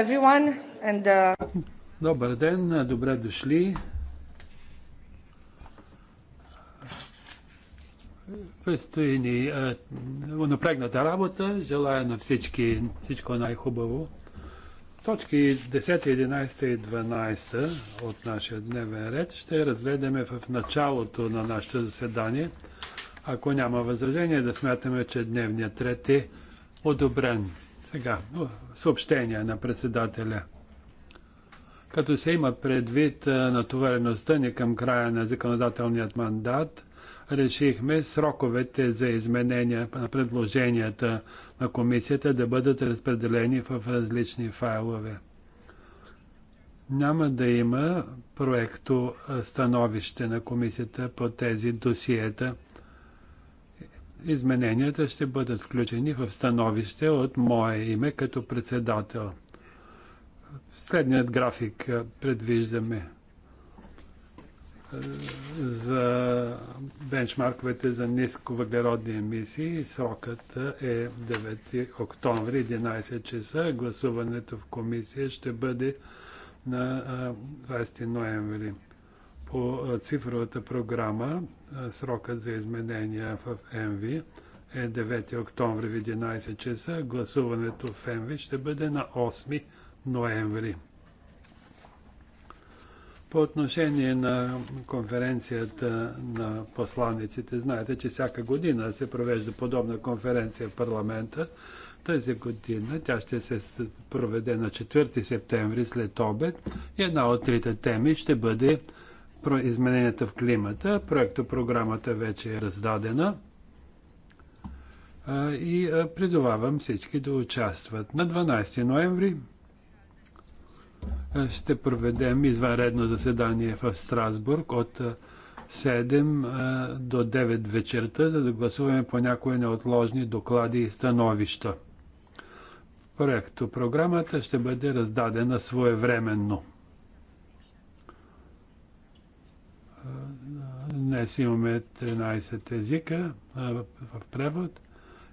Uh, Добър ден, добре дошли. Предстои ни е, напрегната работа. Желая на всички всичко най-хубаво. Точки 10, 11 и 12 от нашия дневен ред ще разгледаме в началото на нашето заседание. Ако няма възражение, да смятаме, че дневният ред е одобрен. Сега, съобщения на председателя. Като се има предвид натовареността ни към края на законодателният мандат, решихме сроковете за изменения на предложенията на комисията да бъдат разпределени в различни файлове. Няма да има проекто становище на комисията по тези досиета – Измененията ще бъдат включени в становище от мое име като председател. Следният график предвиждаме за бенчмарковете за ниско въглеродни емисии. Срокът е 9 октомври, 11 часа. Гласуването в комисия ще бъде на 20 ноември. По цифровата програма е, срокът за изменения в МВ е 9 октомври в 11 часа. Гласуването в МВ ще бъде на 8 ноември. По отношение на конференцията на посланиците, знаете, че всяка година се провежда подобна конференция в парламента. Тази година тя ще се проведе на 4 септември след обед и една от трите теми ще бъде про измененията в климата. Проектопрограмата вече е раздадена и призовавам всички да участват. На 12 ноември ще проведем извънредно заседание в Страсбург от 7 до 9 вечерта, за да гласуваме по някои неотложни доклади и становища. Проекто програмата ще бъде раздадена своевременно. Днес имаме 13 езика в превод.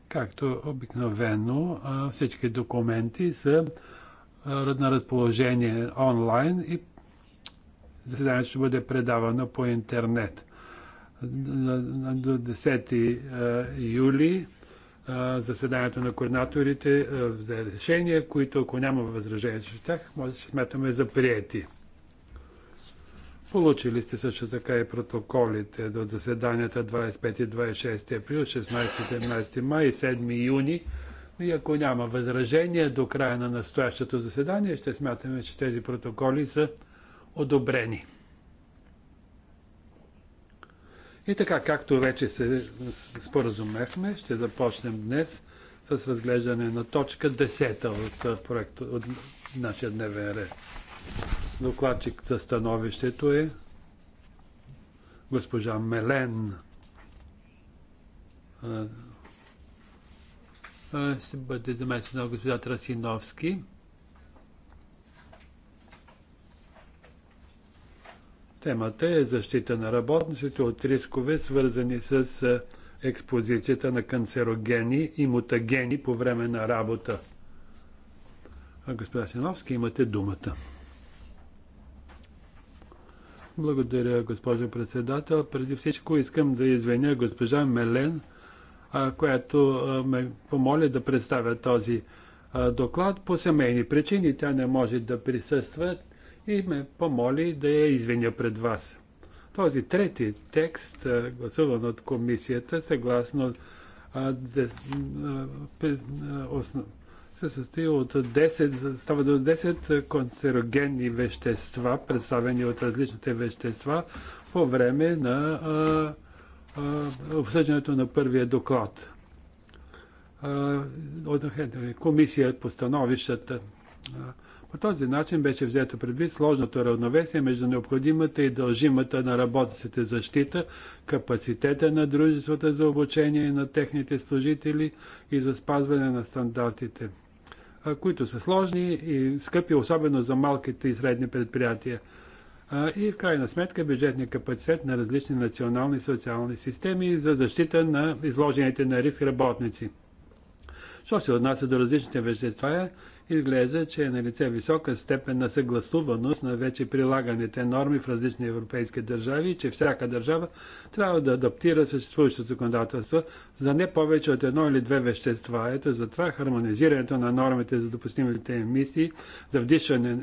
Както обикновено, всички документи са на разположение онлайн и заседанието ще бъде предавано по интернет. До 10 юли заседанието на координаторите взе решения, които ако няма възражение с тях, може да се сметаме за приети. Получили сте също така и протоколите до заседанията 25 и 26 април, 16-17 май и 7 юни. И ако няма възражение до края на настоящото заседание, ще смятаме, че тези протоколи са одобрени. И така, както вече се споразумехме, ще започнем днес с разглеждане на точка 10 от, проекта, от нашия дневен ред. Докладчик за становището е госпожа Мелен. Ще бъде заместена госпожа Трасиновски. Темата е защита на работниците от рискове, свързани с експозицията на канцерогени и мутагени по време на работа. Господин Синовски, имате думата. Благодаря, госпожо председател. Преди всичко искам да извиня госпожа Мелен, която ме помоли да представя този доклад по семейни причини. Тя не може да присъства и ме помоли да я извиня пред вас. Този трети текст, гласуван от комисията, съгласно се състои от 10, става до 10 канцерогенни вещества, представени от различните вещества по време на а, а, обсъждането на първия доклад. комисия по становищата. По този начин беше взето предвид сложното равновесие между необходимата и дължимата на работниците защита, капацитета на дружествата за обучение на техните служители и за спазване на стандартите които са сложни и скъпи, особено за малките и средни предприятия. И в крайна сметка бюджетния капацитет на различни национални и социални системи за защита на изложените на риск работници. Що се отнася до различните вещества, изглежда, че е налице висока степен на съгласуваност на вече прилаганите норми в различни европейски държави и че всяка държава трябва да адаптира съществуващото законодателство за не повече от едно или две вещества. Ето затова хармонизирането на нормите за допустимите емисии за вдишване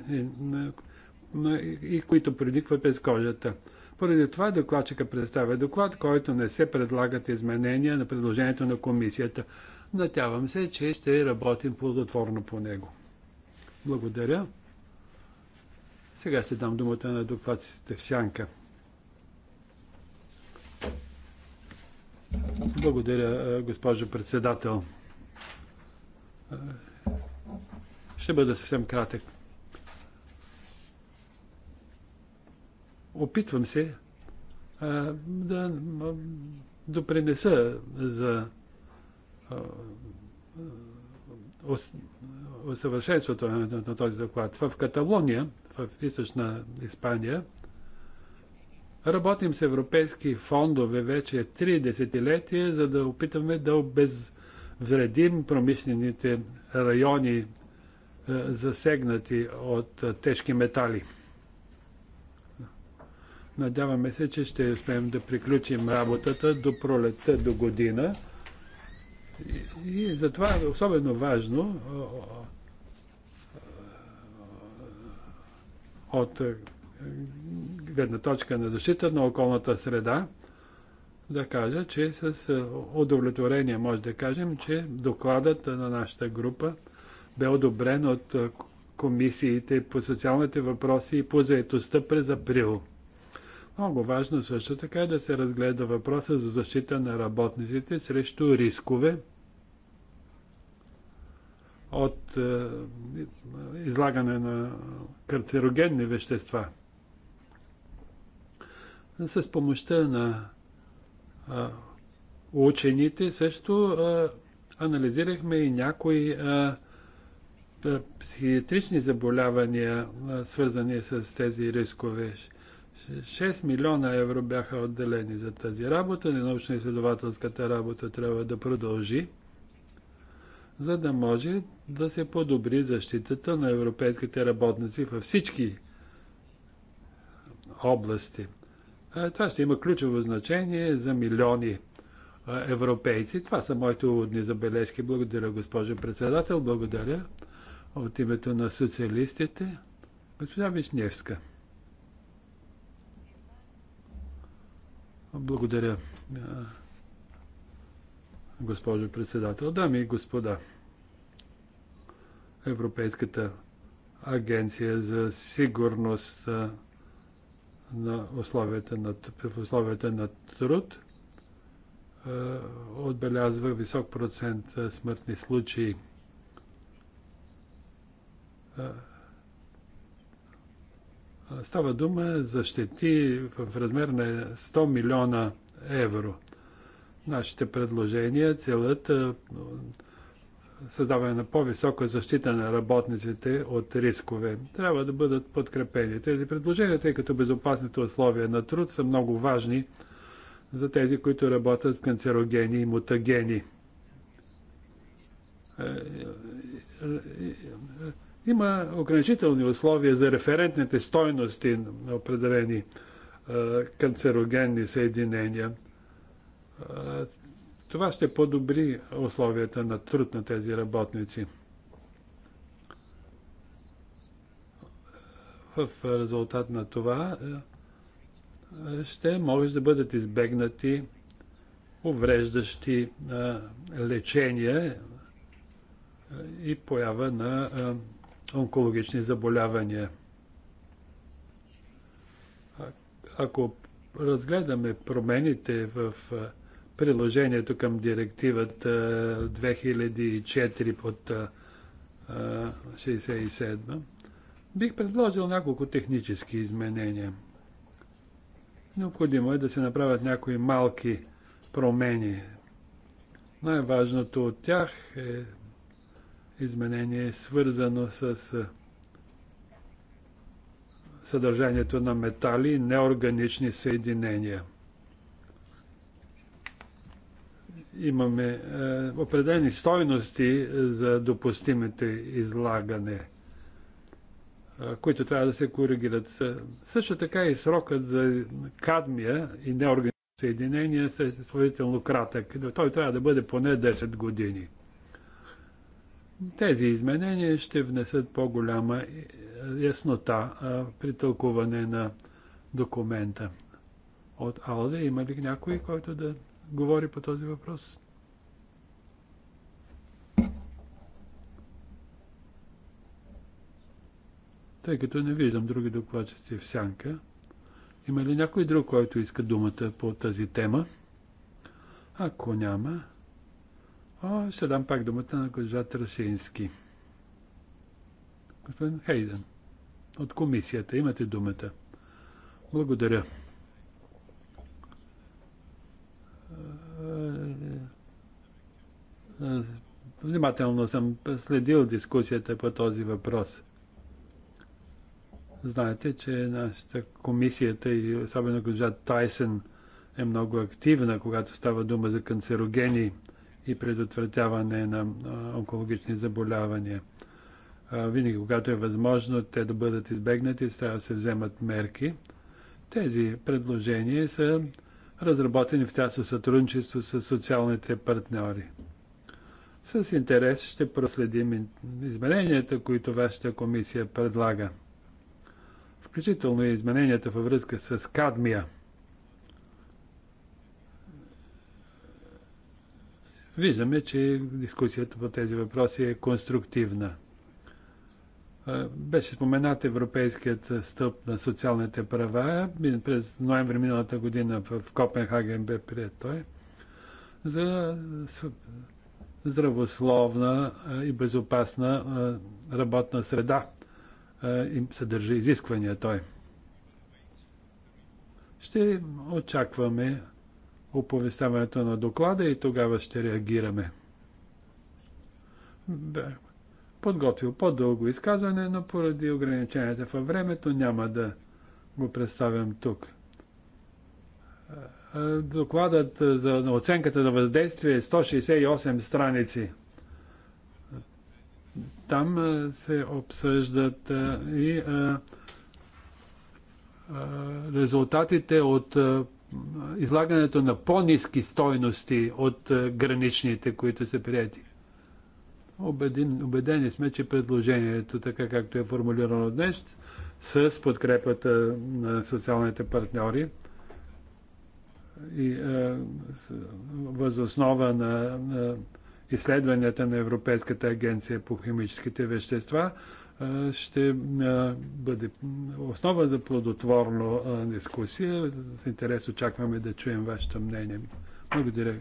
и които проникват през кожата. Поради това докладчика представя доклад, който не се предлагат изменения на предложението на комисията. Надявам се, че ще работим плодотворно по него. Благодаря. Сега ще дам думата на докладците в сянка. Благодаря, е, госпожо председател. Е, ще бъда съвсем кратък. Опитвам се е, да допринеса за усъвършенството на този доклад. В Каталония, в източна Испания, работим с европейски фондове вече три десетилетия, за да опитаме да обезвредим промишлените райони, засегнати от тежки метали. Надяваме се, че ще успеем да приключим работата до пролетта, до година. И, затова е особено важно от е, гледна точка на защита на околната среда, да кажа, че с е, удовлетворение може да кажем, че докладът на нашата група бе одобрен от е, комисиите по социалните въпроси и по заетостта през април. Много важно също така е да се разгледа въпроса за защита на работниците срещу рискове от е, излагане на карцерогенни вещества. С помощта на учените също анализирахме и някои психиатрични заболявания, свързани с тези рискове. 6 милиона евро бяха отделени за тази работа. Научно-изследователската работа трябва да продължи, за да може да се подобри защитата на европейските работници във всички области. Това ще има ключово значение за милиони европейци. Това са моите уводни забележки. Благодаря, госпожо председател. Благодаря от името на социалистите. Госпожа Вишневска. Благодаря, госпожо председател. Дами и господа, Европейската агенция за сигурност на условията на, в условията на труд отбелязва висок процент смъртни случаи Става дума за щети в размер на 100 милиона евро. Нашите предложения целят е, създаване на по-висока защита на работниците от рискове. Трябва да бъдат подкрепени тези предложения, тъй като безопасните условия на труд са много важни за тези, които работят с канцерогени и мутагени е, е, има ограничителни условия за референтните стойности на определени канцерогенни съединения. Това ще подобри условията на труд на тези работници. В резултат на това ще може да бъдат избегнати увреждащи лечения и поява на онкологични заболявания. А, ако разгледаме промените в приложението към директивата 2004 под 67, бих предложил няколко технически изменения. Необходимо е да се направят някои малки промени. Най-важното от тях е изменение е свързано с съдържанието на метали и неорганични съединения. Имаме е, определени стойности за допустимите излагане, е, които трябва да се коригират. Също така и срокът за кадмия и неорганични съединения е сравнително кратък. Той трябва да бъде поне 10 години. Тези изменения ще внесат по-голяма е, яснота при тълкуване на документа. От Алде има ли някой, който да говори по този въпрос? Тъй като не виждам други докладчици в сянка, има ли някой друг, който иска думата по тази тема? Ако няма, О, ще дам пак думата на госпожа Трашински. Господин Хейден, от комисията имате думата. Благодаря. Е, е, внимателно съм следил дискусията по този въпрос. Знаете, че нашата комисията и особено госпожа Тайсен е много активна, когато става дума за канцерогени и предотвратяване на онкологични заболявания. Винаги, когато е възможно те да бъдат избегнати, трябва да се вземат мерки. Тези предложения са разработени в тясно сътрудничество с социалните партньори. С интерес ще проследим измененията, които вашата комисия предлага. Включително и измененията във връзка с кадмия – Виждаме, че дискусията по тези въпроси е конструктивна. Беше споменат Европейският стълб на социалните права. През ноември миналата година в Копенхаген бе прият той за здравословна и безопасна работна среда. и съдържа изисквания той. Ще очакваме оповестяването на доклада и тогава ще реагираме. Бе, подготвил по-дълго изказване, но поради ограниченията във времето няма да го представям тук. Е, докладът за оценката на въздействие е 168 страници. Там е, се обсъждат е, и резултатите от излагането на по-низки стойности от е, граничните, които са прияти. Обеден, убедени сме, че предложението, така както е формулирано днес, с подкрепата на социалните партньори и е, възоснова на, на изследванията на Европейската агенция по химическите вещества, ще бъде основа за плодотворно дискусия. С интерес очакваме да чуем вашето мнение. Благодаря ви.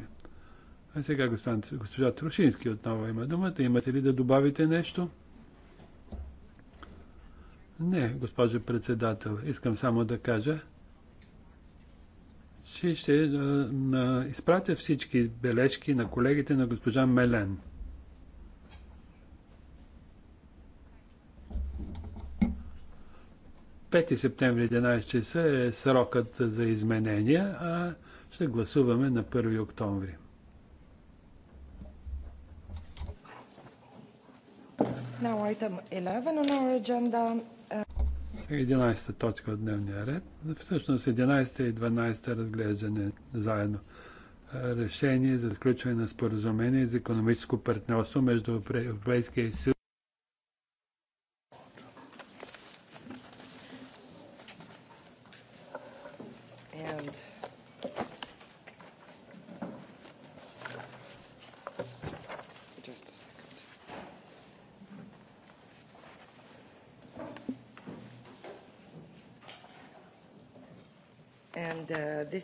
А сега госпожа Трушински отново има думата. Имате ли да добавите нещо? Не, госпожо председател. Искам само да кажа, че ще изпратя всички бележки на колегите на госпожа Мелен. 5 септември 11 часа е срокът за изменения, а ще гласуваме на 1 октомври. Now item 11 on our agenda. 11 uh, точка от дневния ред. Всъщност 11 и 12 разглеждане заедно. Решение за сключване на споразумение за економическо партньорство между Европейския съюз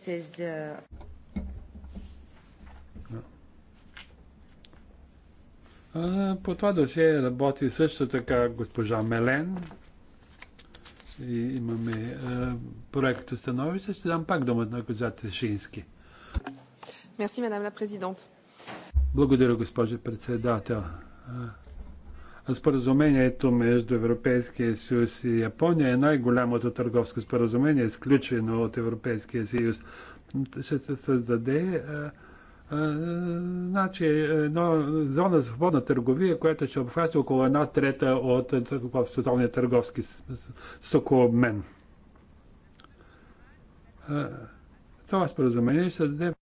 is... the uh, По това досие работи също така госпожа Мелен. И имаме проекто становище. Ще дам пак думата на госпожа Тешински. Благодаря, госпожа председател. Споразумението между Европейския съюз и Япония е най-голямото търговско споразумение, изключено от Европейския съюз. Ще се създаде а, а, значи, едно зона за свободна търговия, която ще обхваща около една трета от световния търговски стокообмен. Това споразумение ще даде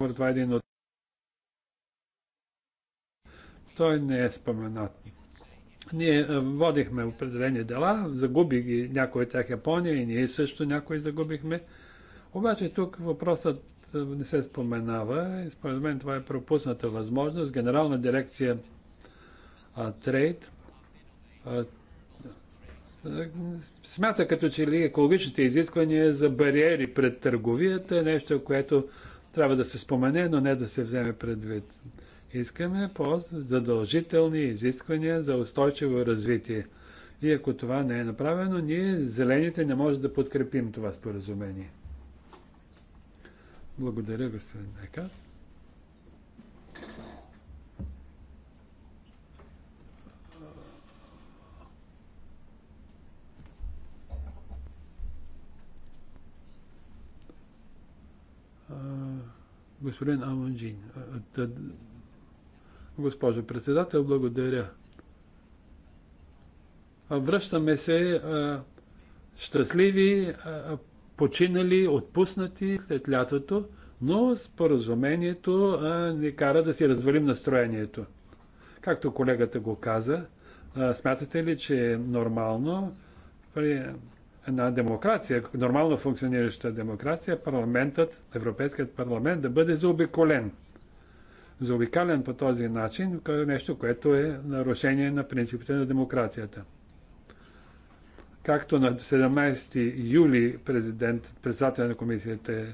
Номер 2.1. Е Той не е споменат. Ние водихме определени дела, загуби ги някои от тях Япония и ние също някои загубихме. Обаче тук въпросът не се споменава. И според мен това е пропусната възможност. Генерална дирекция а, Трейд а, смята като че ли екологичните изисквания за бариери пред търговията е нещо, което трябва да се спомене, но не да се вземе предвид. Искаме по-задължителни изисквания за устойчиво развитие. И ако това не е направено, ние, зелените, не може да подкрепим това споразумение. Благодаря, господин Екат. господин Аманджин. Госпожо председател, благодаря. Връщаме се щастливи, починали, отпуснати след лятото, но споразумението ни кара да си развалим настроението. Както колегата го каза, смятате ли, че е нормално при на демокрация, нормално функционираща демокрация, парламентът, Европейският парламент да бъде заобиколен. Заобикален по този начин е нещо, което е нарушение на принципите на демокрацията. Както на 17 юли президент, председател на комисията е,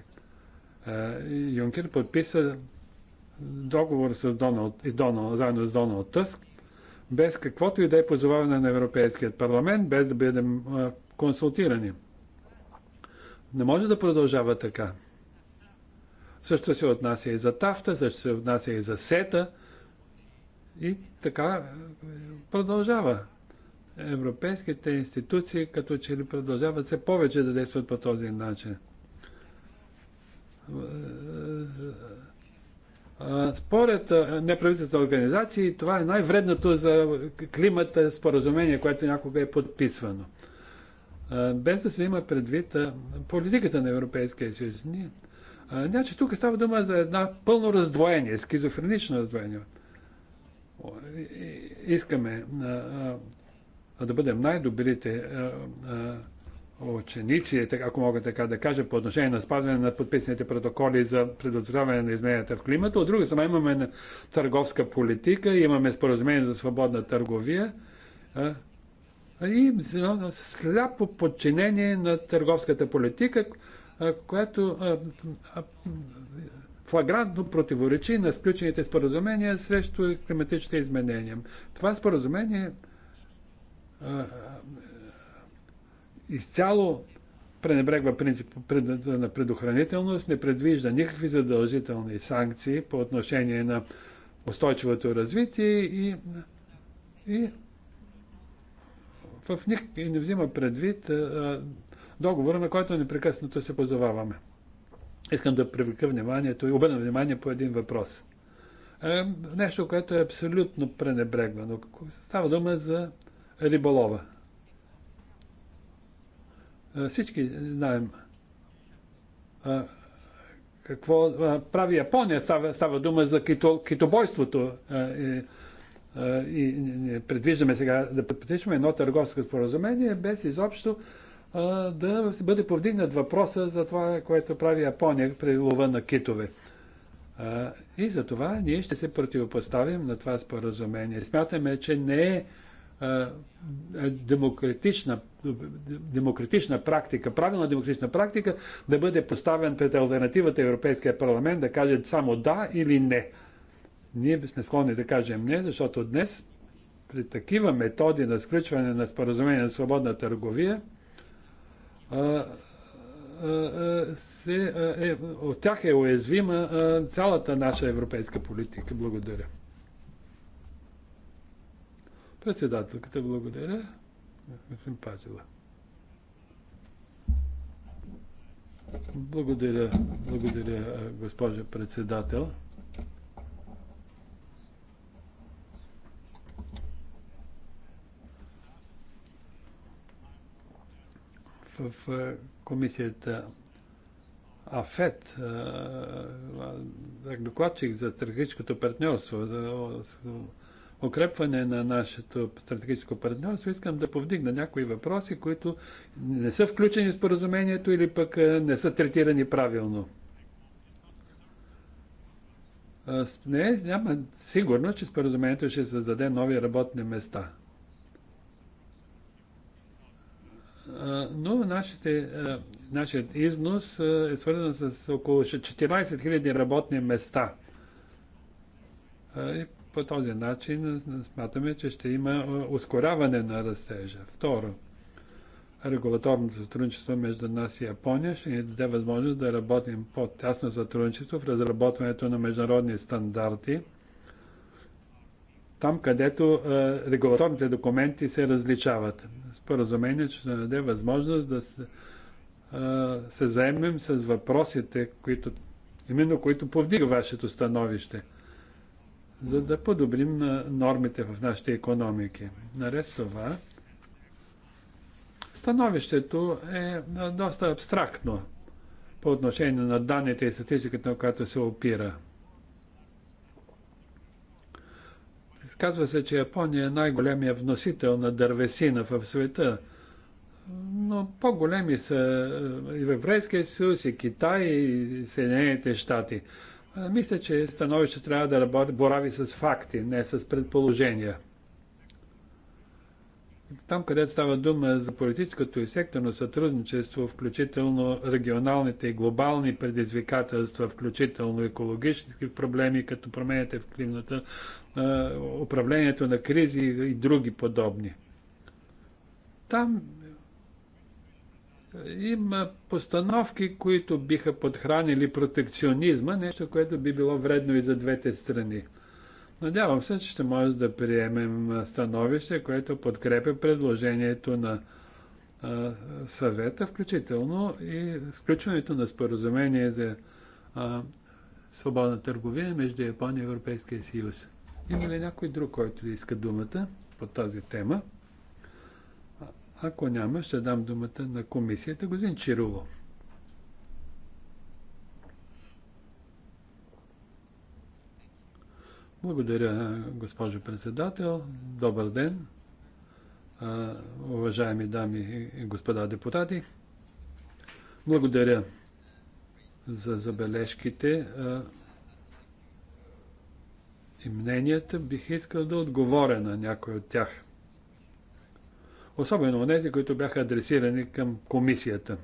Юнкер подписа договор с Доналд, и Доналд, заедно с Доналд Тъск, без каквото и да е позоваване на Европейският парламент, без да бъде консултирани. Не може да продължава така. Също се отнася и за тафта, също се отнася и за сета. И така е, продължава. Европейските институции като че ли продължават все повече да действат по този начин. Е, е, според неправителствените организации, това е най-вредното за климата споразумение, което някога е подписвано без да се има предвид политиката на Европейския съюз. Значи тук става дума за една пълно раздвоение, скизофренично раздвоение. Искаме да бъдем най-добрите ученици, ако мога така да кажа, по отношение на спазване на подписаните протоколи за предотвратяване на измененията в климата. От друга страна имаме търговска политика, имаме споразумение за свободна търговия и сляпо подчинение на търговската политика, която флагрантно противоречи на сключените споразумения срещу климатичните изменения. Това споразумение изцяло пренебрегва принцип на предохранителност, не предвижда никакви задължителни санкции по отношение на устойчивото развитие и, и в ник не взима предвид договора, на който непрекъснато се позоваваме. Искам да привлека вниманието и обърна внимание по един въпрос. Нещо, което е абсолютно пренебрегвано. Става дума за риболова. Всички знаем какво прави Япония. Става, става дума за кито, китобойството и предвиждаме сега да подпишем едно търговско споразумение, без изобщо да бъде повдигнат въпроса за това, което прави Япония при лова на китове. И за това ние ще се противопоставим на това споразумение. Смятаме, че не е, е демократична, демократична практика, правилна демократична практика да бъде поставен пред альтернативата Европейския парламент да каже само да или не. Ние сме склонни да кажем не, защото днес при такива методи на сключване на споразумение на свободна търговия а, а, се, а, е, от тях е уязвима цялата наша европейска политика. Благодаря. Председателката, благодаря. Господин Пачела. Благодаря, благодаря, госпожа председател. в е, комисията АФЕТ, е, е, докладчик за стратегическото партньорство, за укрепване на нашето стратегическо партньорство, искам да повдигна някои въпроси, които не са включени в споразумението или пък не са третирани правилно. Не, няма сигурно, че споразумението ще създаде нови работни места – но нашите, нашият износ е свързан с около 14 000 работни места. И по този начин смятаме, че ще има ускоряване на растежа. Второ, регулаторното сътрудничество между нас и Япония ще ни даде възможност да работим по-тясно сътрудничество в разработването на международни стандарти, там където регулаторните документи се различават споразумение ще даде възможност да се, а, се заемем с въпросите, които, именно които повдига вашето становище, за да подобрим а, нормите в нашите економики. Наред това, становището е доста абстрактно по отношение на данните и статистиката, на която се опира – Казва се, че Япония е най-големия вносител на дървесина в света. Но по-големи са е, и в Еврейския съюз, и Китай, и Съединените щати. Мисля, че становище трябва да борави с факти, не с предположения там, където става дума за политическото и секторно сътрудничество, включително регионалните и глобални предизвикателства, включително екологически проблеми, като промените в климата, управлението на кризи и други подобни. Там има постановки, които биха подхранили протекционизма, нещо, което би било вредно и за двете страни. Надявам се, че ще може да приемем становище, което подкрепя предложението на съвета, включително и сключването на споразумение за свободна търговия между Япония и Европейския съюз. Има ли някой друг, който иска думата по тази тема? Ако няма, ще дам думата на комисията. Господин Чирово? Благодаря, госпожо председател. Добър ден, уважаеми дами и господа депутати. Благодаря за забележките и мненията. Бих искал да отговоря на някой от тях. Особено тези, които бяха адресирани към комисията.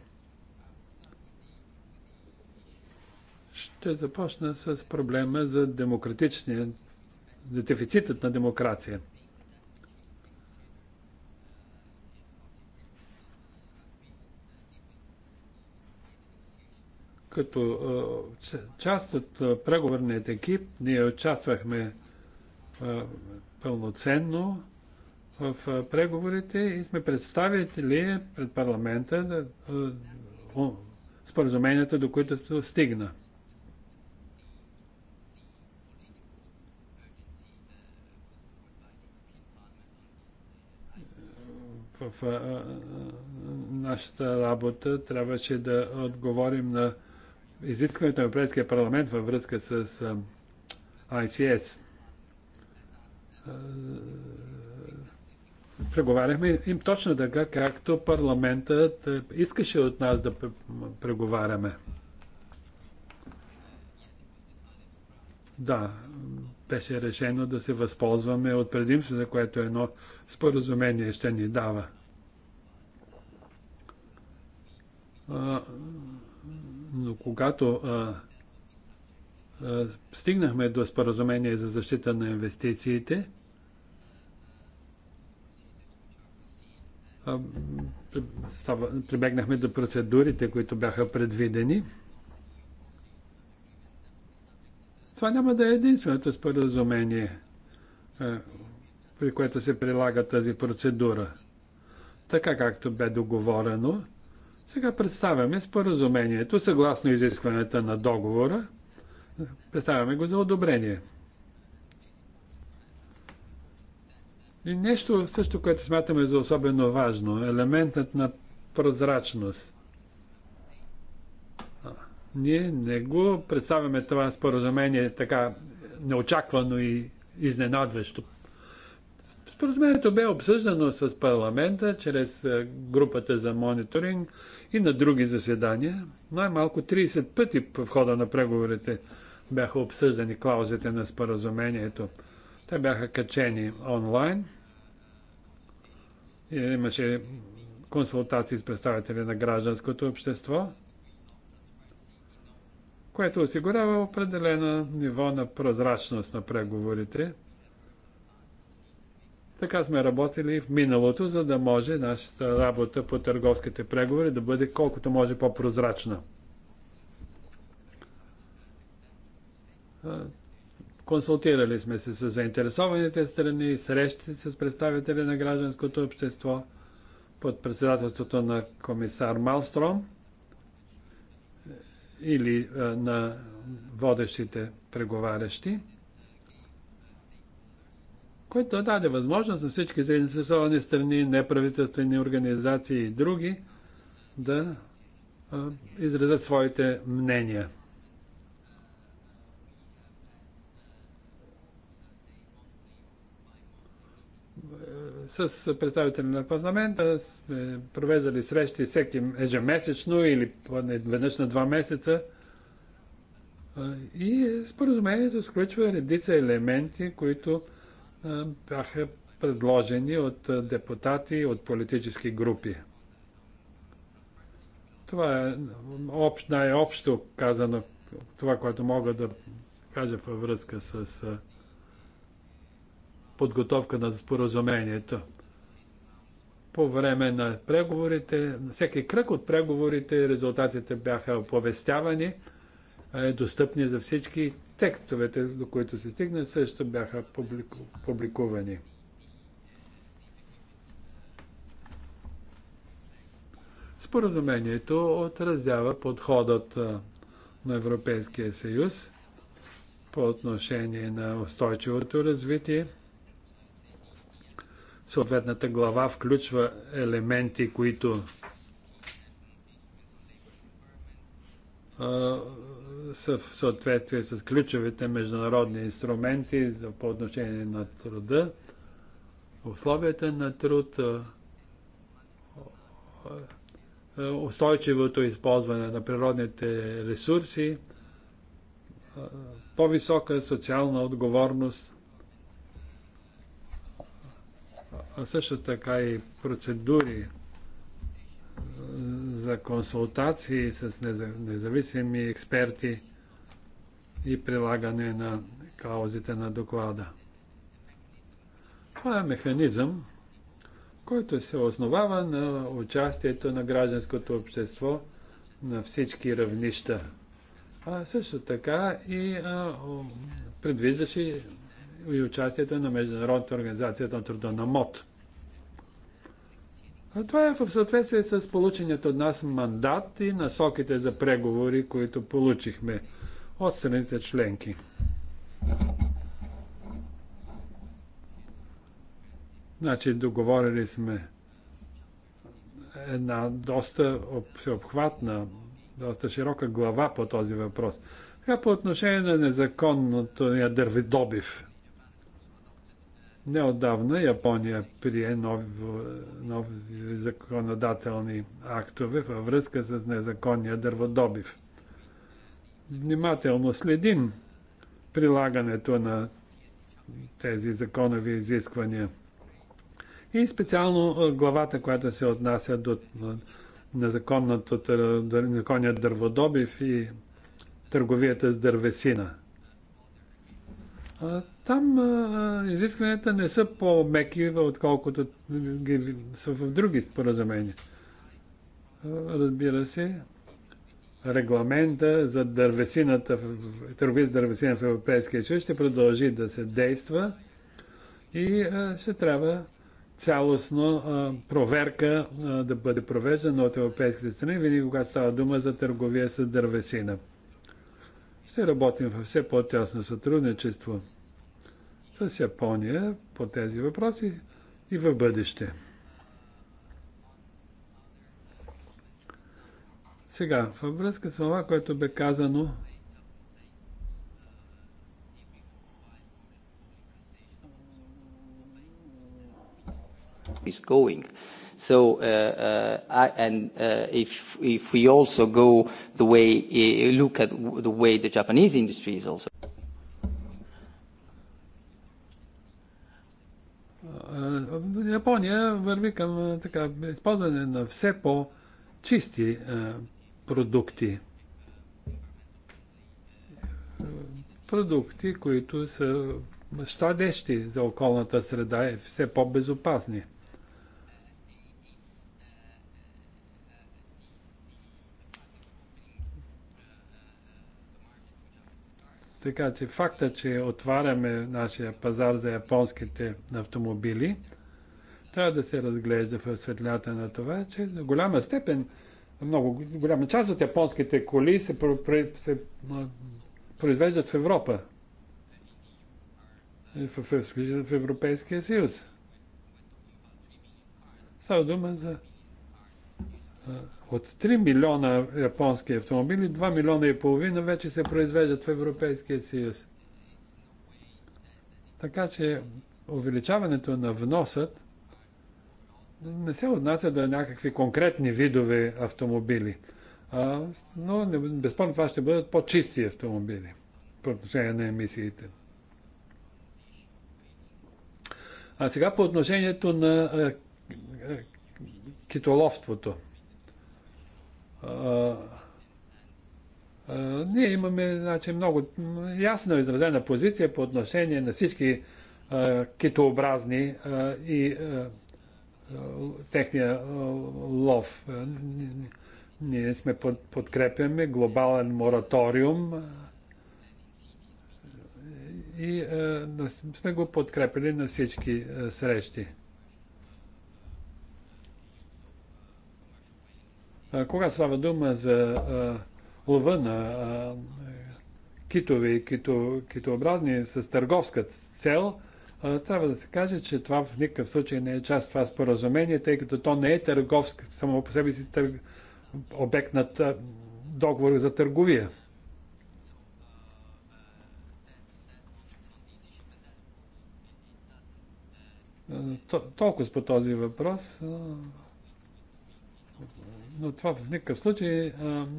Ще започна с проблема за демократичният дефицитът на демокрация. Като част от преговорният екип, ние участвахме пълноценно в преговорите и сме представители пред парламента споразуменията, до които стигна. в а, нашата работа трябваше да отговорим на изискването на Европейския парламент във връзка с а, ICS. преговаряхме им точно така, както парламентът искаше от нас да преговаряме. Да, беше решено да се възползваме от предимството, което едно споразумение ще ни дава. А, но когато а, а, стигнахме до споразумение за защита на инвестициите, прибегнахме до процедурите, които бяха предвидени. Това няма да е единственото споразумение, е, при което се прилага тази процедура. Така както бе договорено, сега представяме споразумението съгласно изискването на договора. Представяме го за одобрение. И нещо също, което смятаме за особено важно, елементът на прозрачност. Ние не го представяме това споразумение така неочаквано и изненадващо. Споразумението бе обсъждано с парламента чрез групата за мониторинг и на други заседания. Най-малко 30 пъти в хода на преговорите бяха обсъждани клаузите на споразумението. Те бяха качени онлайн. И имаше консултации с представители на гражданското общество което осигурява определено ниво на прозрачност на преговорите. Така сме работили в миналото, за да може нашата работа по търговските преговори да бъде колкото може по-прозрачна. Консултирали сме се с заинтересованите страни, срещи с представители на гражданското общество под председателството на комисар Малстром – или на водещите преговарящи, което даде възможност на всички заинтересовани страни, неправителствени организации и други да изразят своите мнения. С представители на парламента сме провеждали срещи всеки ежемесечно или веднъж на два месеца. И споразумението сключва редица елементи, които бяха предложени от депутати от политически групи. Това е най-общо казано това, което мога да кажа във връзка с подготовка на споразумението. По време на преговорите, на всеки кръг от преговорите, резултатите бяха оповестявани, достъпни за всички. Текстовете, до които се стигна, също бяха публику... публикувани. Споразумението отразява подходът на Европейския съюз по отношение на устойчивото развитие – съответната глава включва елементи, които са в съответствие с ключовите международни инструменти по отношение на труда, условията на труд, устойчивото използване на природните ресурси, по-висока социална отговорност а също така и процедури за консултации с независими експерти и прилагане на клаузите на доклада. Това е механизъм, който се основава на участието на гражданското общество на всички равнища. А също така и предвиждаше и участието на Международната организация на труда на МОД. А това е в съответствие с полученият от нас мандат и насоките за преговори, които получихме от страните членки. Значи, договорили сме една доста всеобхватна, доста широка глава по този въпрос. Така по отношение на незаконното добив, Неодавна Япония прие нови, нови законодателни актове във връзка с незаконния дърводобив. Внимателно следим прилагането на тези законови изисквания. И специално главата, която се отнася до незаконния дърводобив и търговията с дървесина. Там а, изискванията не са по-меки, отколкото ги са в други споразумения. Разбира се, регламента за дървесината, търговия с дървесина в Европейския съюз ще продължи да се действа и а, ще трябва цялостно а, проверка а, да бъде провеждана от европейските страни, винаги когато става дума за търговия с дървесина. Ще работим във все по-тясно сътрудничество с Япония по тези въпроси и в бъдеще. Сега, във връзка с това, което бе казано is going. So, uh, uh, I, and uh, if, if we also go the way, uh, look at the way the Japanese industry is also Е, Япония върви към е, така, използване на все по-чисти е, продукти. Продукти, които са щадещи за околната среда и все по-безопасни. Така че факта, че отваряме нашия пазар за японските автомобили, трябва да се разглежда в светлината на това, че до голяма степен, много голяма част от японските коли се, се произвеждат в Европа, в, в, в Европейския съюз. Става дума за от 3 милиона японски автомобили, 2 милиона и половина вече се произвеждат в Европейския съюз. Така че увеличаването на вносът не се отнася до някакви конкретни видове автомобили. А, но безспорно това ще бъдат по-чисти автомобили по отношение на емисиите. А сега по отношението на а, а, китоловството – ние имаме значи, много ясно изразена позиция по отношение на всички а, китообразни а, и а, техния лов. Ние сме под, подкрепяме глобален мораториум и сме го подкрепили на всички срещи. Когато става дума за лова на китове и кито, китообразни с търговска цел, трябва да се каже, че това в никакъв случай не е част от това споразумение, тъй като то не е търговски, само по себе си търг... обект на договор за търговия. толкова по този въпрос но това в никакъв случай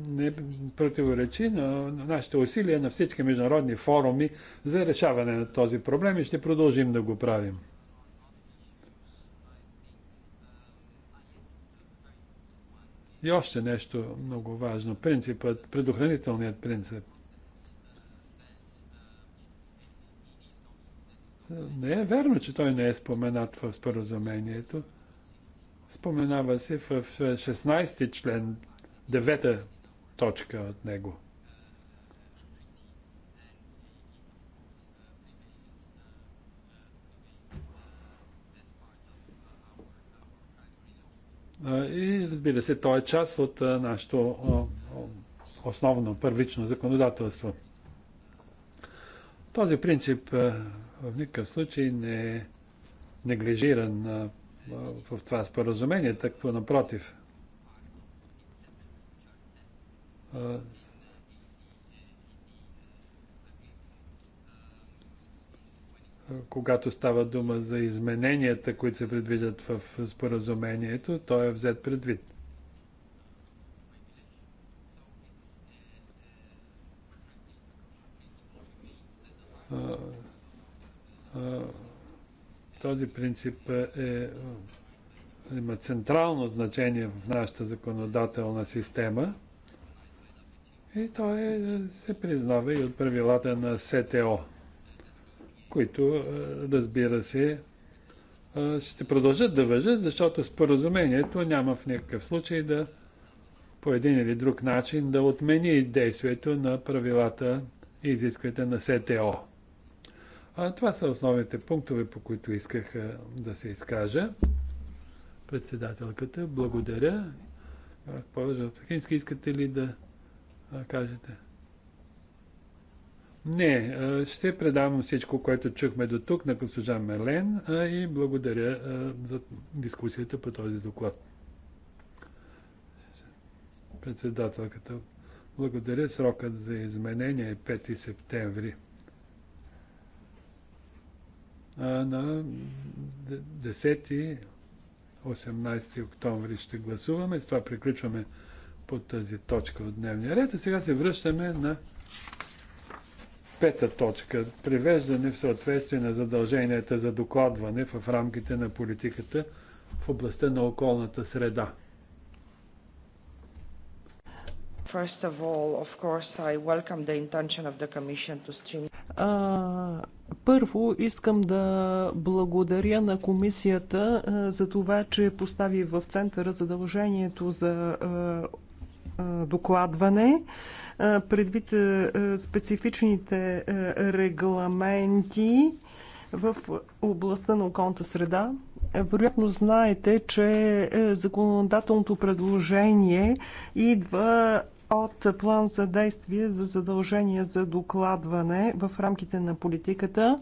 не противоречи на нашите усилия на всички международни форуми за решаване на този проблем и ще продължим да го правим. И още нещо много важно. Принципът, предохранителният принцип. Не е верно, че той не е споменат в споразумението. Споменава се в 16 е, ти член, 9 точка от него. И разбира се, то е част от е, нашето основно, първично законодателство. Този принцип е, в никакъв случай не е неглижиран в това споразумение, такво напротив. Когато става дума за измененията, които се предвиждат в споразумението, той е взет предвид. Този принцип е, е, има централно значение в нашата законодателна система и той е, се признава и от правилата на СТО, които, е, разбира се, е, ще продължат да въжат, защото споразумението няма в никакъв случай да по един или друг начин да отмени действието на правилата и изискването на СТО. А, това са основните пунктове, по които исках да се изкажа. Председателката, благодаря. Повежда Пекински, искате ли да а, кажете? Не, ще предавам всичко, което чухме до тук на госпожа Мелен и благодаря за дискусията по този доклад. Председателката, благодаря. Срокът за изменение е 5 септември на 10-18 октомври ще гласуваме. С това приключваме по тази точка от дневния ред. А сега се връщаме на пета точка. Привеждане в съответствие на задълженията за докладване в рамките на политиката в областта на околната среда. First of all, of course, I welcome the intention of the Commission to stream... първо искам да благодаря на комисията за това, че постави в центъра задължението за докладване, предвид специфичните регламенти в областта на околната среда. Вероятно знаете, че законодателното предложение идва от план за действие за задължение за докладване в рамките на политиката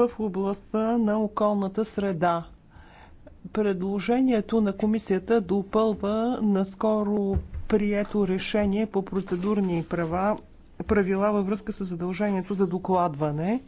в областта на околната среда. Предложението на комисията допълва наскоро прието решение по процедурни права, правила във връзка с задължението за докладване.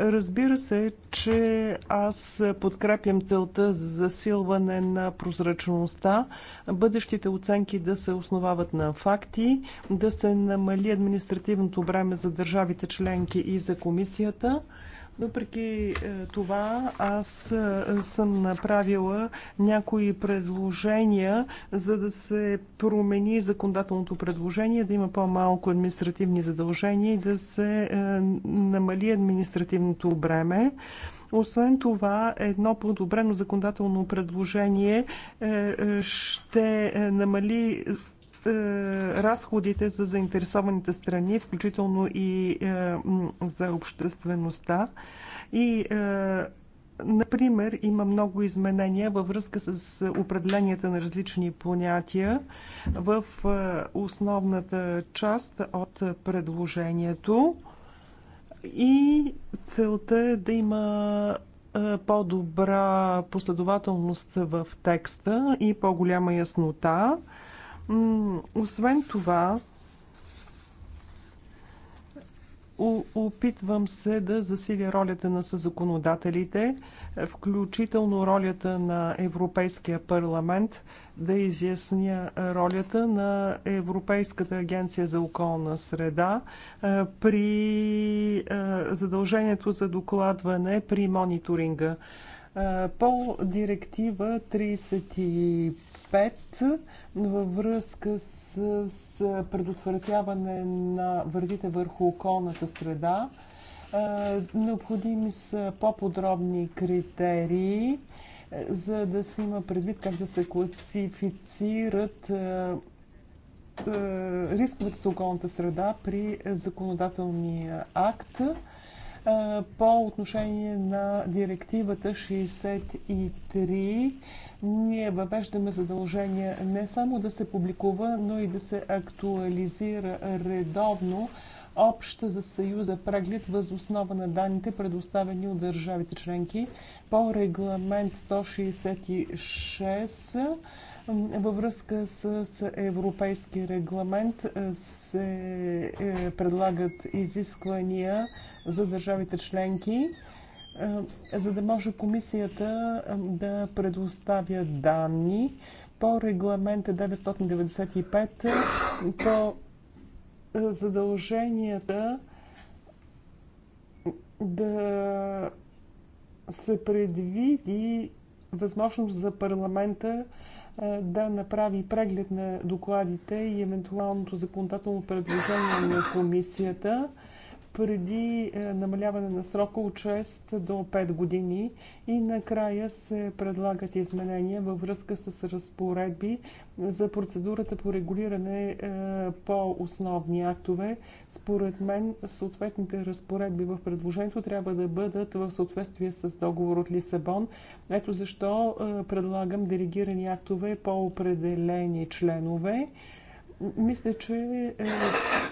Разбира се, че аз подкрепям целта за засилване на прозрачността, бъдещите оценки да се основават на факти, да се намали административното бреме за държавите членки и за комисията – въпреки е, това, аз е, съм направила някои предложения, за да се промени законодателното предложение, да има по-малко административни задължения и да се е, намали административното бреме. Освен това, едно подобрено законодателно предложение ще намали е, разходите за заинтересованите страни, включително и е, за обществеността. И е, Например, има много изменения във връзка с определенията на различни понятия в основната част от предложението. И целта е да има по-добра последователност в текста и по-голяма яснота. Освен това, Опитвам се да засиля ролята на съзаконодателите, включително ролята на Европейския парламент, да изясня ролята на Европейската агенция за околна среда е, при е, задължението за докладване при мониторинга. Е, по директива 35 5 във връзка с, с предотвратяване на вредите върху околната среда. Е, необходими са по-подробни критерии, е, за да се има предвид как да се класифицират е, рисковете с околната среда при законодателния акт. По отношение на директивата 63 ние въвеждаме задължение не само да се публикува, но и да се актуализира редовно обща за Съюза преглед въз основа на данните, предоставени от държавите членки по регламент 166 във връзка с европейски регламент се е, предлагат изисквания за държавите членки, за да може комисията да предоставя данни по регламент 995 по задълженията да се предвиди възможност за парламента да направи преглед на докладите и евентуалното законодателно предложение на комисията преди е, намаляване на срока от 6 до 5 години и накрая се предлагат изменения във връзка с разпоредби за процедурата по регулиране е, по основни актове. Според мен съответните разпоредби в предложението трябва да бъдат в съответствие с договор от Лисабон. Ето защо е, предлагам делегирани актове по определени членове. Мисля, че е,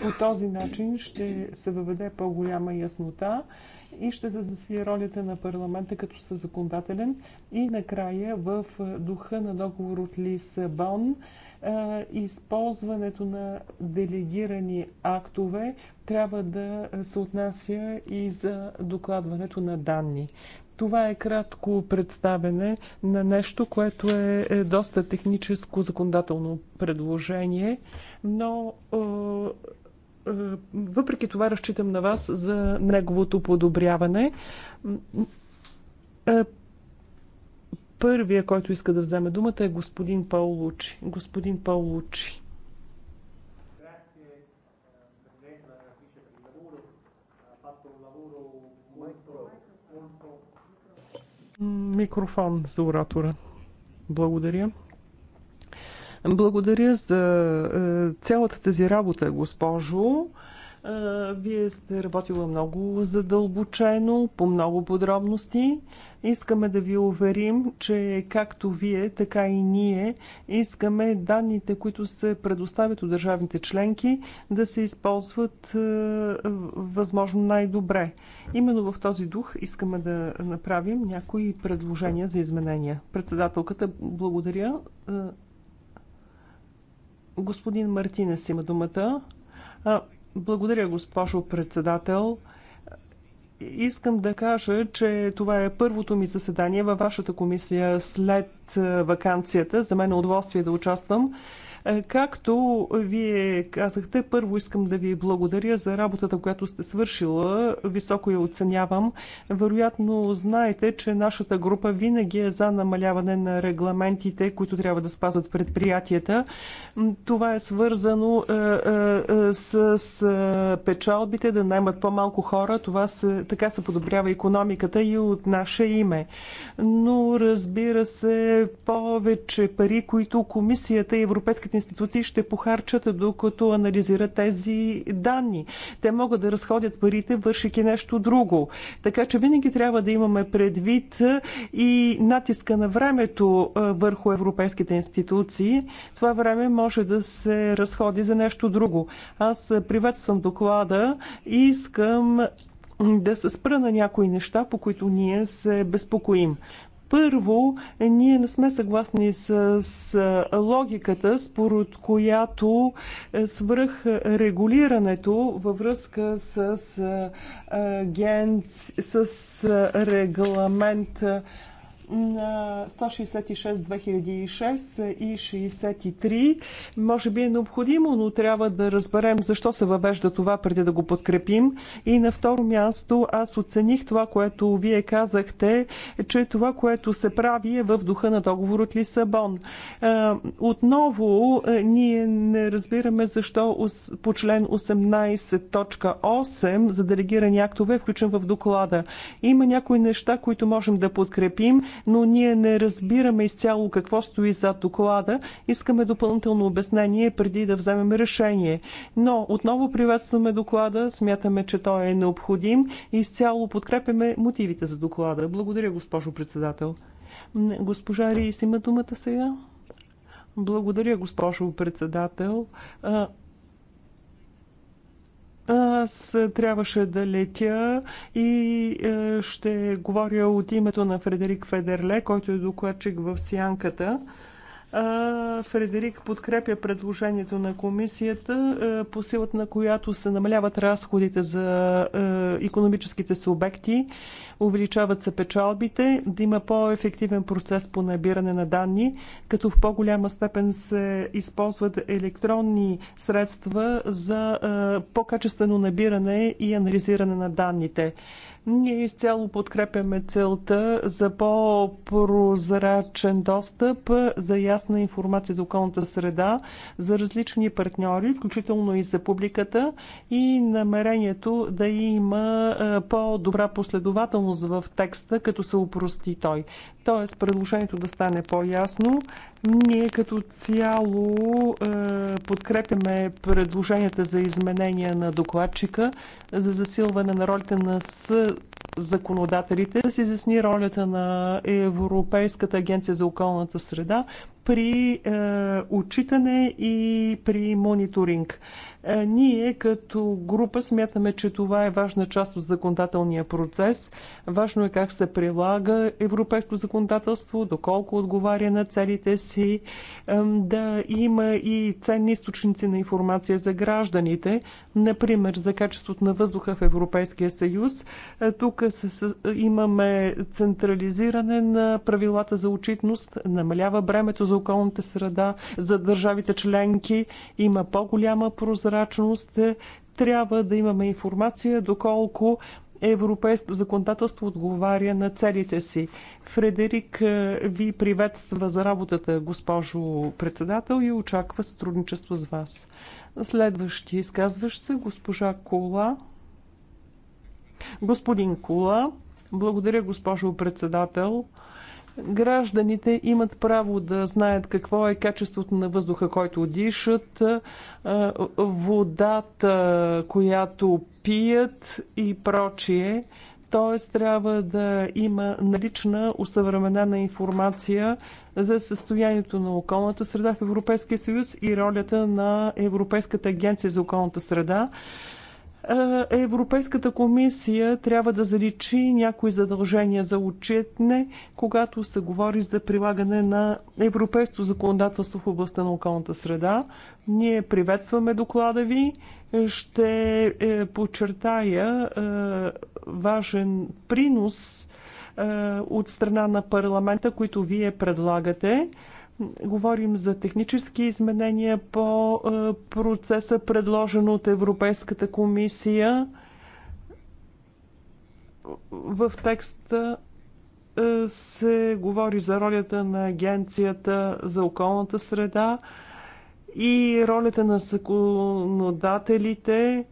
по този начин ще се въведе по-голяма яснота и ще се засили ролята на парламента като съзаконодателен и накрая в духа на договор от Лисабон е, използването на делегирани актове трябва да се отнася и за докладването на данни. Това е кратко представене на нещо, което е, е доста техническо законодателно предложение, но е, е, въпреки това разчитам на вас за неговото подобряване. Първия, който иска да вземе думата е господин Паулучи. Господин Паулучи. Микрофон за оратора. Благодаря. Благодаря за е, цялата тази работа, госпожо. Е, вие сте работила много задълбочено, по много подробности. Искаме да ви уверим, че както вие, така и ние искаме данните, които се предоставят от държавните членки, да се използват е, възможно най-добре. Именно в този дух искаме да направим някои предложения за изменения. Председателката, благодаря. Е, господин Мартинес има думата. Благодаря, госпожо председател. Искам да кажа, че това е първото ми заседание във вашата комисия след вакансията. За мен е удоволствие да участвам. Е, както вие казахте, първо искам да ви благодаря за работата, която сте свършила. Високо я оценявам. Вероятно знаете, че нашата група винаги е за намаляване на регламентите, които трябва да спазват предприятията. Това е свързано е, е, с, с печалбите, да наймат по-малко хора. Това се, така се подобрява економиката и от наше име. Но разбира се, повече пари, които комисията и европейските европейските институции ще похарчат, докато анализират тези данни. Те могат да разходят парите, вършики нещо друго. Така че винаги трябва да имаме предвид и натиска на времето върху европейските институции. Това време може да се разходи за нещо друго. Аз приветствам доклада и искам да се спра на някои неща, по които ние се безпокоим. Първо, ние не сме съгласни с, с логиката, според която е, свръх регулирането във връзка с, агент, с регламент 166-2006 и 63. Може би е необходимо, но трябва да разберем защо се въвежда това преди да го подкрепим. И на второ място аз оцених това, което вие казахте, че това, което се прави е в духа на договор от Лисабон. Отново ние не разбираме защо по член 18.8 за делегирани актове е включен в доклада. Има някои неща, които можем да подкрепим, но ние не разбираме изцяло какво стои зад доклада. Искаме допълнително обяснение преди да вземем решение. Но отново приветстваме доклада, смятаме, че той е необходим и изцяло подкрепяме мотивите за доклада. Благодаря, госпожо председател. Госпожа Рис има думата сега. Благодаря, госпожо председател. Аз трябваше да летя и е, ще говоря от името на Фредерик Федерле, който е докладчик в Сянката. Фредерик подкрепя предложението на комисията, по силата на която се намаляват разходите за економическите субекти, увеличават се печалбите, да има по-ефективен процес по набиране на данни, като в по-голяма степен се използват електронни средства за по-качествено набиране и анализиране на данните. Ние изцяло подкрепяме целта за по-прозрачен достъп, за ясна информация за околната среда, за различни партньори, включително и за публиката и намерението да има по-добра последователност в текста, като се упрости той. Тоест, предложението да стане по-ясно. Ние като цяло е, подкрепяме предложенията за изменения на докладчика за засилване на ролите на с законодателите, да се изясни ролята на Европейската агенция за околната среда, при е, отчитане и при мониторинг. Е, ние като група смятаме, че това е важна част от законодателния процес. Важно е как се прилага европейското законодателство, доколко отговаря на целите си, е, да има и ценни източници на информация за гражданите, например за качеството на въздуха в Европейския съюз. Е, тук се, имаме централизиране на правилата за отчитност, намалява бремето за околната среда, за държавите членки. Има по-голяма прозрачност. Трябва да имаме информация доколко европейското законодателство отговаря на целите си. Фредерик е, ви приветства за работата, госпожо председател, и очаква сътрудничество с вас. Следващи изказващ се госпожа Кола. Господин Кула, благодаря, госпожо председател. Гражданите имат право да знаят какво е качеството на въздуха, който дишат, водата, която пият и прочие. Т.е. трябва да има налична усъвременена информация за състоянието на околната среда в Европейския съюз и ролята на Европейската агенция за околната среда. Е, Европейската комисия трябва да заличи някои задължения за отчетне, когато се говори за прилагане на европейското законодателство в областта на околната среда. Ние приветстваме доклада ви. Ще е, подчертая е, важен принос от страна на парламента, които вие предлагате. Говорим за технически изменения по е, процеса, предложен от Европейската комисия. В текста е, се говори за ролята на Агенцията за околната среда и ролята на законодателите,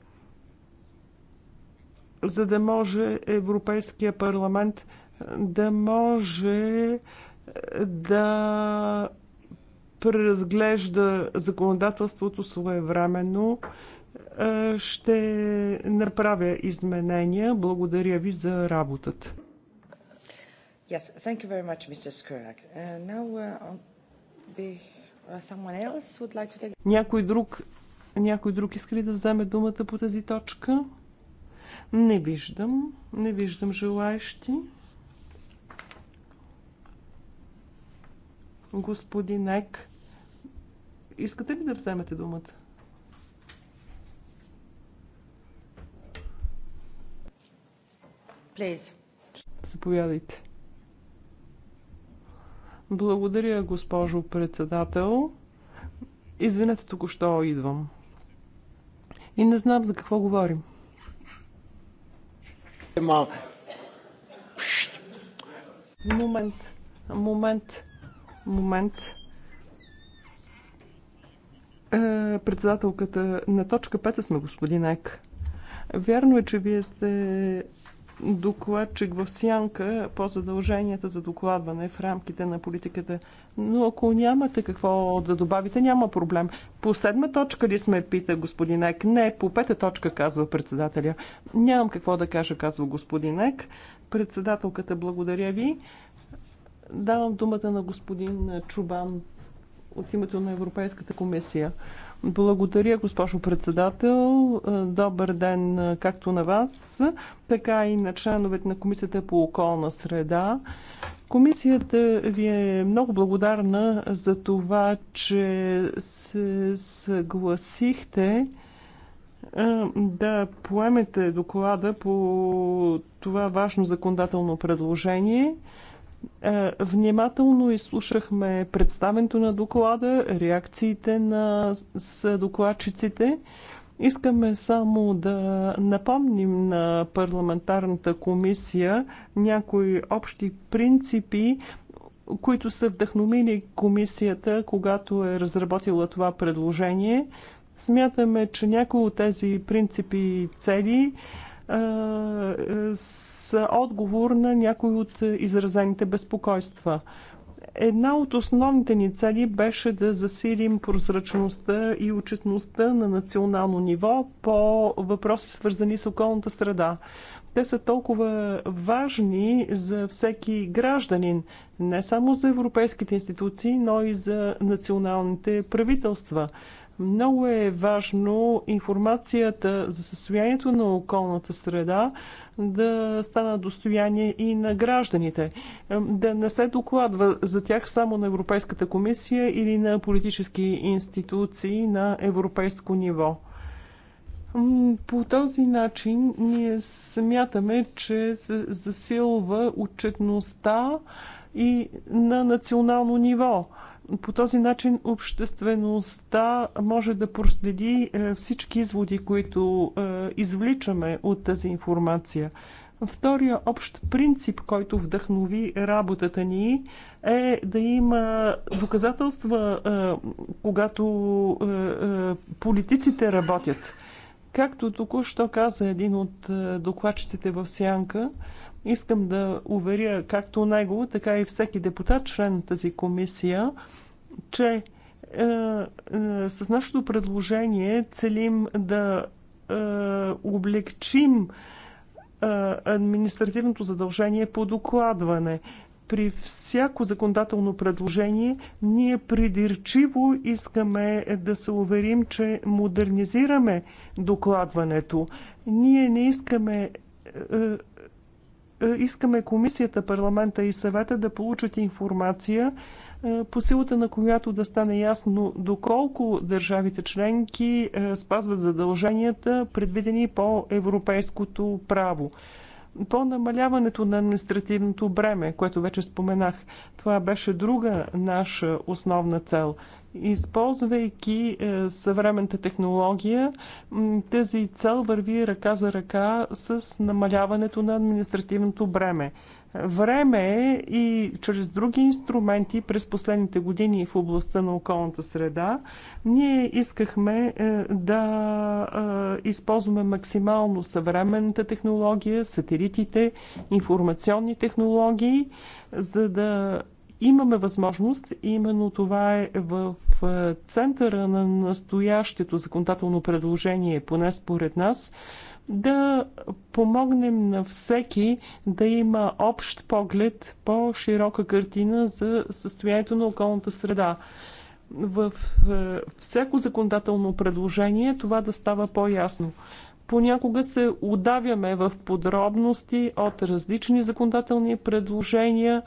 за да може Европейския парламент да може е, да преразглежда законодателството своевременно, е, ще направя изменения. Благодаря ви за работата. Yes, thank you very much, Mr. Uh, now, uh, be, uh, someone else would like to take... Някой друг, някой друг иска ли да вземе думата по тази точка? Не виждам. Не виждам желаящи. Господин Ек, Искате ли да вземете думата? Please. Заповядайте. Благодаря, госпожо председател. Извинете, току-що идвам. И не знам за какво говорим. Момент. Момент. Момент. Е, председателката на точка 5 сме господин Ек. Вярно е, че вие сте докладчик в сянка по задълженията за докладване в рамките на политиката. Но ако нямате какво да добавите, няма проблем. По седма точка ли сме, пита господин Ек? Не, по пета точка, казва председателя. Нямам какво да кажа, казва господин Ек. Председателката, благодаря ви. Давам думата на господин Чубан от името на Европейската комисия. Благодаря, госпожо председател. Е, добър ден е, както на вас, така и на членовете на Комисията по околна среда. Комисията ви е много благодарна за това, че се съгласихте е, да поемете доклада по това важно законодателно предложение – е, внимателно изслушахме представенето на доклада, реакциите на докладчиците. Искаме само да напомним на парламентарната комисия някои общи принципи, които са вдъхновили комисията, когато е разработила това предложение. Смятаме, че някои от тези принципи и цели са отговор на някои от изразените безпокойства. Една от основните ни цели беше да засилим прозрачността и отчетността на национално ниво по въпроси свързани с околната среда. Те са толкова важни за всеки гражданин, не само за европейските институции, но и за националните правителства. Много е важно информацията за състоянието на околната среда да стана достояние и на гражданите. Да не се докладва за тях само на Европейската комисия или на политически институции на европейско ниво. По този начин ние смятаме, че се засилва отчетността и на национално ниво. По този начин обществеността може да проследи е, всички изводи, които е, извличаме от тази информация. Втория общ принцип, който вдъхнови работата ни, е да има доказателства, е, когато политиците работят. Както току-що каза един от докладчиците в Сянка, Искам да уверя както него, така и всеки депутат, член на тази комисия, че е, е, с нашето предложение целим да е, облегчим е, административното задължение по докладване. При всяко законодателно предложение ние придирчиво искаме да се уверим, че модернизираме докладването. Ние не искаме е, е, искаме комисията, парламента и съвета да получат информация, е, по силата на която да стане ясно доколко държавите членки е, спазват задълженията, предвидени по европейското право. По намаляването на административното бреме, което вече споменах, това беше друга наша основна цел – Използвайки е, съвременната технология, тази цел върви ръка за ръка с намаляването на административното бреме. Време е и чрез други инструменти през последните години в областта на околната среда ние искахме е, да е, използваме максимално съвременната технология, сателитите, информационни технологии, за да Имаме възможност, именно това е в центъра на настоящето законодателно предложение, поне според нас, да помогнем на всеки да има общ поглед, по-широка картина за състоянието на околната среда. В е, всяко законодателно предложение това да става по-ясно. Понякога се удавяме в подробности от различни законодателни предложения,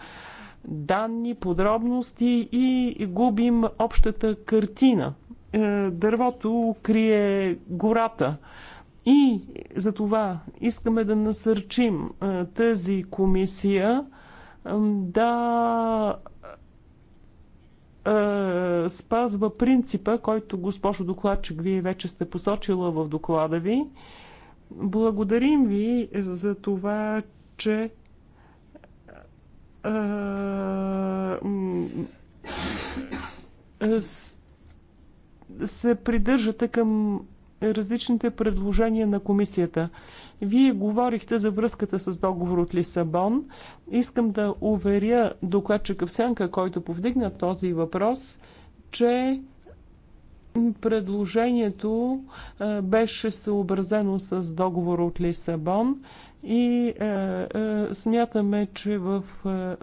данни, подробности и губим общата картина. Е, дървото крие гората. И за това искаме да насърчим е, тази комисия да е, спазва принципа, който госпожо докладчик вие вече сте посочила в доклада ви. Благодарим ви за това, че е, се придържате към различните предложения на комисията. Вие говорихте за връзката с договор от Лисабон. Искам да уверя докладчика Всянка, който повдигна този въпрос, че предложението е, беше съобразено с договор от Лисабон и е, е, смятаме, че в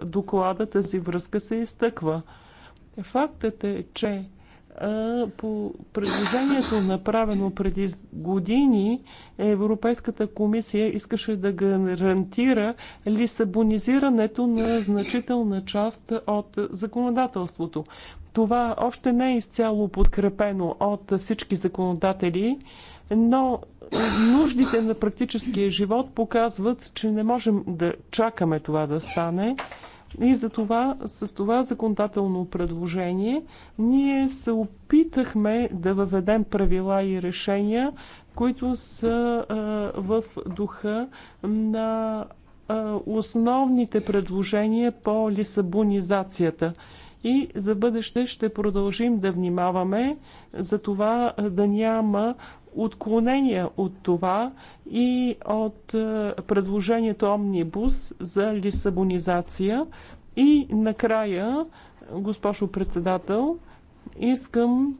е, доклада тази връзка се изтъква. Фактът е, че е, по предложението, направено преди години, Европейската комисия искаше да гарантира лисабонизирането на значителна част от законодателството. Това още не е изцяло подкрепено от всички законодатели, но нуждите на практическия живот показват, че не можем да чакаме това да стане. И за това, с това законодателно предложение ние се опитахме да въведем правила и решения, които са а, в духа на а, основните предложения по лисабонизацията. И за бъдеще ще продължим да внимаваме за това да няма отклонения от това и от е, предложението Омнибус за лисабонизация. И накрая, госпожо председател, искам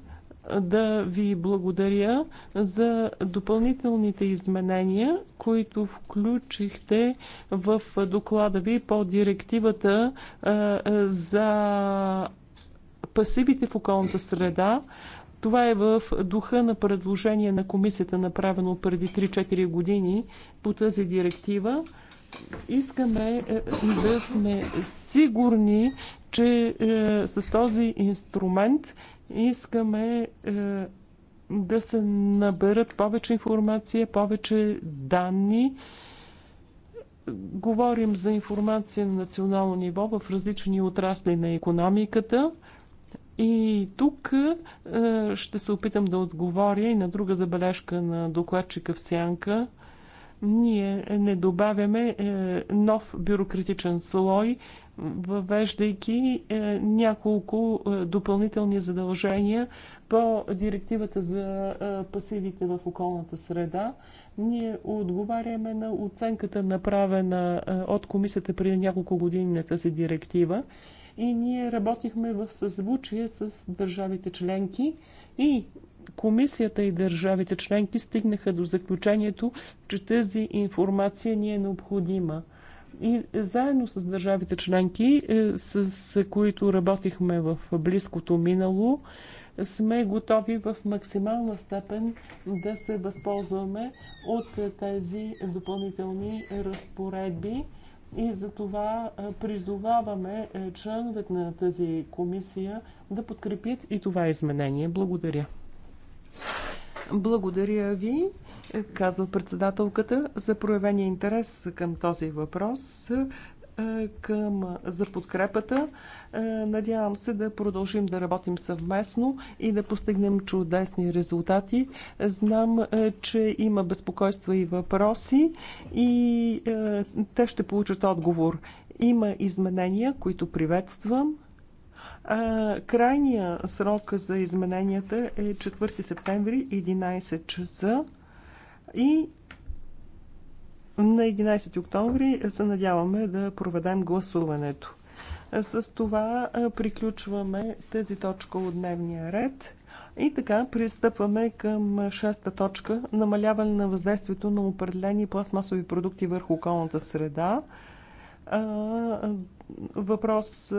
да ви благодаря за допълнителните изменения, които включихте в доклада ви по директивата е, е, за пасивите в околната среда. Това е в духа на предложение на комисията, направено преди 3-4 години по тази директива. Искаме е, е, да сме сигурни, че е, с този инструмент искаме е, да се наберат повече информация, повече данни. Говорим за информация на национално ниво в различни отрасли на економиката – и тук е, ще се опитам да отговоря и на друга забележка на докладчика в Сянка. Ние не добавяме е, нов бюрократичен слой, въвеждайки е, няколко допълнителни задължения по директивата за пасивите в околната среда. Ние отговаряме на оценката, направена от комисията преди няколко години на тази директива и ние работихме в съзвучие с държавите членки и комисията и държавите членки стигнаха до заключението, че тази информация ни е необходима. И заедно с държавите членки, е, с които работихме в близкото минало, сме готови в максимална степен да се възползваме от тези допълнителни разпоредби. И за това призоваваме е, членовете на тази комисия да подкрепят и това изменение. Благодаря. Благодаря ви, казва председателката, за проявения интерес към този въпрос, е, към, за подкрепата. Е, надявам се да продължим да работим съвместно и да постигнем чудесни резултати. Знам, е, че има безпокойства и въпроси и е, те ще получат отговор. Има изменения, които приветствам. Крайния срок за измененията е 4 септември 11 часа и на 11 октомври се надяваме да проведем гласуването. С това приключваме тази точка от дневния ред. И така пристъпваме към шеста точка – намаляване на въздействието на определени пластмасови продукти върху околната среда. Въпрос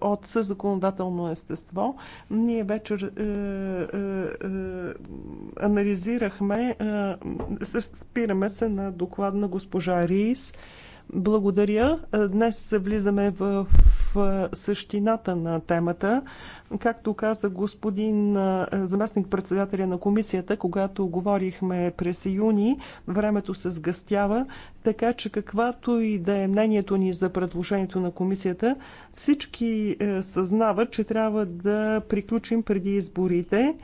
от съзаконодателно естество. Ние вечер анализирахме, спираме се на доклад на госпожа Рис – благодаря. Е, днес влизаме в е, същината на темата. Както каза господин е, заместник председателя на комисията, когато говорихме през юни, времето се сгъстява, така че каквато и да е мнението ни за предложението на комисията, всички съзнават, че трябва да приключим преди изборите.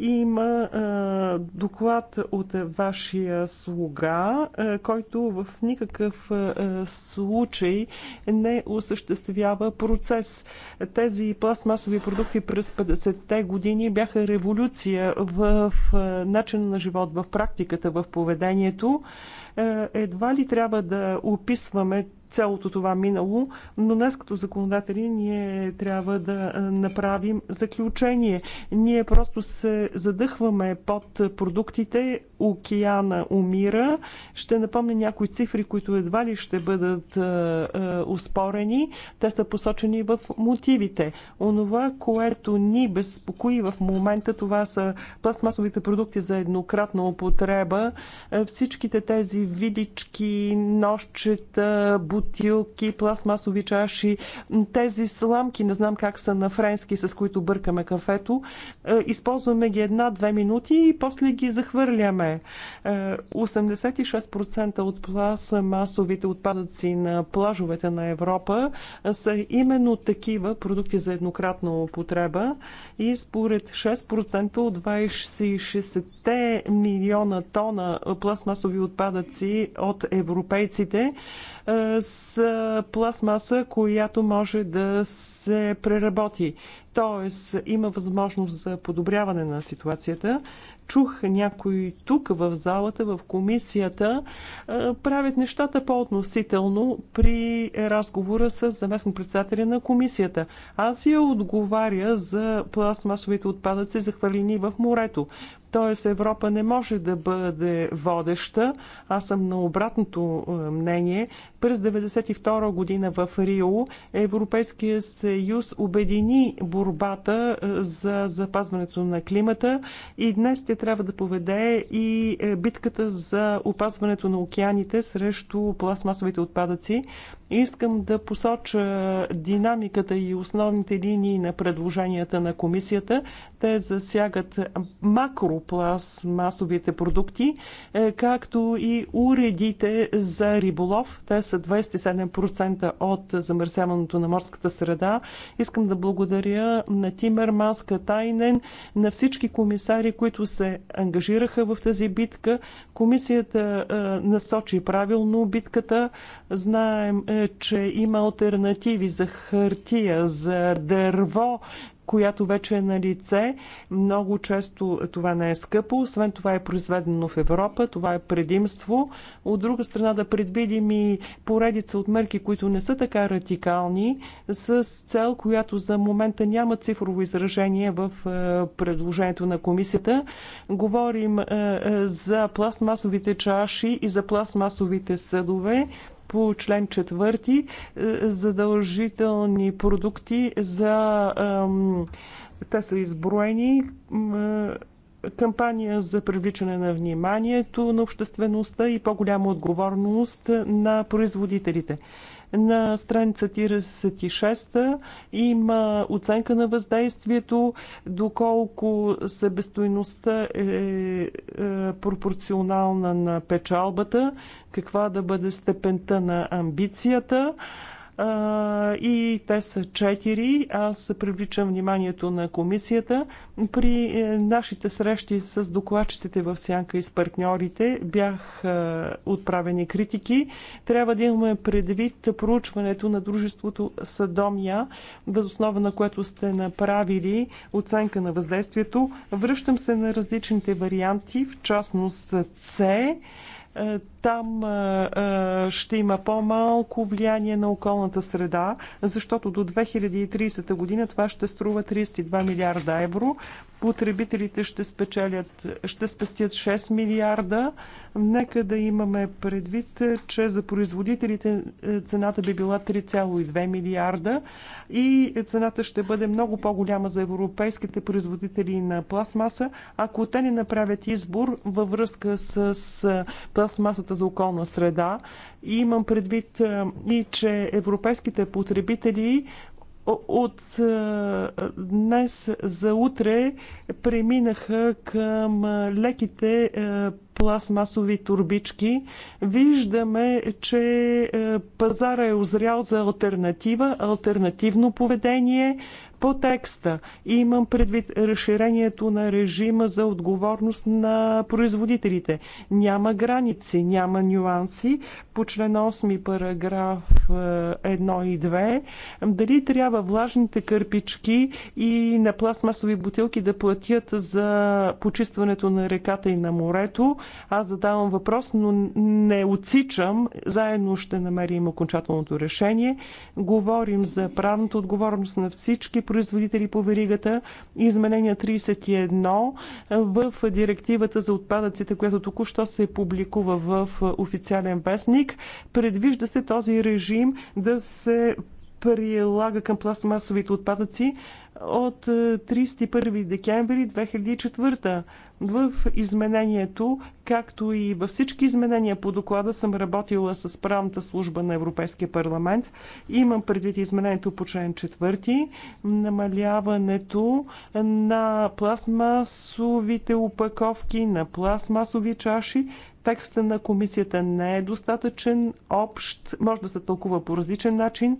Има а, доклад от вашия слуга, а, който в никакъв а, случай не осъществява процес. Тези пластмасови продукти през 50-те години бяха революция в е, начин на живот, в практиката, в поведението едва ли трябва да описваме цялото това минало, но днес като законодатели ние трябва да направим заключение. Ние просто се задъхваме под продуктите, океана умира. Ще напомня някои цифри, които едва ли ще бъдат е, е, успорени. Те са посочени в мотивите. Онова, което ни безпокои в момента, това са пластмасовите продукти за еднократна употреба. Всичките тези видички, нощчета, бутилки, бутилки, пластмасови чаши, тези сламки, не знам как са на френски, с които бъркаме кафето. Е, използваме ги една-две минути и после ги захвърляме. 86% е, от пластмасовите отпадъци на плажовете на Европа е, са именно такива продукти за еднократна употреба и според 6% от 26 милиона тона пластмасови отпадъци от европейците, с пластмаса, която може да се преработи. Тоест, има възможност за подобряване на ситуацията. Чух някои тук в залата, в комисията, правят нещата по-относително при разговора с заместник председателя на комисията. Аз я отговаря за пластмасовите отпадъци, захвърлени в морето. Тоест Европа не може да бъде водеща. Аз съм на обратното е, мнение. През 1992 година в Рио Европейския съюз обедини борбата е, за запазването на климата и днес те трябва да поведе и е, битката за опазването на океаните срещу пластмасовите отпадъци. Искам да посоча динамиката и основните линии на предложенията на комисията. Те засягат макропластмасовите продукти, е, както и уредите за риболов. Те са 27% от замърсяването на морската среда. Искам да благодаря на Тимер Маска Тайнен, на всички комисари, които се ангажираха в тази битка. Комисията е, насочи правилно битката. Знаем, е, че има альтернативи за хартия, за дърво, която вече е на лице. Много често това не е скъпо. Освен това е произведено в Европа. Това е предимство. От друга страна да предвидим и поредица от мерки, които не са така радикални, с цел, която за момента няма цифрово изражение в е, предложението на комисията. Говорим е, е, за пластмасовите чаши и за пластмасовите съдове по член 4 е, задължителни продукти за... Те са изброени е, кампания за привличане на вниманието на обществеността и по-голяма отговорност на производителите. На страница 36 има оценка на въздействието, доколко себестойността е, е пропорционална на печалбата, каква да бъде степента на амбицията и те са четири. Аз привличам вниманието на комисията. При е, нашите срещи с докладчиците в Сянка и с партньорите бях е, отправени критики. Трябва да имаме предвид проучването на дружеството Садомия, възоснова на което сте направили оценка на въздействието. Връщам се на различните варианти, в частност С е, там ще има по-малко влияние на околната среда, защото до 2030 година това ще струва 32 милиарда евро. Потребителите ще, спечелят, ще спестят 6 милиарда. Нека да имаме предвид, че за производителите е, цената би била 3,2 милиарда и цената ще бъде много по-голяма за европейските производители на пластмаса, ако те не направят избор във връзка с е, пластмасата Агенцията за околна среда. И имам предвид е, и, че европейските потребители от е, днес за утре преминаха към е, леките пластмасови турбички. Виждаме, че пазара е озрял за альтернатива, альтернативно поведение, по текста имам предвид разширението на режима за отговорност на производителите. Няма граници, няма нюанси. По член 8 параграф 1 е, и 2 дали трябва влажните кърпички и на пластмасови бутилки да платят за почистването на реката и на морето. Аз задавам въпрос, но не отсичам. Заедно ще намерим окончателното решение. Говорим за правната отговорност на всички производители по веригата. Изменение 31 в директивата за отпадъците, която току-що се публикува в официален вестник. Предвижда се този режим да се прилага към пластмасовите отпадъци от 31 е, декември 2004. В изменението, както и във всички изменения по доклада, съм работила с правната служба на Европейския парламент. Имам предвид изменението по член 4, намаляването на пластмасовите упаковки, на пластмасови чаши, текста на комисията не е достатъчен, общ, може да се тълкува по различен начин.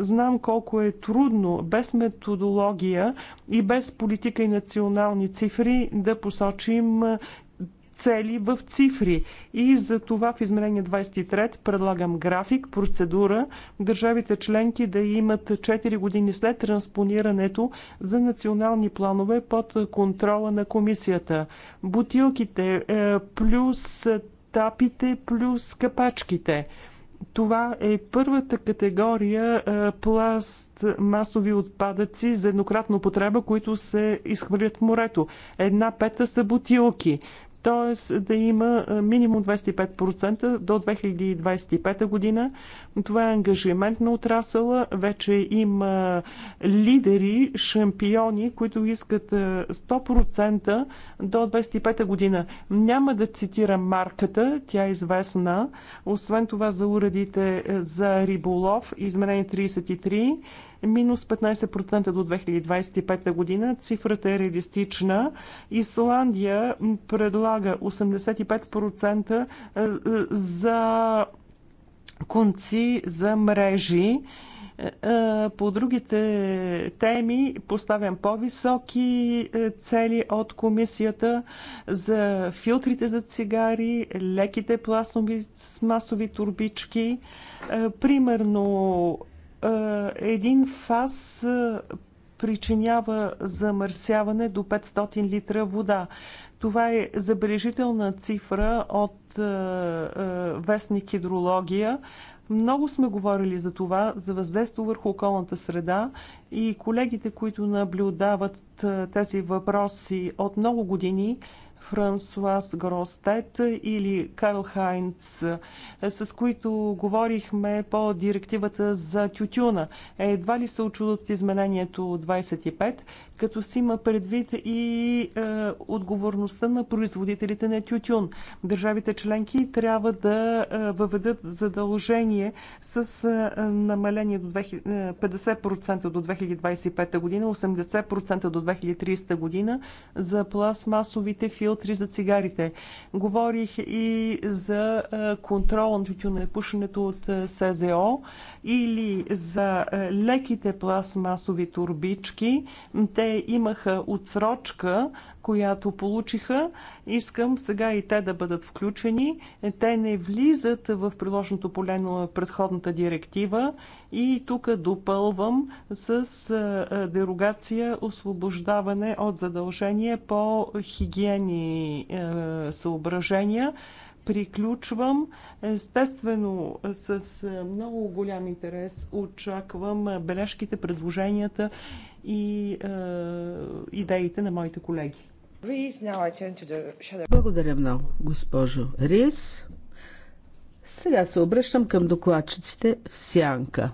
Знам колко е трудно без методология и без политика и национални цифри да посочим цели в цифри. И за това в измерение 23 предлагам график, процедура, държавите членки да имат 4 години след транспонирането за национални планове под контрола на комисията. Бутилките е, плюс тапите плюс капачките – това е първата категория пласт масови отпадъци за еднократно употреба, които се изхвърлят в морето. Една пета са бутилки т.е. да има минимум 25% до 2025 година. Това е ангажимент на отрасъла. Вече има лидери, шампиони, които искат 100% до 25-та година. Няма да цитирам марката, тя е известна. Освен това за уредите за риболов, изменение 33, минус 15% до 2025 година. Цифрата е реалистична. Исландия предлага 85% за конци за мрежи. Е, е, по другите теми поставям по-високи е, цели от комисията за филтрите за цигари, леките пластмасови турбички. Примерно един фаз причинява замърсяване до 500 литра вода. Това е забележителна цифра от е, е, вестник Хидрология. Много сме говорили за това, за въздействие върху околната среда и колегите, които наблюдават е, тези въпроси от много години, Франсуас Гростет или Карл Хайнц, е, с които говорихме по директивата за тютюна. Едва ли се очудват изменението 25, като си има предвид и е, отговорността на производителите на тютюн. Държавите членки трябва да е, въведат задължение с е, намаление до 50% е, до 2025 година, 80% до 2030 година за пластмасовите филтри за цигарите. Говорих и за е, контрол на тютюнепушенето от е, СЗО или за е, леките пластмасови турбички. Те имаха отсрочка, която получиха. Искам сега и те да бъдат включени. Те не влизат в приложното поле на предходната директива и тук допълвам с е, е, дерогация освобождаване от задължение по хигиени съображения приключвам. Естествено, с много голям интерес очаквам бележките, предложенията и е, идеите на моите колеги. Благодаря много, госпожо Рис. Сега се обръщам към докладчиците в Сянка.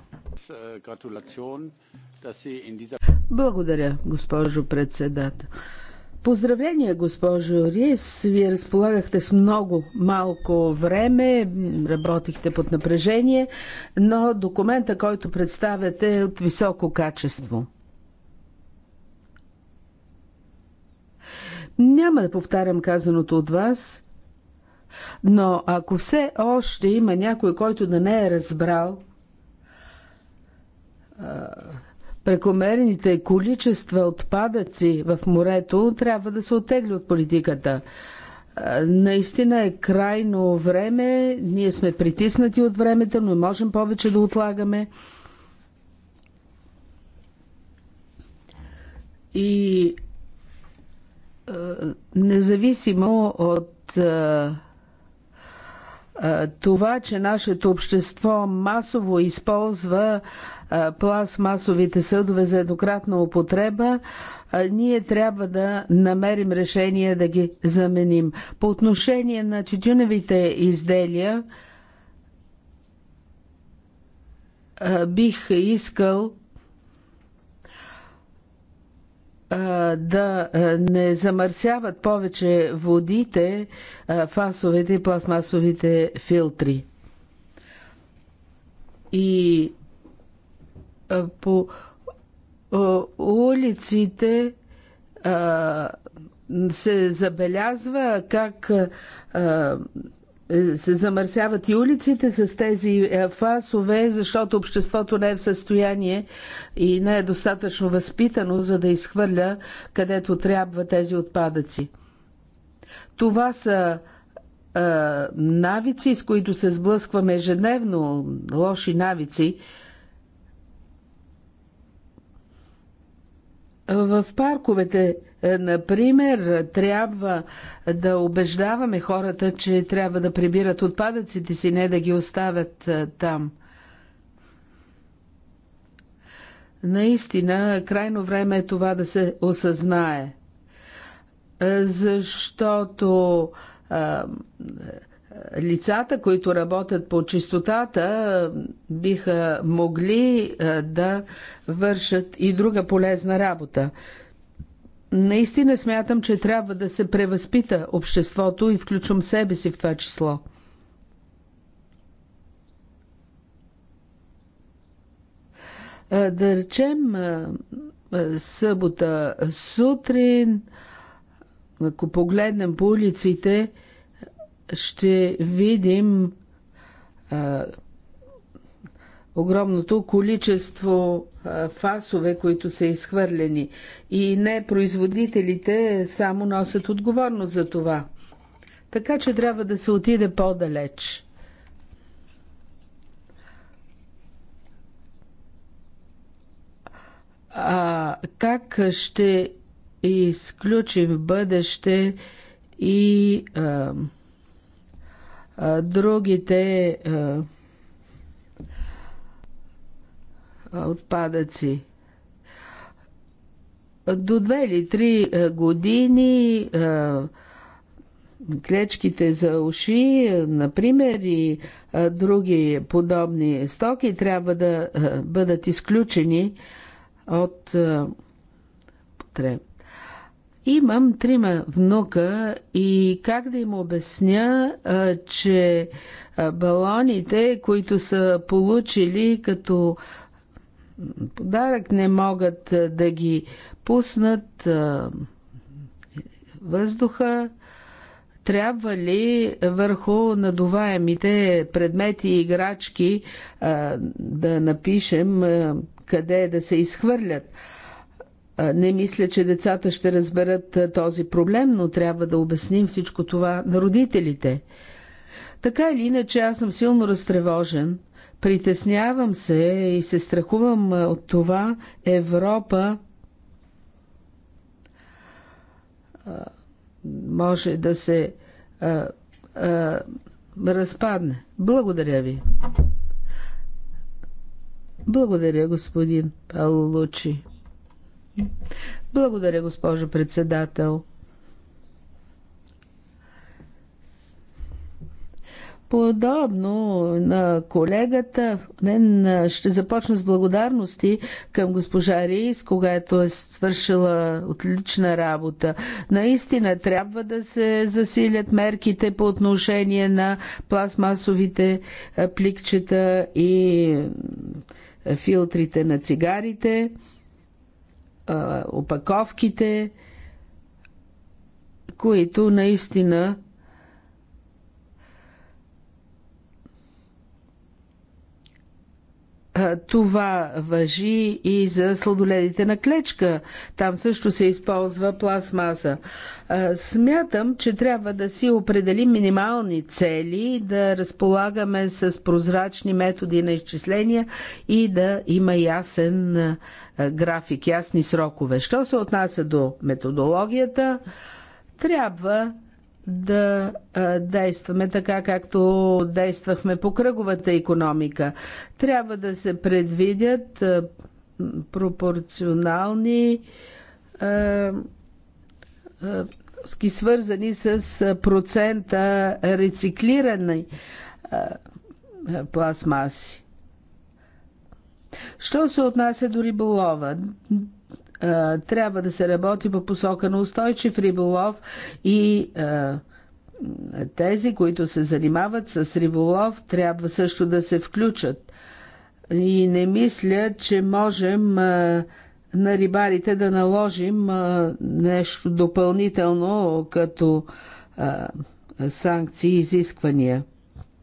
Благодаря, госпожо председател. Поздравления, госпожо Рис. Вие разполагахте с много малко време, работихте под напрежение, но документа, който представяте е от високо качество. Няма да повтарям казаното от вас, но ако все още има някой, който да не е разбрал прекомерните количества отпадъци в морето трябва да се отегли от политиката. Наистина е крайно време, ние сме притиснати от времето, но можем повече да отлагаме. И независимо от това, че нашето общество масово използва пластмасовите съдове за еднократна употреба, ние трябва да намерим решение да ги заменим. По отношение на тютюневите изделия, бих искал да не замърсяват повече водите, фасовете и пластмасовите филтри. И по улиците се забелязва как се замърсяват и улиците с тези фасове, защото обществото не е в състояние и не е достатъчно възпитано, за да изхвърля където трябва тези отпадъци. Това са навици, с които се сблъскваме ежедневно, лоши навици, В парковете, е, например, трябва да убеждаваме хората, че трябва да прибират отпадъците си, не да ги оставят е, там. Наистина, крайно време е това да се осъзнае. Е, защото лицата, които работят по чистотата, биха могли да вършат и друга полезна работа. Наистина смятам, че трябва да се превъзпита обществото и включвам себе си в това число. Да речем, събота сутрин, ако погледнем по улиците, ще видим а, огромното количество а, фасове, които са изхвърлени. И не производителите само носят отговорност за това. Така че трябва да се отиде по-далеч. А как ще изключим в бъдеще и а, другите отпадъци. До две или три години клечките за уши, например, и други подобни стоки трябва да бъдат изключени от потреба. Имам трима внука и как да им обясня, че балоните, които са получили като подарък, не могат да ги пуснат въздуха, трябва ли върху надуваемите предмети и играчки да напишем къде да се изхвърлят? Не мисля, че децата ще разберат този проблем, но трябва да обясним всичко това на родителите. Така или иначе, аз съм силно разтревожен. Притеснявам се и се страхувам от това Европа може да се а, а, разпадне. Благодаря ви. Благодаря, господин Палучи. Благодаря, госпожо председател. Подобно на колегата, ще започна с благодарности към госпожа Рис, когато е свършила отлична работа. Наистина трябва да се засилят мерките по отношение на пластмасовите пликчета и филтрите на цигарите опаковките, които наистина Това въжи и за сладоледите на клечка. Там също се използва пластмаса. Смятам, че трябва да си определим минимални цели, да разполагаме с прозрачни методи на изчисления и да има ясен график, ясни срокове. Що се отнася до методологията, трябва да действаме така, както действахме по кръговата економика. Трябва да се предвидят пропорционални свързани с процента рециклирани пластмаси. Що се отнася до риболова? Трябва да се работи по посока на устойчив риболов и тези, които се занимават с риболов, трябва също да се включат. И не мисля, че можем на рибарите да наложим нещо допълнително като санкции и изисквания.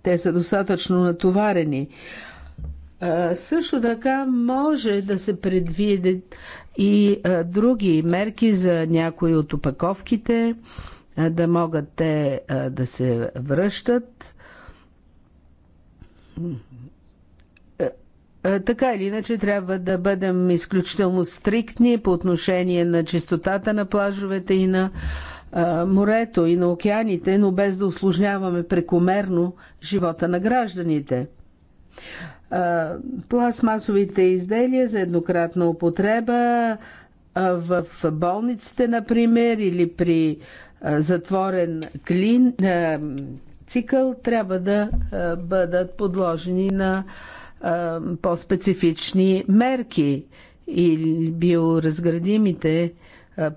Те са достатъчно натоварени. Също така може да се предвидят и други мерки за някои от опаковките, да могат те да се връщат. Е, така или иначе трябва да бъдем изключително стриктни по отношение на чистотата на плажовете и на е, морето и на океаните, но без да осложняваме прекомерно живота на гражданите. Е, пластмасовите изделия за еднократна употреба в болниците, например, или при затворен клин, цикъл трябва да бъдат подложени на по-специфични мерки или биоразградимите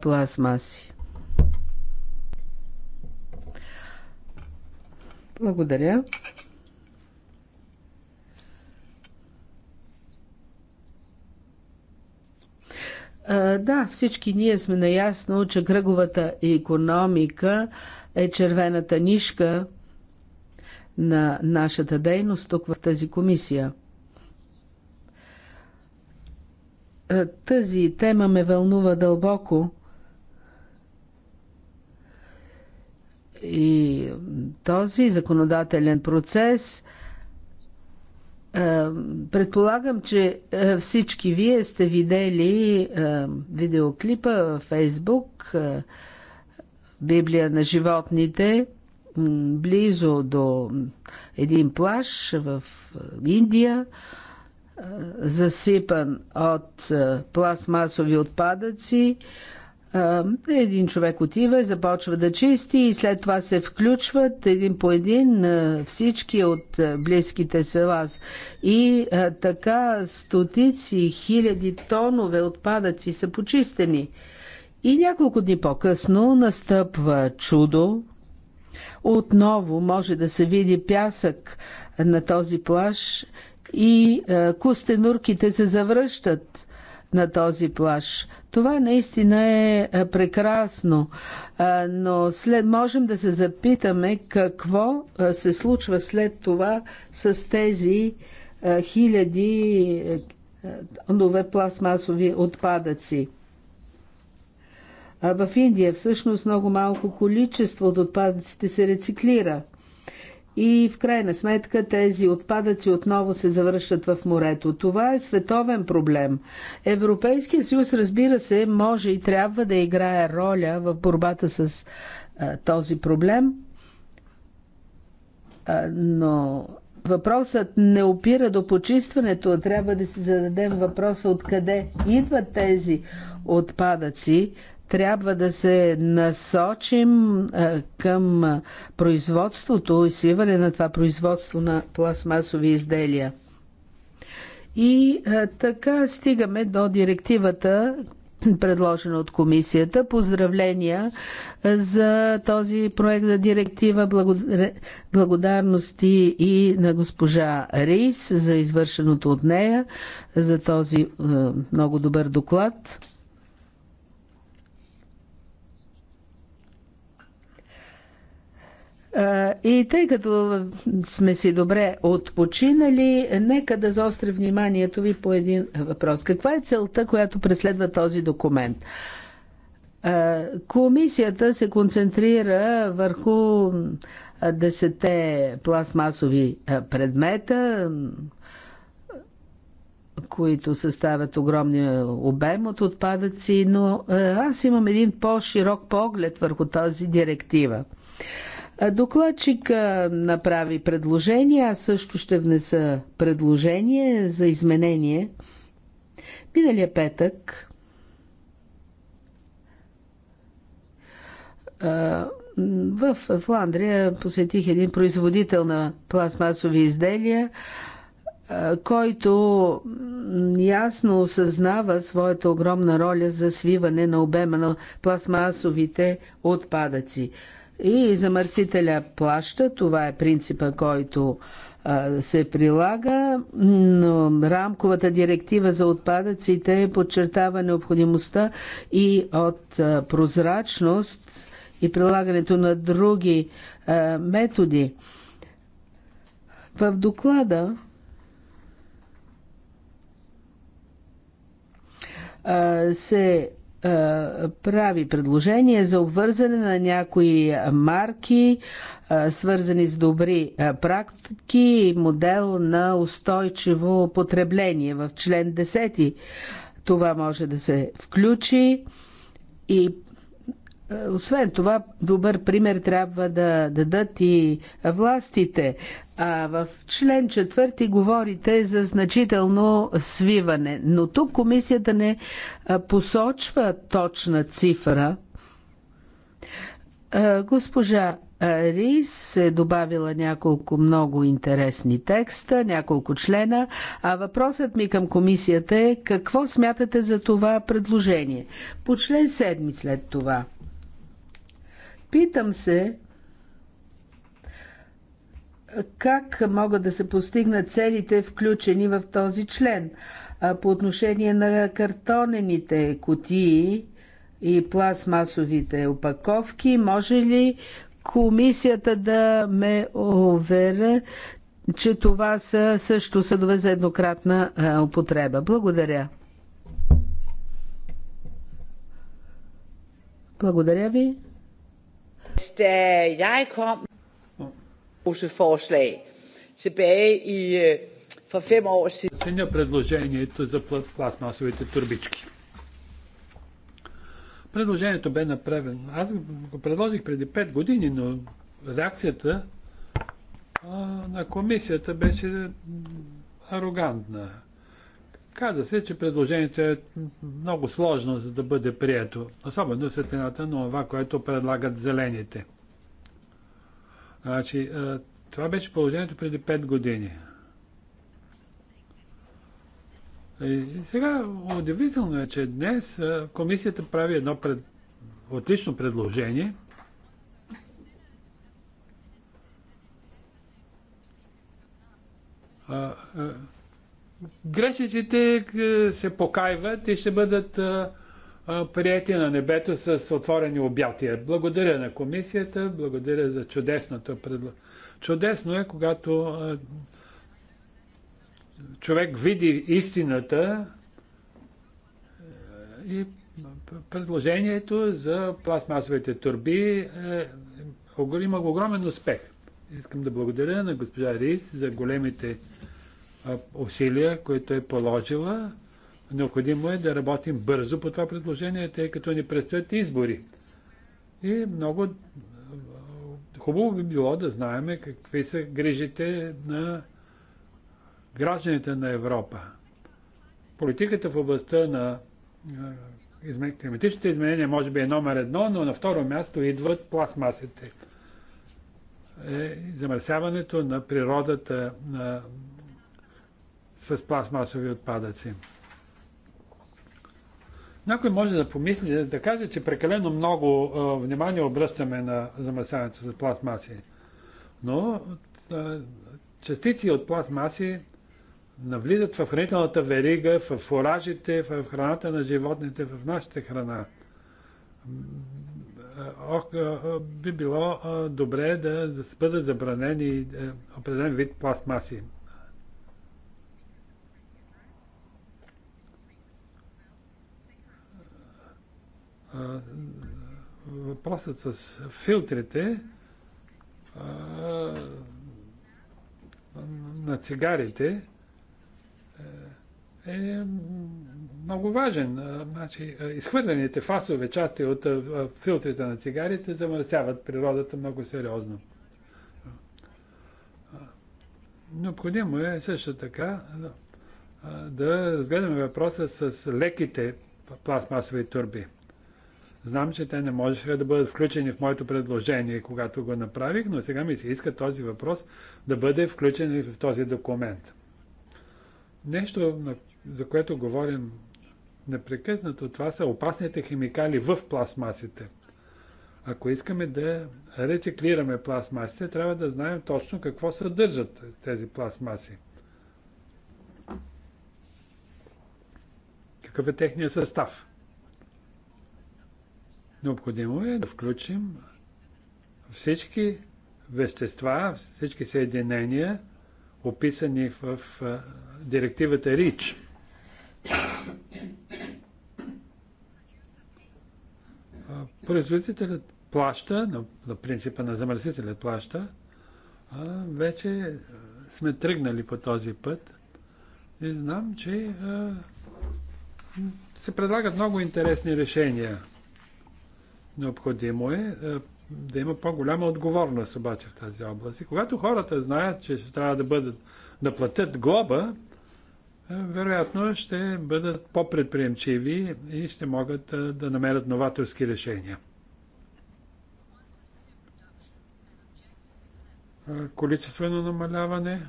пластмаси. Благодаря. Да, всички ние сме наясно, че кръговата економика е червената нишка на нашата дейност тук в тази комисия – Е, тази тема ме вълнува дълбоко. И този законодателен процес е, предполагам, че е, всички вие сте видели видеоклипа във Фейсбук Библия на животните близо до един плаж в Индия. Е, засипан от е, пластмасови отпадъци. Е, един човек отива, и започва да чисти и след това се включват един по един всички от близките села. И така стотици, хиляди тонове отпадъци са почистени. И няколко дни по-късно настъпва чудо. Отново може да се види пясък на този плаш и е, костенурките се завръщат на този плаш. Това наистина е, е прекрасно, е, но след можем да се запитаме какво се случва след това с тези хиляди нове пластмасови отпадъци. В Индия всъщност много малко количество от отпадъците се рециклира – и в крайна сметка тези отпадъци отново се завръщат в морето. Това е световен проблем. Европейския съюз, разбира се, може и трябва да играе роля в борбата с а, този проблем, а, но въпросът не опира до почистването. Трябва да си зададем въпроса откъде идват тези отпадъци, трябва да се насочим към производството и свиване на това производство на пластмасови изделия. И така стигаме до директивата, предложена от комисията. Поздравления за този проект за директива. Благодарности и на госпожа Рейс за извършеното от нея, за този много добър доклад. И тъй като сме си добре отпочинали, нека да заостря вниманието ви по един въпрос. Каква е целта, която преследва този документ? Комисията се концентрира върху десете пластмасови предмета, които съставят огромния обем от отпадъци, но аз имам един по-широк поглед върху тази директива. Докладчик направи предложение, аз също ще внеса предложение за изменение. Миналия петък в Фландрия посетих един производител на пластмасови изделия, който ясно осъзнава своята огромна роля за свиване на обема на пластмасовите отпадъци и замърсителя плаща. Това е принципа, който се прилага, но рамковата директива за отпадъците подчертава необходимостта и от прозрачност и прилагането на други методи. В доклада се е, прави предложение за обвързане на някои марки, е, свързани с добри е, практики и модел на устойчиво потребление. В член 10 това може да се включи и е, освен това, добър пример трябва да дадат и властите. А в член четвърти говорите за значително свиване, но тук комисията не посочва точна цифра. Е, госпожа е, Рис е добавила няколко много интересни текста, няколко члена, а въпросът ми към комисията е какво смятате за това предложение? По член седми след това – Питам се как могат да се постигнат целите, включени в този член. По отношение на картонените котии и пластмасовите опаковки, може ли комисията да ме уверя, че това са също съдове за еднократна употреба. Благодаря. Благодаря ви. Da jeg kom forslag tilbage i øh, for fem år siden. предложението е за пластмасовите турбички. Предложението бе направено. Аз го предложих преди 5 години, но реакцията а, на комисията беше арогантна. Каза се, че предложението е много сложно, за да бъде прието, особено светлината на това, което предлагат зелените. Значи, това беше положението преди 5 години. И сега удивително е, че днес комисията прави едно пред... отлично предложение. А, а, грешниците е, се покайват и ще бъдат е, е, прияти на небето с отворени обятия. Благодаря на комисията, благодаря за чудесното предложение. Чудесно е, когато човек види истината и предложението за пластмасовите турби е, има огромен успех. Искам да благодаря на госпожа Рис за големите усилия, които е положила. Необходимо е да работим бързо по това предложение, тъй като ни предстоят избори. И много хубаво би било да знаем какви са грижите на гражданите на Европа. Политиката в областта на климатичните изменения може би е номер едно, но на второ място идват пластмасите. Е, замърсяването на природата, на с пластмасови отпадъци. Някой може да помисли, да каже, че прекалено много а, внимание обръщаме на замърсяването с пластмаси. Но а, частици от пластмаси навлизат в хранителната верига, в фуражите, в храната на животните, в нашата храна. Ох, би било добре да, да бъдат забранени е, определен вид пластмаси. въпросът с филтрите а, на цигарите е, е много важен. Значи, изхвърлените фасове части от филтрите на цигарите замърсяват природата много сериозно. Необходимо е също така да разгледаме въпроса с леките пластмасови турби. Знам, че те не можеха да бъдат включени в моето предложение, когато го направих, но сега ми се иска този въпрос да бъде включен и в този документ. Нещо, за което говорим непрекъснато, това са опасните химикали в пластмасите. Ако искаме да рециклираме пластмасите, трябва да знаем точно какво съдържат тези пластмаси. Какъв е техният състав? Необходимо е да включим всички вещества, всички съединения, описани в директивата РИЧ. Производителят плаща, на, принципа на замърсителят плаща, вече сме тръгнали по този път и знам, че се предлагат много интересни решения. Необходимо е, е да има по-голяма отговорност обаче в тази област. И когато хората знаят, че ще трябва да, бъдат, да платят глоба, е, вероятно ще бъдат по-предприемчиви и ще могат е, да намерят новаторски решения. Количествено намаляване.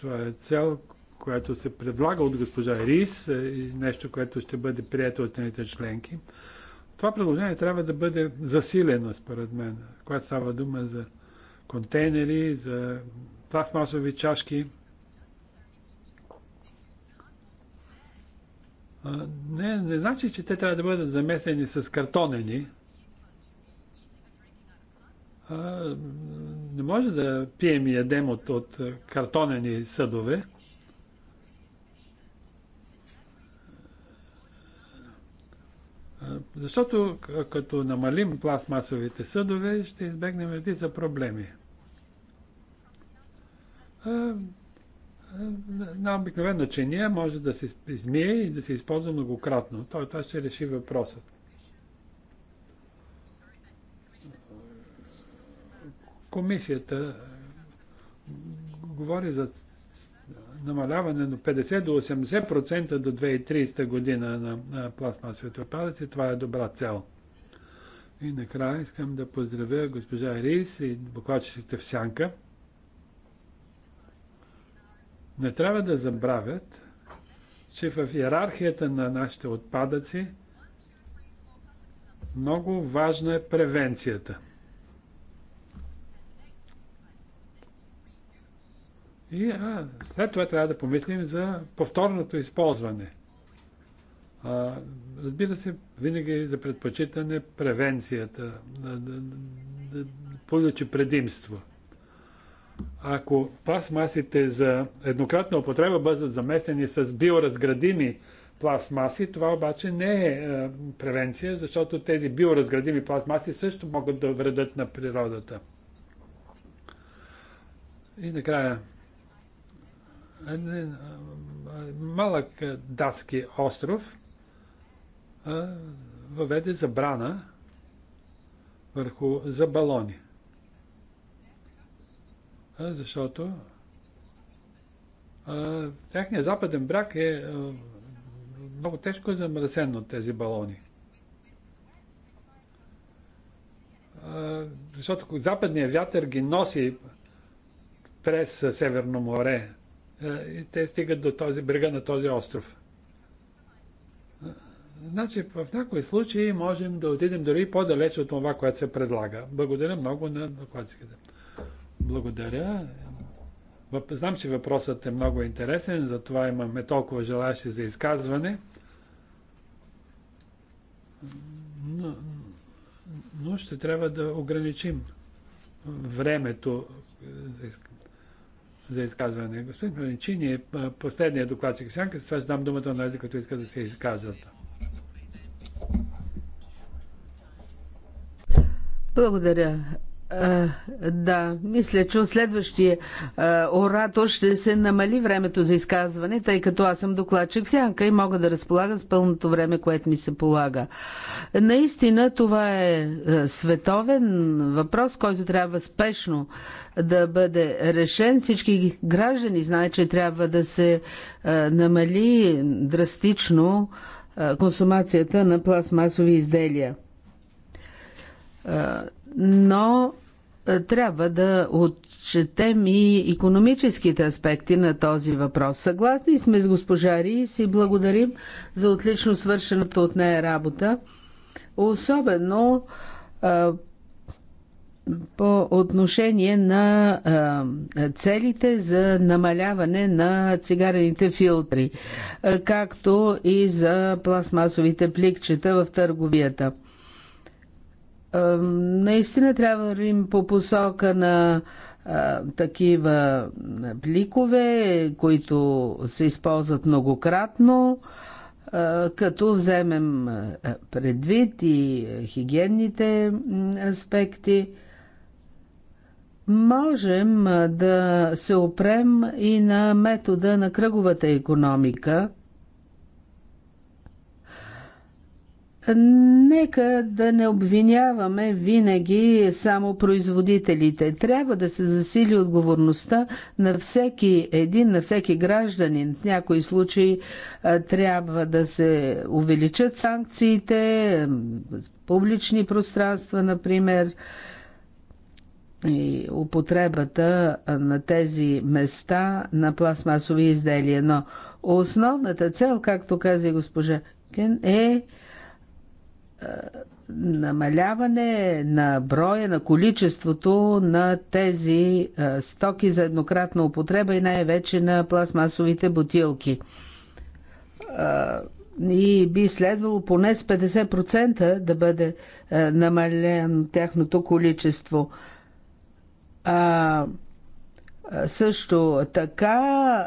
Това е цел, която се предлага от госпожа Рис, е, нещо, което ще бъде прието от страните членки, това предложение трябва да бъде засилено, според мен, когато става дума за контейнери, за пластмасови чашки. Не, не значи, че те трябва да бъдат замесени с картонени. Не може да пием и ядем от, от картонени съдове. Защото като намалим пластмасовите съдове, ще избегнем редица проблеми. На обикновено чиния може да се измие и да се използва многократно. Той това ще реши въпросът. Комисията говори за намаляване на 50 до 80% до 2030 година на, пластмасовите отпадъци. Това е добра цел. И накрая искам да поздравя госпожа Рис и докладчиците в Сянка. Не трябва да забравят, че в иерархията на нашите отпадъци много важна е превенцията – И а, след това трябва да помислим за повторното използване. А, разбира се, винаги за предпочитане превенцията, да, да, да получи предимство. Ако пластмасите за еднократна употреба бъдат замесени с биоразградими пластмаси, това обаче не е, е превенция, защото тези биоразградими пластмаси също могат да вредят на природата. И накрая е, е, малък е, датски остров въведе забрана върху за балони. Защото техният западен бряг е много тежко замръсен от тези балони. Защото западният вятър ги носи през Северно море е, и те стигат до този брега на този остров. Значи, в някои случаи можем да отидем дори по-далеч от това, което се предлага. Благодаря много на докладчиката. Благодаря. Знам, че въпросът е много интересен, затова имаме толкова желаящи за изказване. Но, но ще трябва да ограничим времето е, за изказване за изказване. Господин Паничини е последният докладчик в сянка, с това ще дам думата на тези, които искат да се изказват. Благодаря, е, да, мисля, че от следващия е, оратор ще се намали времето за изказване, тъй като аз съм докладчик сянка и мога да разполагам с пълното време, което ми се полага. Наистина това е, е световен въпрос, който трябва спешно да бъде решен. Всички граждани знаят, че трябва да се намали драстично консумацията на пластмасови изделия но е, трябва да отчетем и економическите аспекти на този въпрос. Съгласни сме с госпожа Рис и благодарим за отлично свършената от нея работа, особено а, е, по отношение на а, е, целите за намаляване на цигарените филтри, а, както и за пластмасовите пликчета в търговията. Наистина трябва да вървим по посока на такива пликове, които се използват многократно, като вземем предвид и хигиенните аспекти. Можем да се опрем и на метода на кръговата економика – Нека да не обвиняваме винаги само производителите. Трябва да се засили отговорността на всеки един, на всеки гражданин. В някои случаи трябва да се увеличат санкциите, публични пространства, например, и употребата на тези места на пластмасови изделия. Но основната цел, както каза госпожа Кен, е намаляване на броя, на количеството на тези стоки за еднократна употреба и най-вече на пластмасовите бутилки. И би следвало поне с 50% да бъде намалено тяхното количество. А, също така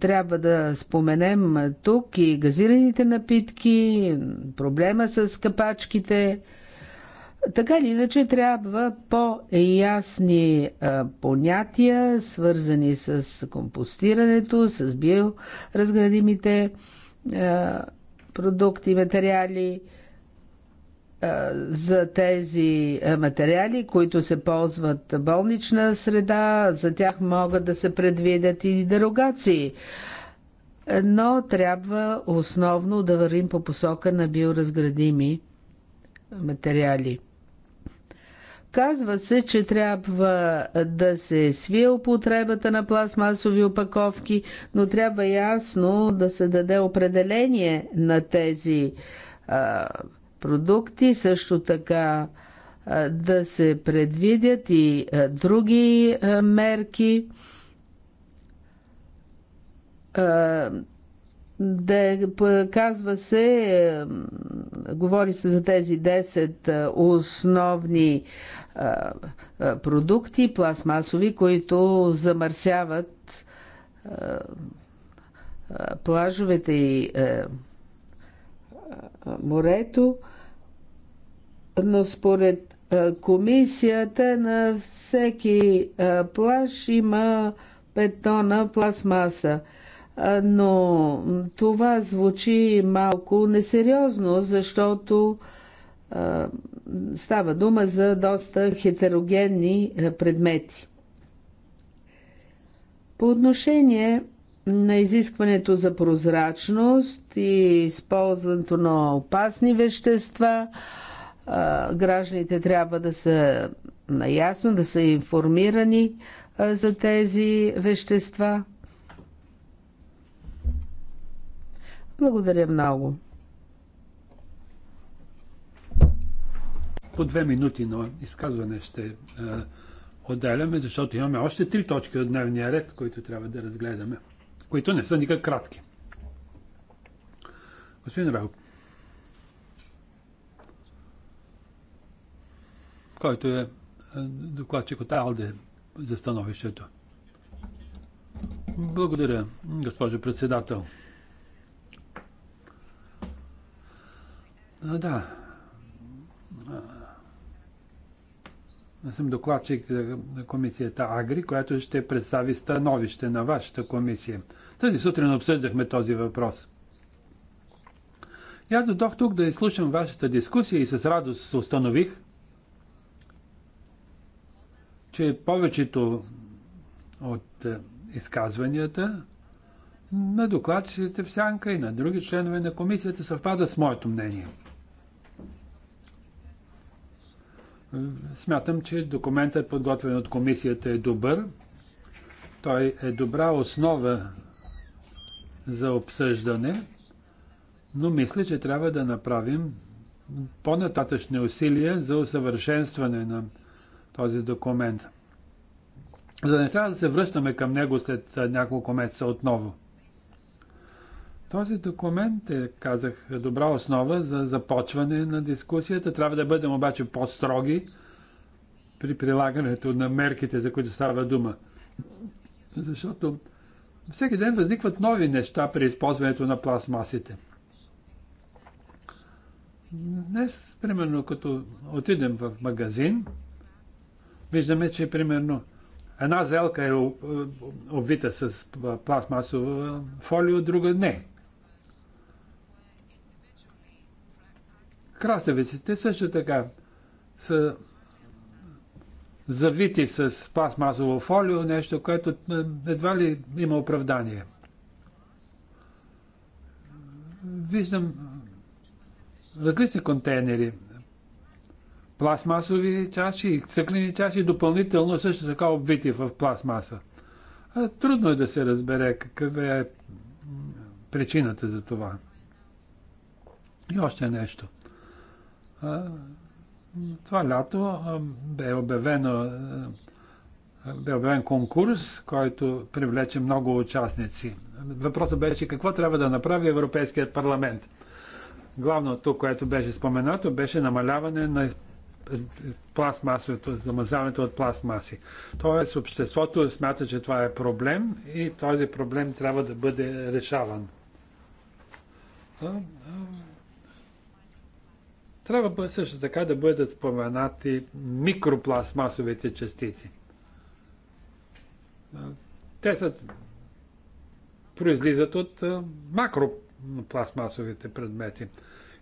трябва да споменем тук и газираните напитки, проблема с капачките. Така или иначе трябва по-ясни понятия, свързани с компостирането, с биоразградимите продукти, материали за тези материали, които се ползват болнична среда, за тях могат да се предвидят и дерогации. Но трябва основно да вървим по посока на биоразградими материали. Казва се, че трябва да се свие употребата на пластмасови опаковки, но трябва ясно да се даде определение на тези а, продукти, също така да се предвидят и други мерки, да казва се, говори се за тези 10 основни продукти, пластмасови, които замърсяват плажовете и морето но според комисията на всеки плаш има 5 тона пластмаса. Но това звучи малко несериозно, защото става дума за доста хетерогенни предмети. По отношение на изискването за прозрачност и използването на опасни вещества – гражданите трябва да са наясно, да са информирани за тези вещества. Благодаря много. По две минути на изказване ще отделяме, защото имаме още три точки от дневния ред, които трябва да разгледаме, които не са никак кратки. Господин Раук, който е, е докладчик от АЛДЕ за становището. Благодаря, госпожо председател. А, да. Аз съм докладчик на комисията Агри, която ще представи становище на вашата комисия. Тази сутрин обсъждахме този въпрос. И аз додох тук да изслушам вашата дискусия и с радост установих, че повечето от е, изказванията на докладчиците в Сянка и на други членове на комисията съвпадат с моето мнение. Смятам, че документът, подготвен от комисията, е добър. Той е добра основа за обсъждане, но мисля, че трябва да направим по-нататъчни усилия за усъвършенстване на този документ. За да не трябва да се връщаме към него след няколко месеца отново. Този документ е, казах, добра основа за започване на дискусията. Трябва да бъдем обаче по-строги при прилагането на мерките, за които става дума. Защото всеки ден възникват нови неща при използването на пластмасите. Днес, примерно, като отидем в магазин, Виждаме, че примерно една зелка е обвита с пластмасова фолио, друга не. Краставиците също така са завити с пластмасово фолио, нещо, което едва ли има оправдание. Виждам различни контейнери пластмасови чаши и цъклени чаши, допълнително също така обвити в пластмаса. А, трудно е да се разбере какъв е причината за това. И още нещо. А, това лято бе обявено бе обявен конкурс, който привлече много участници. Въпросът беше какво трябва да направи Европейският парламент. Главното, което беше споменато, беше намаляване на пластмасовото, замърсяването от пластмаси. Тоест, обществото смята, че това е проблем и този проблем трябва да бъде решаван. Трябва също така да бъдат споменати микропластмасовите частици. Те са произлизат от макропластмасовите предмети.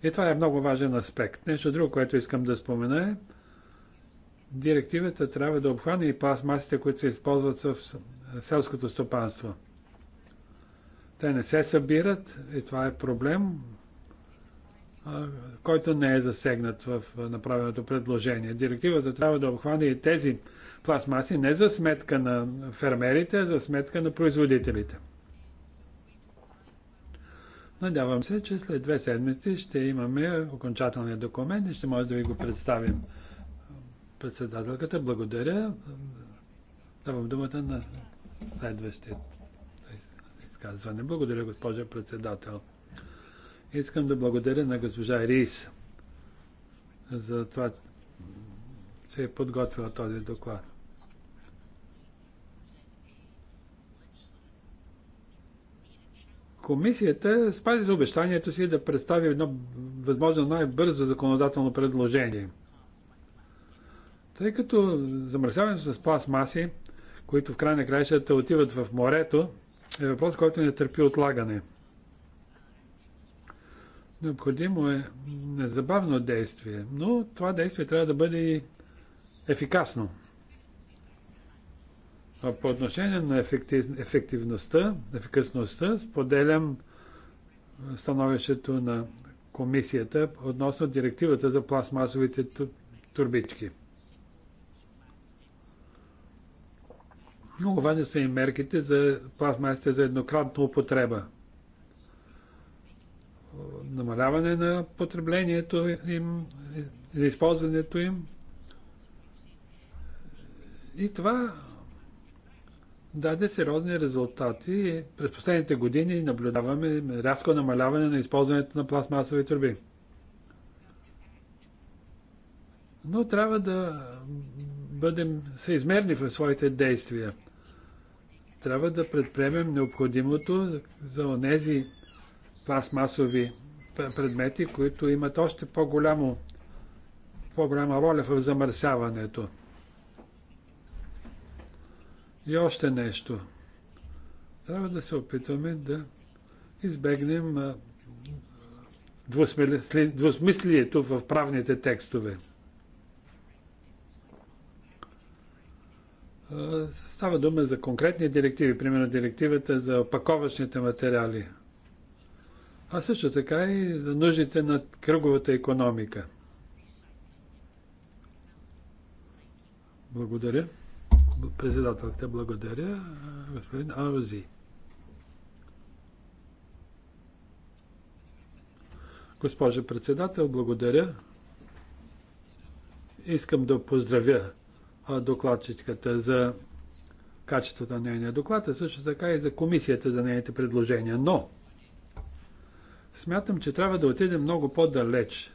И това е много важен аспект. Нещо друго, което искам да спомена е, директивата трябва да обхване и пластмасите, които се използват в селското стопанство. Те не се събират и това е проблем, който не е засегнат в направеното предложение. Директивата трябва да обхване и тези пластмаси не за сметка на фермерите, а за сметка на производителите. Надявам се, че след две седмици ще имаме окончателния документ и ще може да ви го представим. Председателката, благодаря. Давам думата на следващия изказване. Благодаря, госпожа председател. Искам да благодаря на госпожа Рис за това, че е подготвила този доклад. Комисията спази за обещанието си да представи едно възможно най-бързо законодателно предложение. Тъй като замърсяването с пластмаси, които в край на краищата отиват в морето, е въпрос, който не търпи отлагане. Необходимо е незабавно действие, но това действие трябва да бъде и ефикасно. По отношение на ефективността, ефикасността, споделям становището на комисията относно директивата за пластмасовите турбички. Много важни са и мерките за пластмасите за еднократна употреба. Намаляване на потреблението им, използването им. И това даде сериозни резултати. През последните години наблюдаваме рязко намаляване на използването на пластмасови турби. Но трябва да бъдем съизмерни в своите действия. Трябва да предприемем необходимото за онези пластмасови предмети, които имат още по по-голяма роля в замърсяването. И още нещо. Трябва да се опитваме да избегнем двусмислието в правните текстове. Става дума за конкретни директиви, примерно директивата за опаковъчните материали, а също така и за нуждите на кръговата економика. Благодаря. Председателката благодаря. Господин Арози. Госпожа председател, благодаря. Искам да поздравя докладчичката за качеството на нейния доклад, а също така и за комисията за нейните предложения. Но смятам, че трябва да отидем много по-далеч,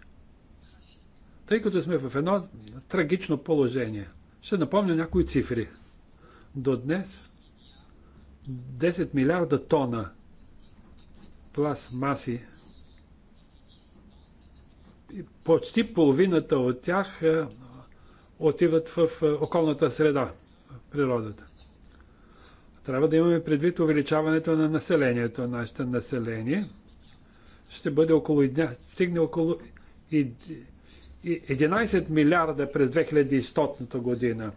тъй като сме в едно трагично положение – ще напомня някои цифри. До днес 10 милиарда тона пластмаси почти половината от тях е, отиват в е, околната среда, в природата. Трябва да имаме предвид увеличаването на населението. Нашето население ще бъде около, стигне около 11 милиарда през 2100 година.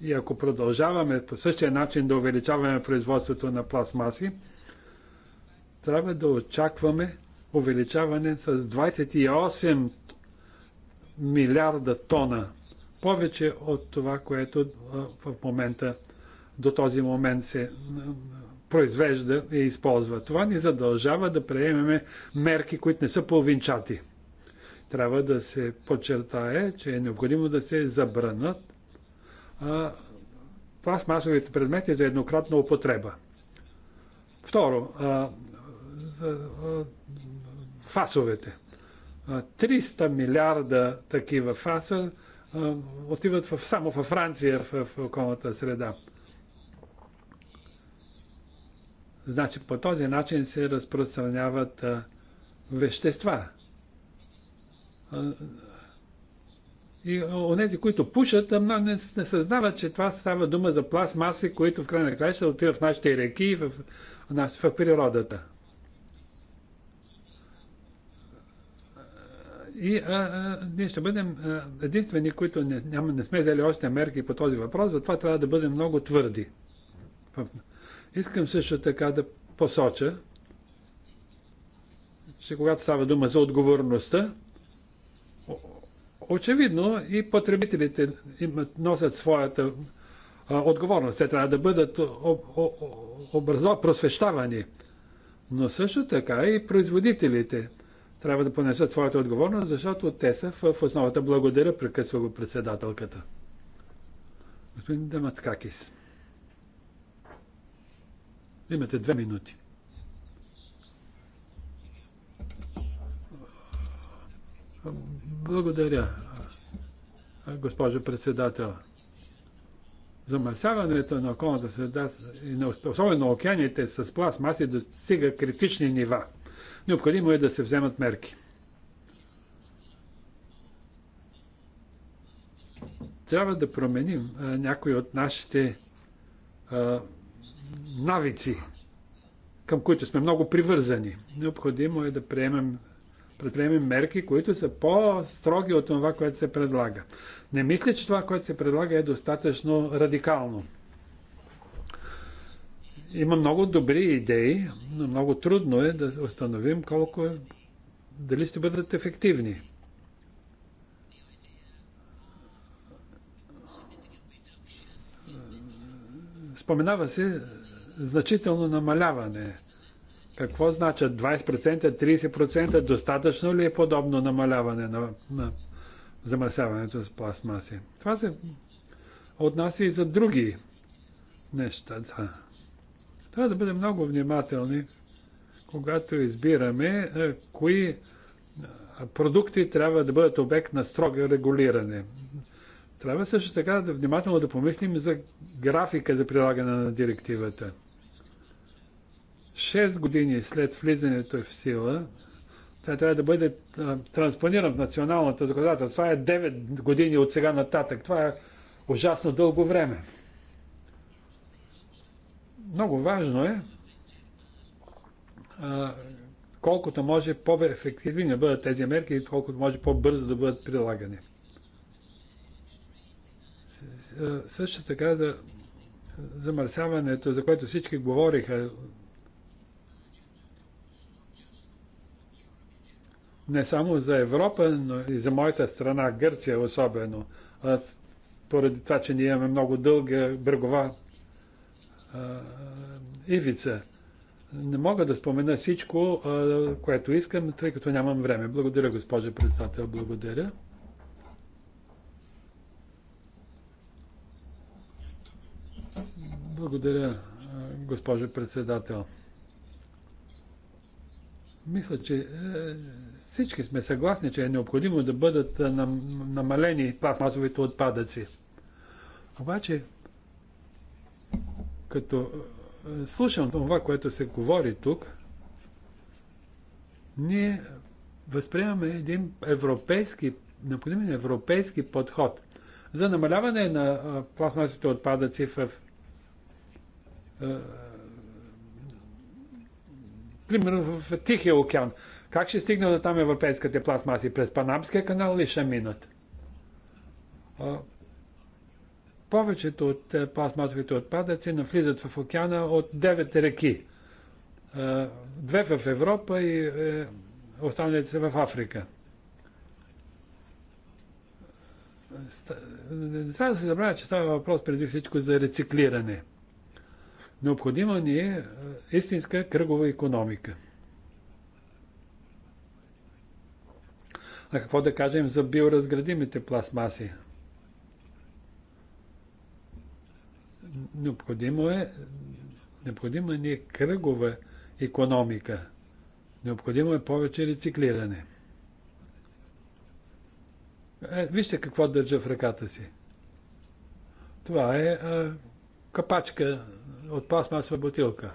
И ако продължаваме по същия начин да увеличаваме производството на пластмаси, трябва да очакваме увеличаване с 28 милиарда тона. Повече от това, което в момента до този момент се произвежда и използва. Това ни задължава да приемеме мерки, които не са половинчати трябва да се подчертае, че е необходимо да се забранат а, пластмасовите предмети за еднократна употреба. Второ, а, за, а, фасовете. 300 милиарда такива фаса а, отиват в, само във Франция в, в околната среда. Значи по този начин се разпространяват а, вещества, и онези, които пушат, не, не съзнават, че това става дума за пластмаси, които в край на края ще отиват в нашите реки и в, в, в природата. И а, а, ние ще бъдем а, единствени, които не, няма, не сме взели още мерки по този въпрос, затова трябва да бъдем много твърди. Искам също така да посоча, че когато става дума за отговорността, Очевидно и потребителите имат, носят своята а, отговорност. Те трябва да бъдат об, об, образо, просвещавани. Но също така и производителите трябва да понесат своята отговорност, защото те са в, в основата. Благодаря, прекъсва го председателката. Господин Дамацкакис. Имате две минути. Благодаря, госпожо председател. Замърсяването на околната среда, и на, особено океаните с пластмаси, достига критични нива. Необходимо е да се вземат мерки. Трябва да променим а, някои от нашите а, навици, към които сме много привързани. Необходимо е да приемем предприемем мерки, които са по-строги от това, което се предлага. Не мисля, че това, което се предлага е достатъчно радикално. Има много добри идеи, но много трудно е да установим колко е, дали ще бъдат ефективни. Споменава се значително намаляване какво значат 20%, 30%? Достатъчно ли е подобно намаляване на, на замърсяването с пластмаси? Това се отнася и за други неща. Да. Трябва да бъдем много внимателни, когато избираме е, кои е, продукти трябва да бъдат обект на строго регулиране. Трябва също така да внимателно да помислим за графика за прилагане на директивата. 6 години след влизането е в сила, тя трябва да бъде транспонирана в националната законодателство. Това е 9 години от сега нататък. Това е ужасно дълго време. Много важно е колкото може по-ефективни да бъдат тези мерки и колкото може по-бързо да бъдат прилагани. Също така за замърсяването, за което всички говориха, не само за Европа, но и за моята страна, Гърция особено, поради това, че ние имаме много дълга брегова а, ивица. Не мога да спомена всичко, а, което искам, тъй като нямам време. Благодаря, госпожа председател. Благодаря. Благодаря, госпожо председател. Мисля, че е, всички сме съгласни, че е необходимо да бъдат намалени пластмасовите отпадъци. Обаче, като слушам това, което се говори тук, ние възприемаме един европейски, необходим европейски подход за намаляване на пластмасовите отпадъци в примерно в Тихия океан. Как ще стигна до там европейските пластмаси? През Панамския канал ли ще минат? повечето от е, пластмасовите отпадъци навлизат в океана от 9 реки. Две в Европа и е, останалите са в Африка. Не трябва да се забравя, че става въпрос преди всичко за рециклиране. Необходима ни е истинска кръгова економика. А какво да кажем за биоразградимите пластмаси? Необходимо е, необходимо ни е кръгова економика. Необходимо е повече рециклиране. Е, вижте какво държа в ръката си. Това е е капачка от пластмасова бутилка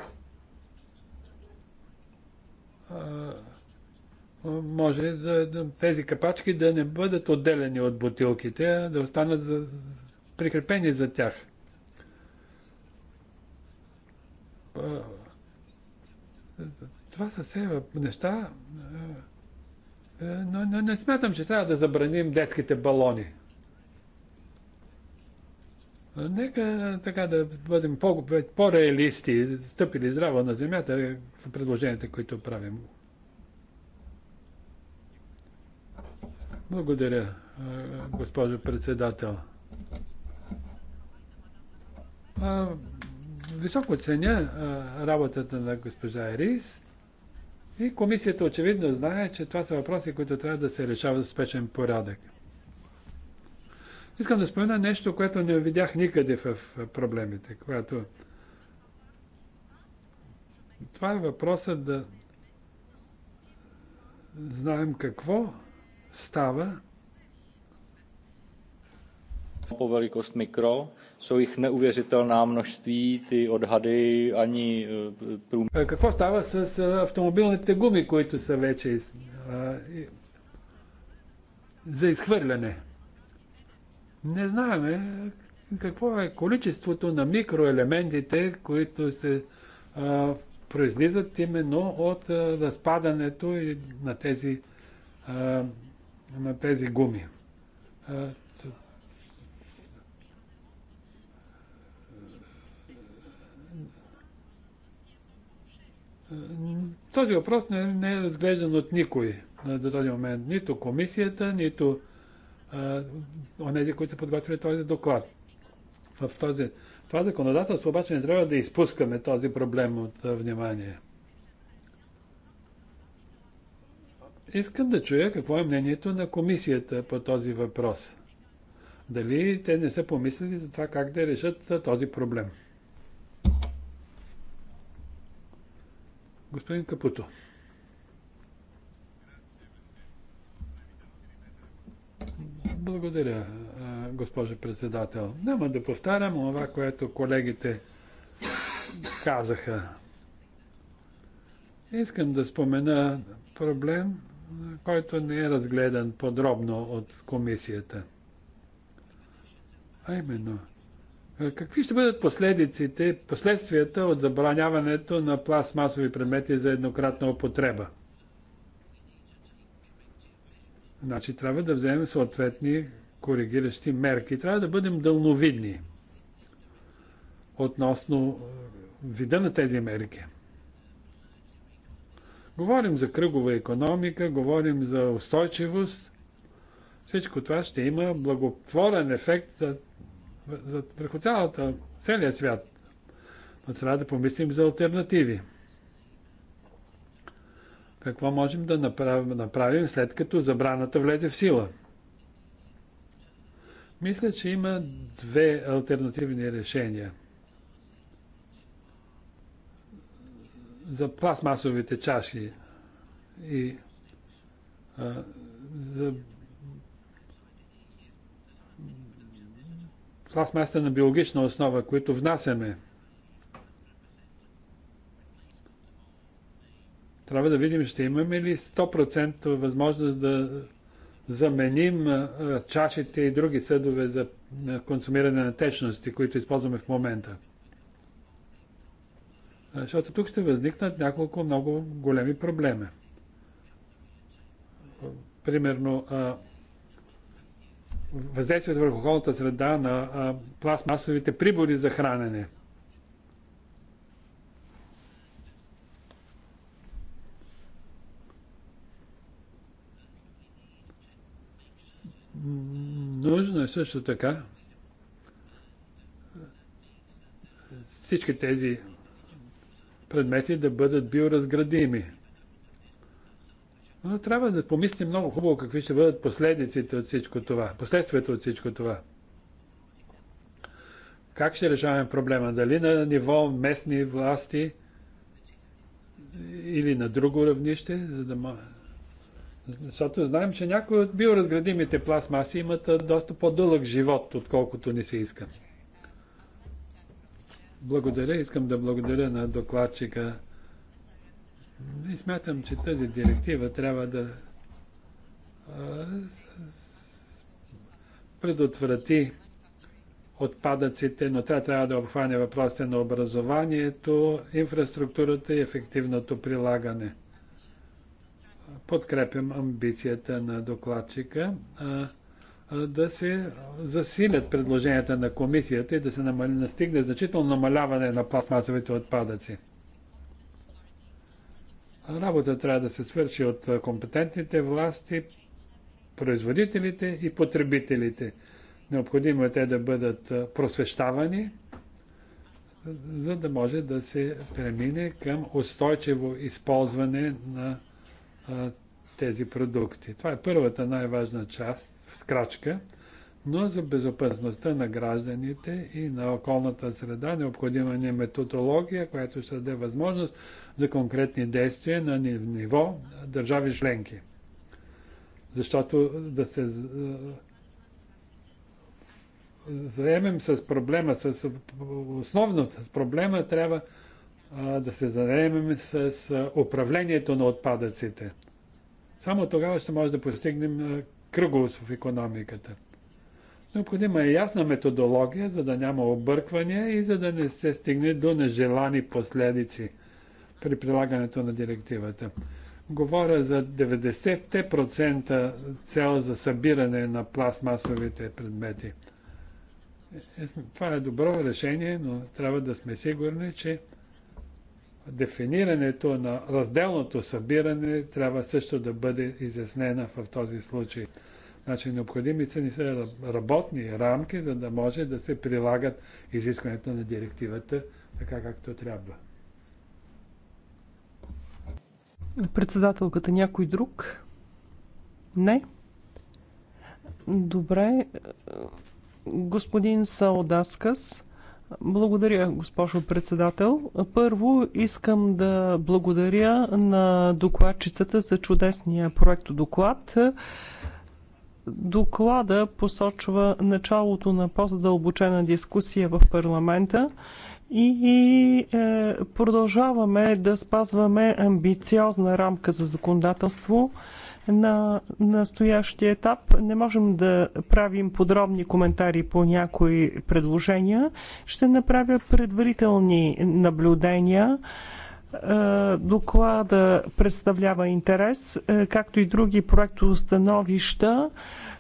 може да, тези капачки да не бъдат отделени от бутилките, а да останат за, прикрепени за тях. Това са все неща, но, но не смятам, че трябва да забраним детските балони. Нека така да бъдем по-реалисти, по стъпили здраво на земята в предложенията, които правим. Благодаря, госпожо председател. Високо ценя работата на госпожа Ерис и комисията очевидно знае, че това са въпроси, които трябва да се решават в спешен порядък. Искам да спомена нещо, което не видях никъде в проблемите, което това е въпросът да знаем какво става po velikost mikro, jsou jich neuvěřitelná množství, ty odhady ani eh, průměr. Eh, какво става с автомобилните гуми, които са вече за изхвърляне? Не знаеме какво е количеството на микроелементите, които се произлизат именно от а, разпадането на тези а, на тези гуми. Този въпрос не, не е разглеждан от никой до този момент. Нито комисията, нито онези, които са подготвили този доклад. В този, това законодателство обаче не трябва да изпускаме този проблем от а, внимание. Искам да чуя какво е мнението на комисията по този въпрос. Дали те не са помислили за това как да решат този проблем. Господин Капуто. Благодаря, госпожо председател. Няма да повтарям това, което колегите казаха. Искам да спомена проблем, който не е разгледан подробно от комисията. А именно, какви ще бъдат последиците, последствията от забраняването на пластмасови предмети за еднократна употреба? Значи трябва да вземем съответни коригиращи мерки. Трябва да бъдем дълновидни относно вида на тези мерки. Говорим за кръгова економика, говорим за устойчивост. Всичко това ще има благотворен ефект за, за, върху цялата, целия свят. Но трябва да помислим за альтернативи. Какво можем да направим, направим след като забраната влезе в сила? Мисля, че има две альтернативни решения – за пластмасовите чаши и а, за пластмасите на биологична основа, които внасяме. Трябва да видим, ще имаме ли 100% възможност да заменим а, чашите и други съдове за консумиране на течности, които използваме в момента. Защото тук ще възникнат няколко много големи проблеми. Примерно, въздействието върху околната среда на пластмасовите прибори за хранене. Нужно е също така всички тези предмети да бъдат биоразградими. Но трябва да помислим много хубаво какви ще бъдат последиците от всичко това, последствията от всичко това. Как ще решаваме проблема? Дали на ниво местни власти или на друго равнище, за да защото знаем, че някои от биоразградимите пластмаси имат доста по-дълъг живот, отколкото ни се искат. Благодаря, искам да благодаря на докладчика. И смятам, че тази директива трябва да предотврати отпадъците, но тя трябва да обхване въпросите на образованието, инфраструктурата и ефективното прилагане. Подкрепям амбицията на докладчика да се засилят предложенията на комисията и да се настигне значително намаляване на пластмасовите отпадъци. Работа трябва да се свърши от компетентните власти, производителите и потребителите. Необходимо е те да бъдат просвещавани, за да може да се премине към устойчиво използване на тези продукти. Това е първата най-важна част крачка, но за безопасността на гражданите и на околната среда необходима ни е методология, която ще даде възможност за конкретни действия на ниво държави членки. Защото да се заемем с проблема, с основно с проблема трябва да се заемем с управлението на отпадъците. Само тогава ще може да постигнем кръговост в економиката. Необходима е ясна методология, за да няма обърквания и за да не се стигне до нежелани последици при прилагането на директивата. Говоря за 90% цел за събиране на пластмасовите предмети. Е, е, това е добро решение, но трябва да сме сигурни, че Дефинирането на разделното събиране трябва също да бъде изяснена в този случай. Значи необходими са ни са работни рамки, за да може да се прилагат изискванията на директивата така както трябва. Председателката някой друг? Не? Добре. Господин Саодаскас, благодаря, госпожо председател. Първо искам да благодаря на докладчицата за чудесния проект доклад. Доклада посочва началото на по-задълбочена дискусия в парламента и е, продължаваме да спазваме амбициозна рамка за законодателство – на настоящия етап не можем да правим подробни коментари по някои предложения. Ще направя предварителни наблюдения. Е, доклада представлява интерес, е, както и други проектоустановища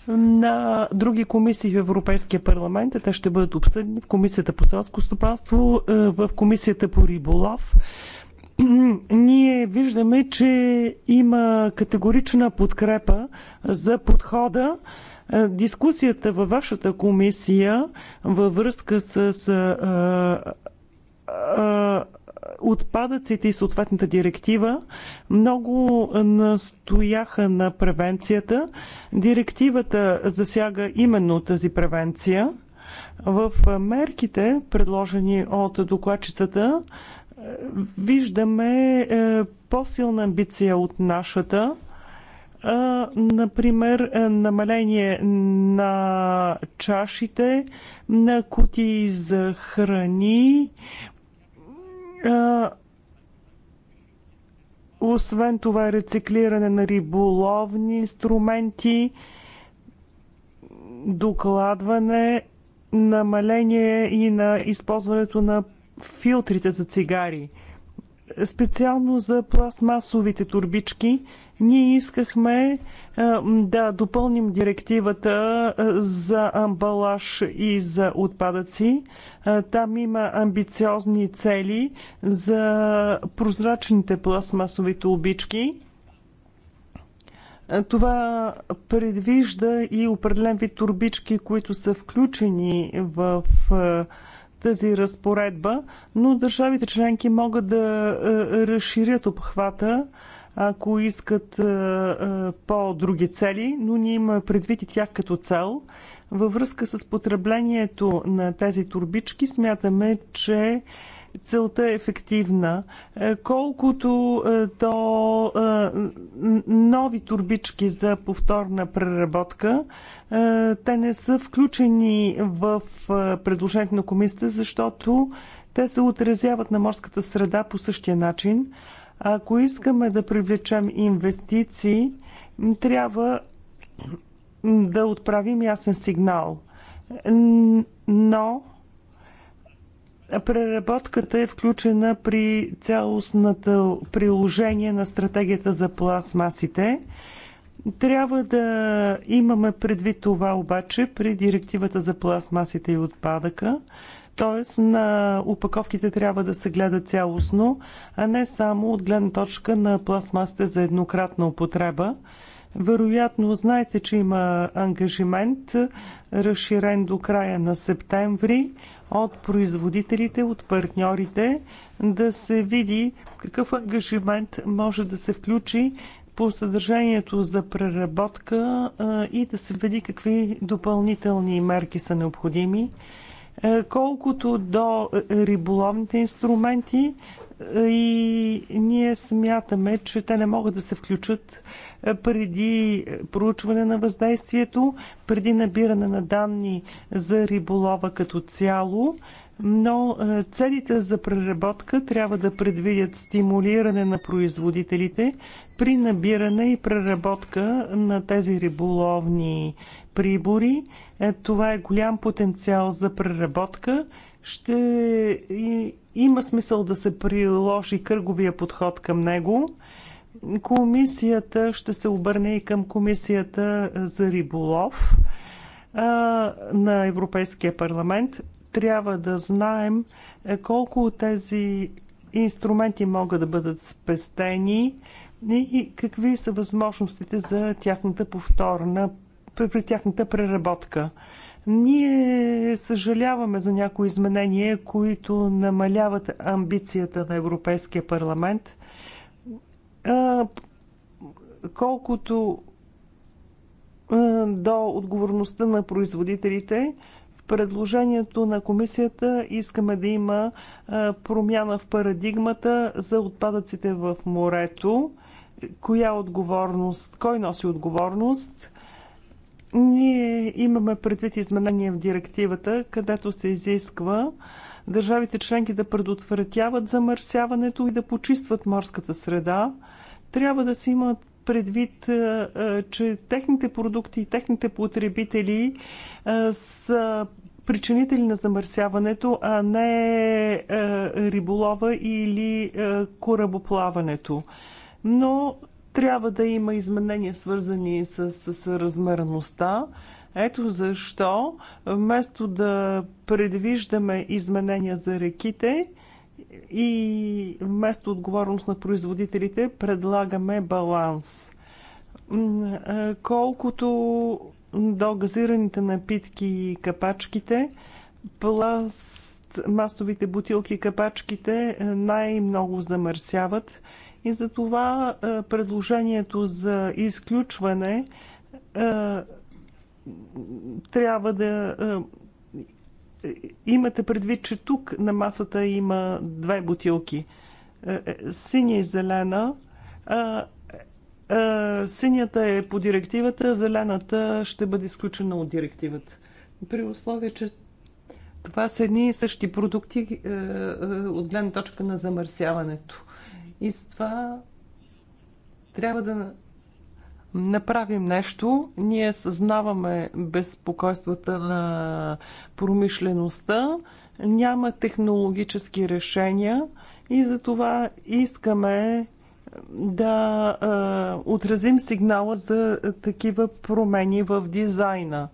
на други комисии в Европейския парламент. Те ще бъдат обсъдени в Комисията по селско стопанство, е, в Комисията по риболов. ние виждаме, че има категорична подкрепа за подхода, е, дискусията във вашата комисия във връзка с а, а, е, е, отпадъците и съответната директива много настояха на превенцията. Директивата засяга именно тази превенция. В мерките, предложени от докладчицата, виждаме е, по-силна амбиция от нашата. Е, например, е, намаление на чашите, на кутии за храни. Освен това, рециклиране на риболовни инструменти, докладване намаление и на използването на филтрите за цигари, специално за пластмасовите турбички, ние искахме е, да допълним директивата е, за амбалаж и за отпадъци. Е, там има амбициозни цели за прозрачните пластмасови турбички. Това предвижда и определен вид турбички, които са включени в тази разпоредба, но държавите членки могат да е, разширят обхвата, ако искат е, е, по-други цели, но ние имаме предвид и тях като цел. Във връзка с потреблението на тези турбички смятаме, че целта е ефективна. Е, колкото е, до е, нови турбички за повторна преработка, те не са включени в предложението на комисията, защото те се отразяват на морската среда по същия начин. Ако искаме да привлечем инвестиции, трябва да отправим ясен сигнал. Но Преработката е включена при цялостната приложение на стратегията за пластмасите. Трябва да имаме предвид това обаче при директивата за пластмасите и отпадъка, т.е. на упаковките трябва да се гледа цялостно, а не само от гледна точка на пластмасите за еднократна употреба. Вероятно знаете, че има ангажимент разширен до края на септември от производителите, от партньорите, да се види какъв ангажимент може да се включи по съдържанието за преработка и да се види какви допълнителни мерки са необходими. Е, колкото до е, риболовните инструменти, и ние смятаме, че те не могат да се включат е, преди проучване на въздействието, преди набиране на данни за риболова като цяло, но е, целите за преработка трябва да предвидят стимулиране на производителите при набиране и преработка на тези риболовни прибори. Е, това е голям потенциал за преработка. Ще има смисъл да се приложи кръговия подход към него. Комисията ще се обърне и към Комисията за риболов на Европейския парламент. Трябва да знаем е, колко от тези инструменти могат да бъдат спестени и какви са възможностите за тяхната повторна, при тяхната преработка. Ние съжаляваме за някои изменения, които намаляват амбицията на Европейския парламент. Колкото до отговорността на производителите, в предложението на комисията искаме да има промяна в парадигмата за отпадъците в морето. Коя отговорност? Кой носи отговорност? Ние имаме предвид изменения в директивата, където се изисква държавите членки да предотвратяват замърсяването и да почистват морската среда. Трябва да се имат предвид, е, е, че техните продукти и техните потребители е, са причинители на замърсяването, а не риболова или корабоплаването. Но трябва да има изменения, свързани с, с размерността. Ето защо, вместо да предвиждаме изменения за реките, и вместо отговорност на производителите предлагаме баланс. Колкото до газираните напитки и капачките, пласт, масовите бутилки и капачките е, най-много замърсяват и за това е, предложението за изключване е, трябва да е, имате предвид, че тук на масата има две бутилки. Синя и зелена. Синята е по директивата, зелената ще бъде изключена от директивата. При условие, че това са едни и същи продукти от гледна точка на замърсяването. И с това трябва да направим нещо. Ние съзнаваме безпокойствата на промишлеността, няма технологически решения и затова искаме да е, отразим сигнала за такива промени в дизайна.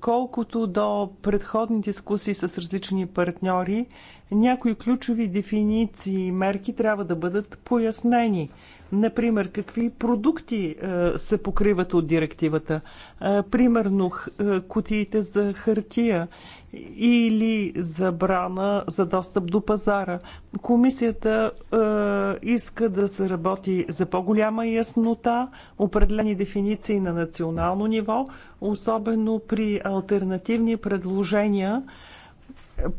Колкото до предходни дискусии с различни партньори, някои ключови дефиниции и мерки трябва да бъдат пояснени. Например, какви продукти е, се покриват от директивата? Е, примерно, е, кутиите за хартия или забрана за достъп до пазара. Комисията е, иска да се работи за по-голяма яснота, определени дефиниции на национално ниво, особено при альтернативни предложения,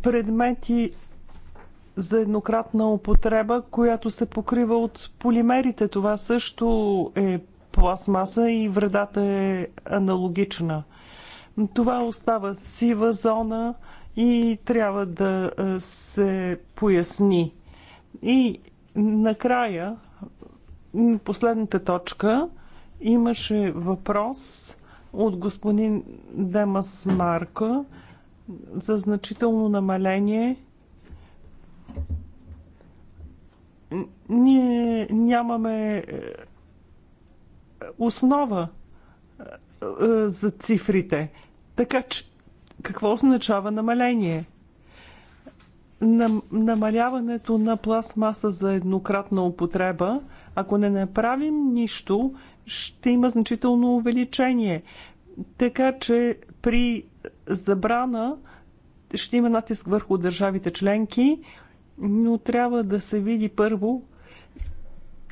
предмети за еднократна употреба, която се покрива от полимерите. Това също е пластмаса и вредата е аналогична. Това остава сива зона и трябва да е, се поясни. И накрая, последната точка, имаше въпрос от господин Демас Марка за значително намаление ние нямаме е, основа е, е, за цифрите. Така че, какво означава намаление? намаляването на пластмаса за еднократна употреба, ако не направим нищо, ще има значително увеличение. Така че при забрана ще има натиск върху държавите членки, но трябва да се види първо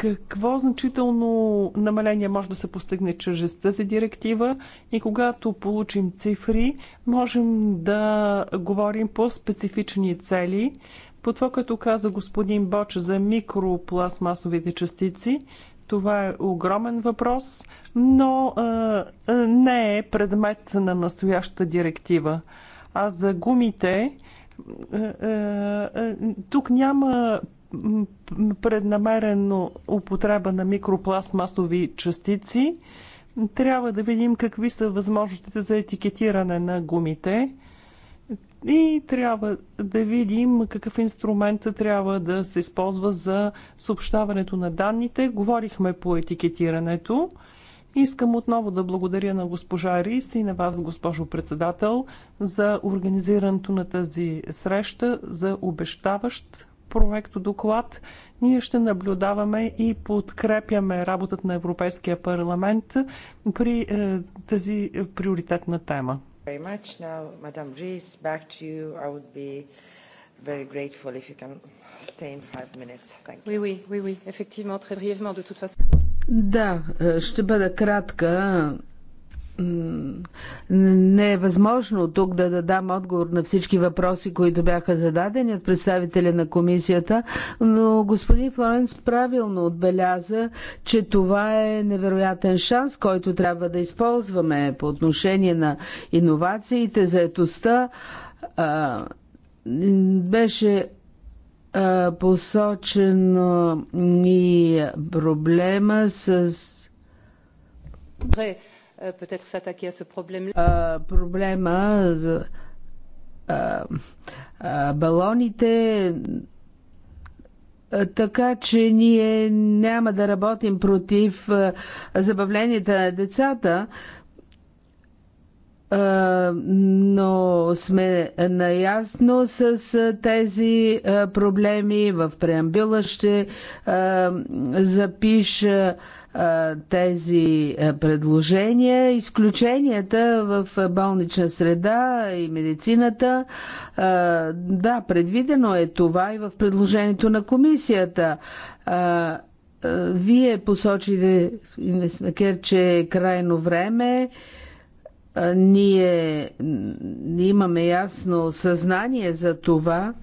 какво значително намаление може да се постигне чрез тази директива и когато получим цифри, можем да говорим по специфични цели. По това, като каза господин Боч за микропластмасовите частици, това е огромен въпрос, но а, не е предмет на настоящата директива. А за гумите, тук няма преднамерено употреба на микропластмасови частици. Трябва да видим какви са възможностите за етикетиране на гумите и трябва да видим какъв инструмент трябва да се използва за съобщаването на данните. Говорихме по етикетирането. Искам отново да благодаря на госпожа Рис и на вас, госпожо председател, за организирането на тази среща, за обещаващ проект доклад. Ние ще наблюдаваме и подкрепяме работата на Европейския парламент при е, тази приоритетна тема. Very grateful if you can stay in five minutes. Thank you. Oui, oui, oui, oui. Effectivement, très brièvement, de toute façon. Да, е, ще бъда кратка не е възможно тук да дадам отговор на всички въпроси, които бяха зададени от представителя на комисията, но господин Флоренс правилно отбеляза, че това е невероятен шанс, който трябва да използваме по отношение на иновациите, заетостта. Беше посочено и проблема с Euh, peut-être s'attaquer à ce problème. euh, проблема за балоните. Така че ние няма да работим против забавленията на децата, но сме наясно с тези проблеми. В преамбюла ще запиша тези предложения. Изключенията в болнична среда и медицината, да, предвидено е това и в предложението на комисията. Вие посочите, Смекер, че е крайно време. Ние имаме ясно съзнание за това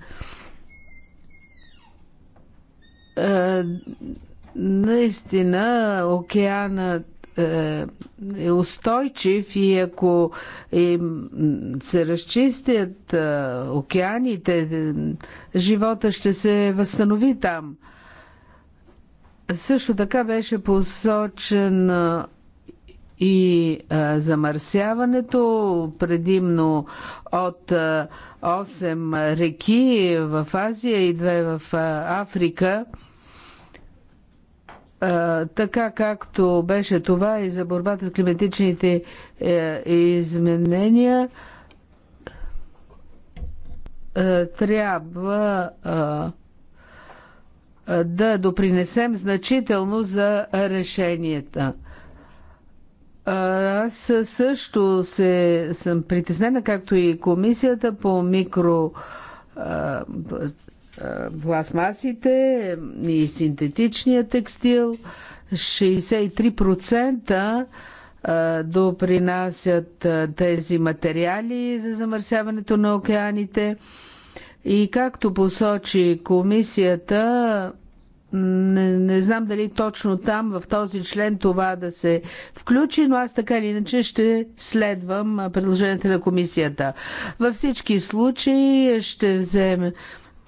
Наистина океанът е, е устойчив и ако им се разчистят е, океаните, живота ще се възстанови там. Също така беше посочен и е, замърсяването, предимно от 8 реки в Азия и 2 в Африка така както беше това и за борбата с климатичните е, изменения, е, трябва да допринесем значително за решенията. Аз също се, съм притеснена, както и комисията по микро пластмасите и синтетичния текстил. 63% допринасят тези материали за замърсяването на океаните. И както посочи комисията, не, не знам дали точно там, в този член, това да се включи, но аз така или иначе ще следвам предложенията на комисията. Във всички случаи ще вземем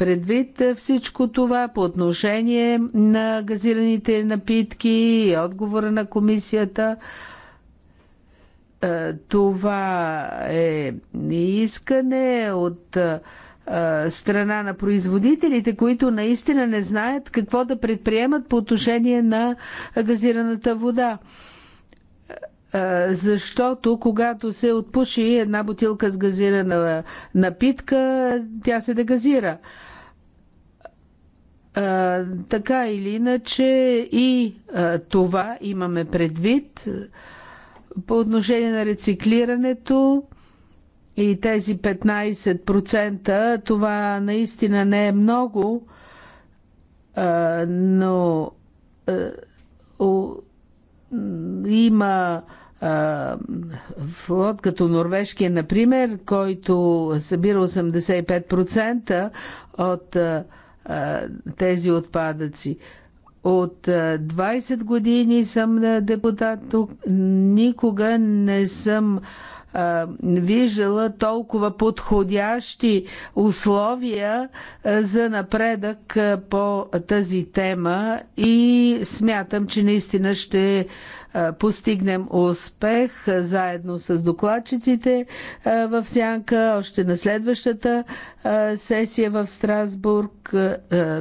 Предвид всичко това по отношение на газираните напитки и отговора на комисията, е, това е искане от е, страна на производителите, които наистина не знаят какво да предприемат по отношение на газираната вода. Е, защото когато се отпуши една бутилка с газирана напитка, тя се дегазира. Да а, така или иначе и а, това имаме предвид по отношение на рециклирането и тези 15%. Това наистина не е много, а, но а, о, има флот като Норвежкия, например, който събира 85% от тези отпадъци. От 20 години съм депутат тук. Никога не съм виждала толкова подходящи условия за напредък по тази тема и смятам, че наистина ще е, постигнем успех е, заедно с докладчиците е, в Сянка, още на следващата сесия в Страсбург,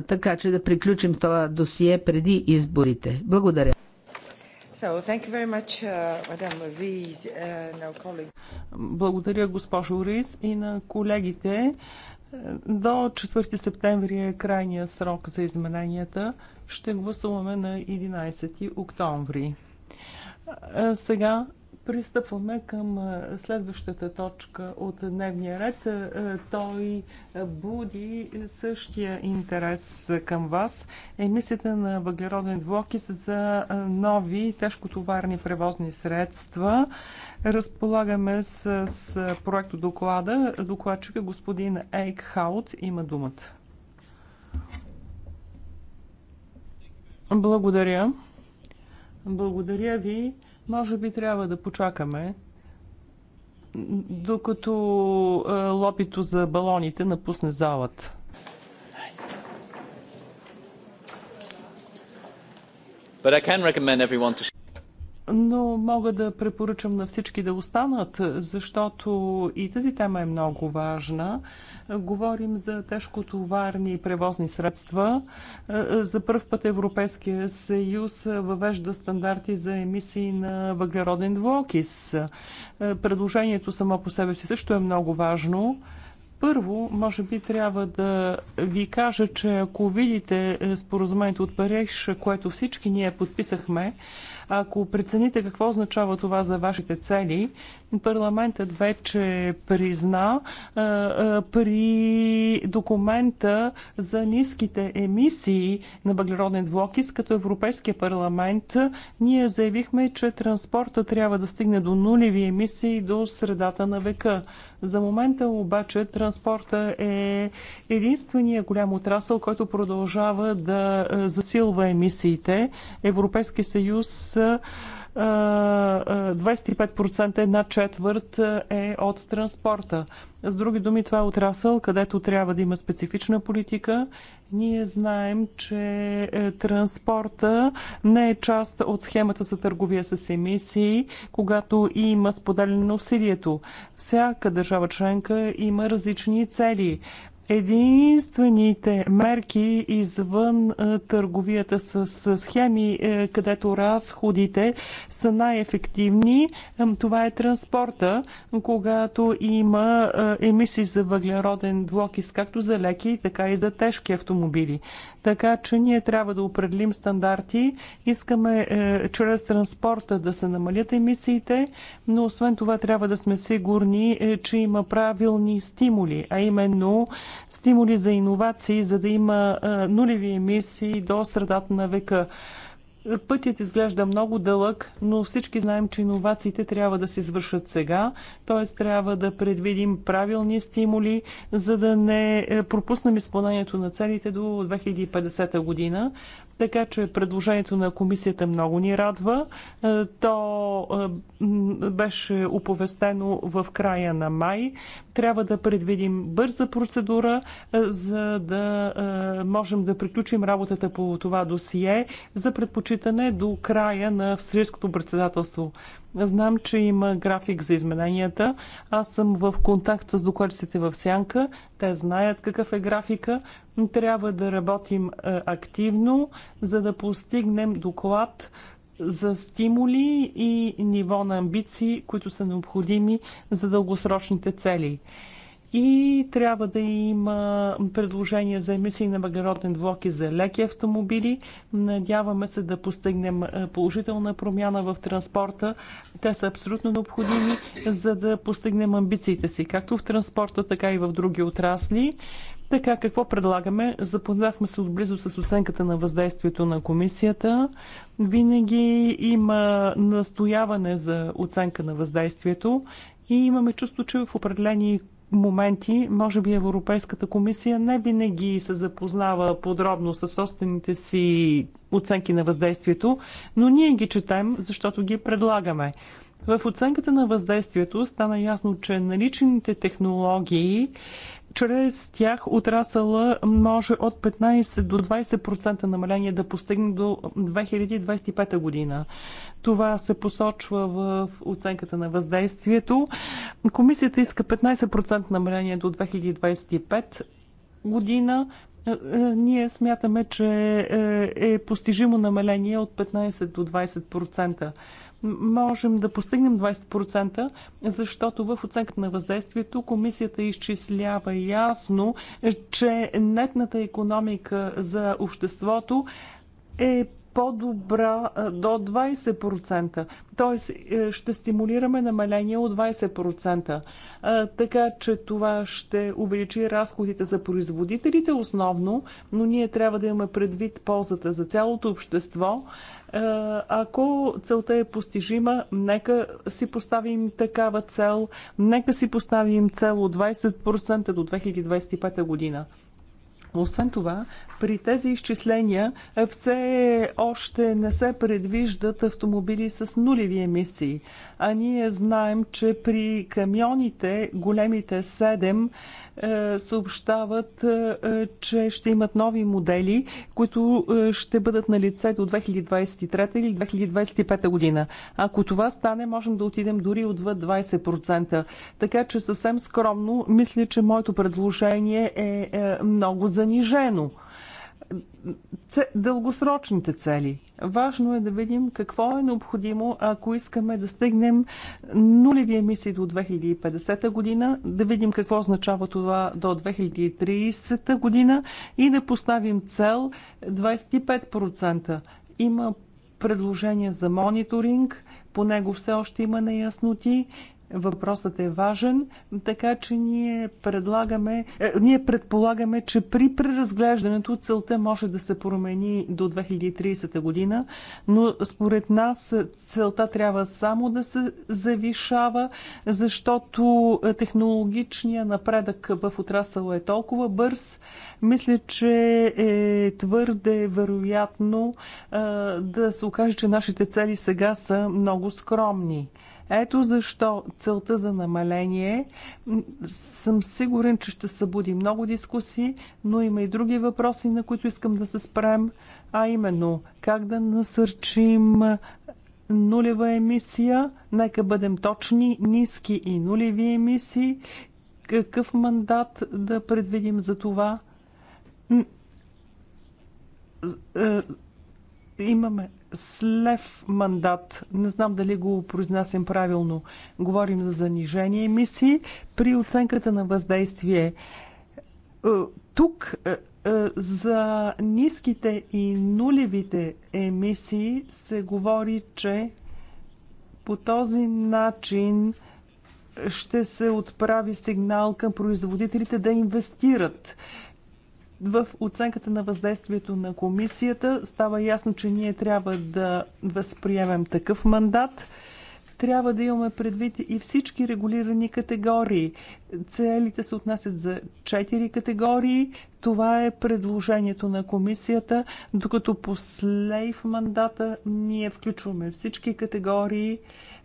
така че да приключим това досие преди изборите. Благодаря. Uh, uh, Благодаря, госпожо Рис и на колегите. До 4 септември е крайния срок за измененията. Ще гласуваме на 11 октомври. Сега пристъпваме към следващата точка от дневния ред. Той буди същия интерес към вас. Емисията на въглероден двуокис за нови тежкотоварни превозни средства. Разполагаме с, с проекто доклада. Докладчика господин Ейк Хаут. има думата. Благодаря. Благодаря ви. Може би трябва да почакаме, докато е, лопито за балоните напусне залата. But I can recommend everyone to но мога да препоръчам на всички да останат, защото и тази тема е много важна. Говорим за тежкотоварни превозни средства. За първ път Европейския съюз въвежда стандарти за емисии на въглероден двуокис. Предложението само по себе си също е много важно. Първо, може би трябва да ви кажа, че ако видите споразумението от Париж, което всички ние подписахме, ако прецените какво означава това за вашите цели, Парламентът вече призна при документа за ниските емисии на въглероден двуокис, като Европейския парламент, ние заявихме, че транспорта трябва да стигне до нулеви емисии до средата на века. За момента обаче транспорта е единствения голям отрасъл, който продължава да засилва емисиите. Европейския съюз 25% една четвърт е от транспорта. С други думи, това е отрасъл, където трябва да има специфична политика. Ние знаем, че е, транспорта не е част от схемата за търговия с емисии, когато има споделяне на усилието. Всяка държава членка има различни цели. Единствените мерки извън търговията с схеми, е, където разходите са най-ефективни, е, това е транспорта, когато има емисии за въглероден двуокис, както за леки, така и за тежки автомобили. Така че ние трябва да определим стандарти. Искаме е, чрез транспорта да се намалят емисиите, но освен това трябва да сме сигурни, че има правилни стимули, а именно стимули за иновации, за да има нулеви емисии до средата на века. Пътят изглежда много дълъг, но всички знаем, че иновациите трябва да се извършат сега, т.е. трябва да предвидим правилни стимули, за да не е, пропуснем изпълнението на целите до 2050 година. Така че предложението на комисията много ни радва. Е, то е, беше оповестено в края на май. Трябва да предвидим бърза процедура, е, за да можем да приключим работата по това досие за предпочитане до края на австрийското председателство. Знам, че има график за измененията. Аз съм в контакт с докладчиците в Сянка. Те знаят какъв е графика. Трябва да работим е, активно, за да постигнем доклад за стимули и ниво на амбиции, които са необходими за дългосрочните цели и трябва да има предложения за емисии на въглероден двуок за леки автомобили. Надяваме се да постигнем е, положителна промяна в транспорта. Те са абсолютно необходими, за да постигнем амбициите си, както в транспорта, така и в други отрасли. Така, какво предлагаме? Запознахме се отблизо с оценката на въздействието на комисията. Винаги има настояване за оценка на въздействието и имаме чувство, че в определени моменти, може би Европейската комисия не винаги се запознава подробно с собствените си оценки на въздействието, но ние ги четем, защото ги предлагаме. В оценката на въздействието стана ясно, че наличните технологии чрез тях отрасъла може от 15 до 20% намаление да постигне до 2025 година. Това се посочва в оценката на въздействието. Комисията иска 15% намаление до 2025 година. Е, е, ние смятаме, че е, е постижимо намаление от 15 до 20% можем да постигнем 20%, защото в оценката на въздействието комисията изчислява ясно, че нетната економика за обществото е по-добра до 20%. т.е. ще стимулираме намаление от 20%. Така че това ще увеличи разходите за производителите основно, но ние трябва да имаме предвид ползата за цялото общество. Е, ако целта е постижима, нека си поставим такава цел, нека си поставим цел от 20% до 2025 година. Освен това, при тези изчисления все още не се предвиждат автомобили с нулеви емисии. А ние знаем, че при камионите, големите 7, е, съобщават, е, е, че ще имат нови модели, които ще бъдат на лице до 2023 или 2025 година. Ако това стане, можем да отидем дори отвъд 20%. Така че съвсем скромно, мисля, че моето предложение е много занижено дългосрочните цели. Важно е да видим какво е необходимо, ако искаме да стигнем нулеви емисии до 2050 година, да видим какво означава това до 2030 година и да поставим цел 25%. Има предложение за мониторинг, по него все още има неясноти. Въпросът е важен, така че ние, предлагаме, е, ние предполагаме, че при преразглеждането целта може да се промени до 2030 година, но според нас целта трябва само да се завишава, защото технологичният напредък в отрасъла е толкова бърз, мисля, че е твърде вероятно е, да се окаже, че нашите цели сега са много скромни. Ето защо целта за намаление съм сигурен, че ще събуди много дискусии, но има и други въпроси, на които искам да се спрем, а именно как да насърчим нулева емисия, нека бъдем точни, ниски и нулеви емисии, какъв мандат да предвидим за това. Е, имаме слев мандат. Не знам дали го произнасям правилно. Говорим за занижение емисии при оценката на въздействие. Е, тук е, е, за ниските и нулевите емисии се говори, че по този начин ще се отправи сигнал към производителите да инвестират. В оценката на въздействието на комисията става ясно, че ние трябва да възприемем такъв мандат. Трябва да имаме предвид и всички регулирани категории. Целите се отнасят за четири категории. Това е предложението на комисията, докато по слейв мандата ние включваме всички категории.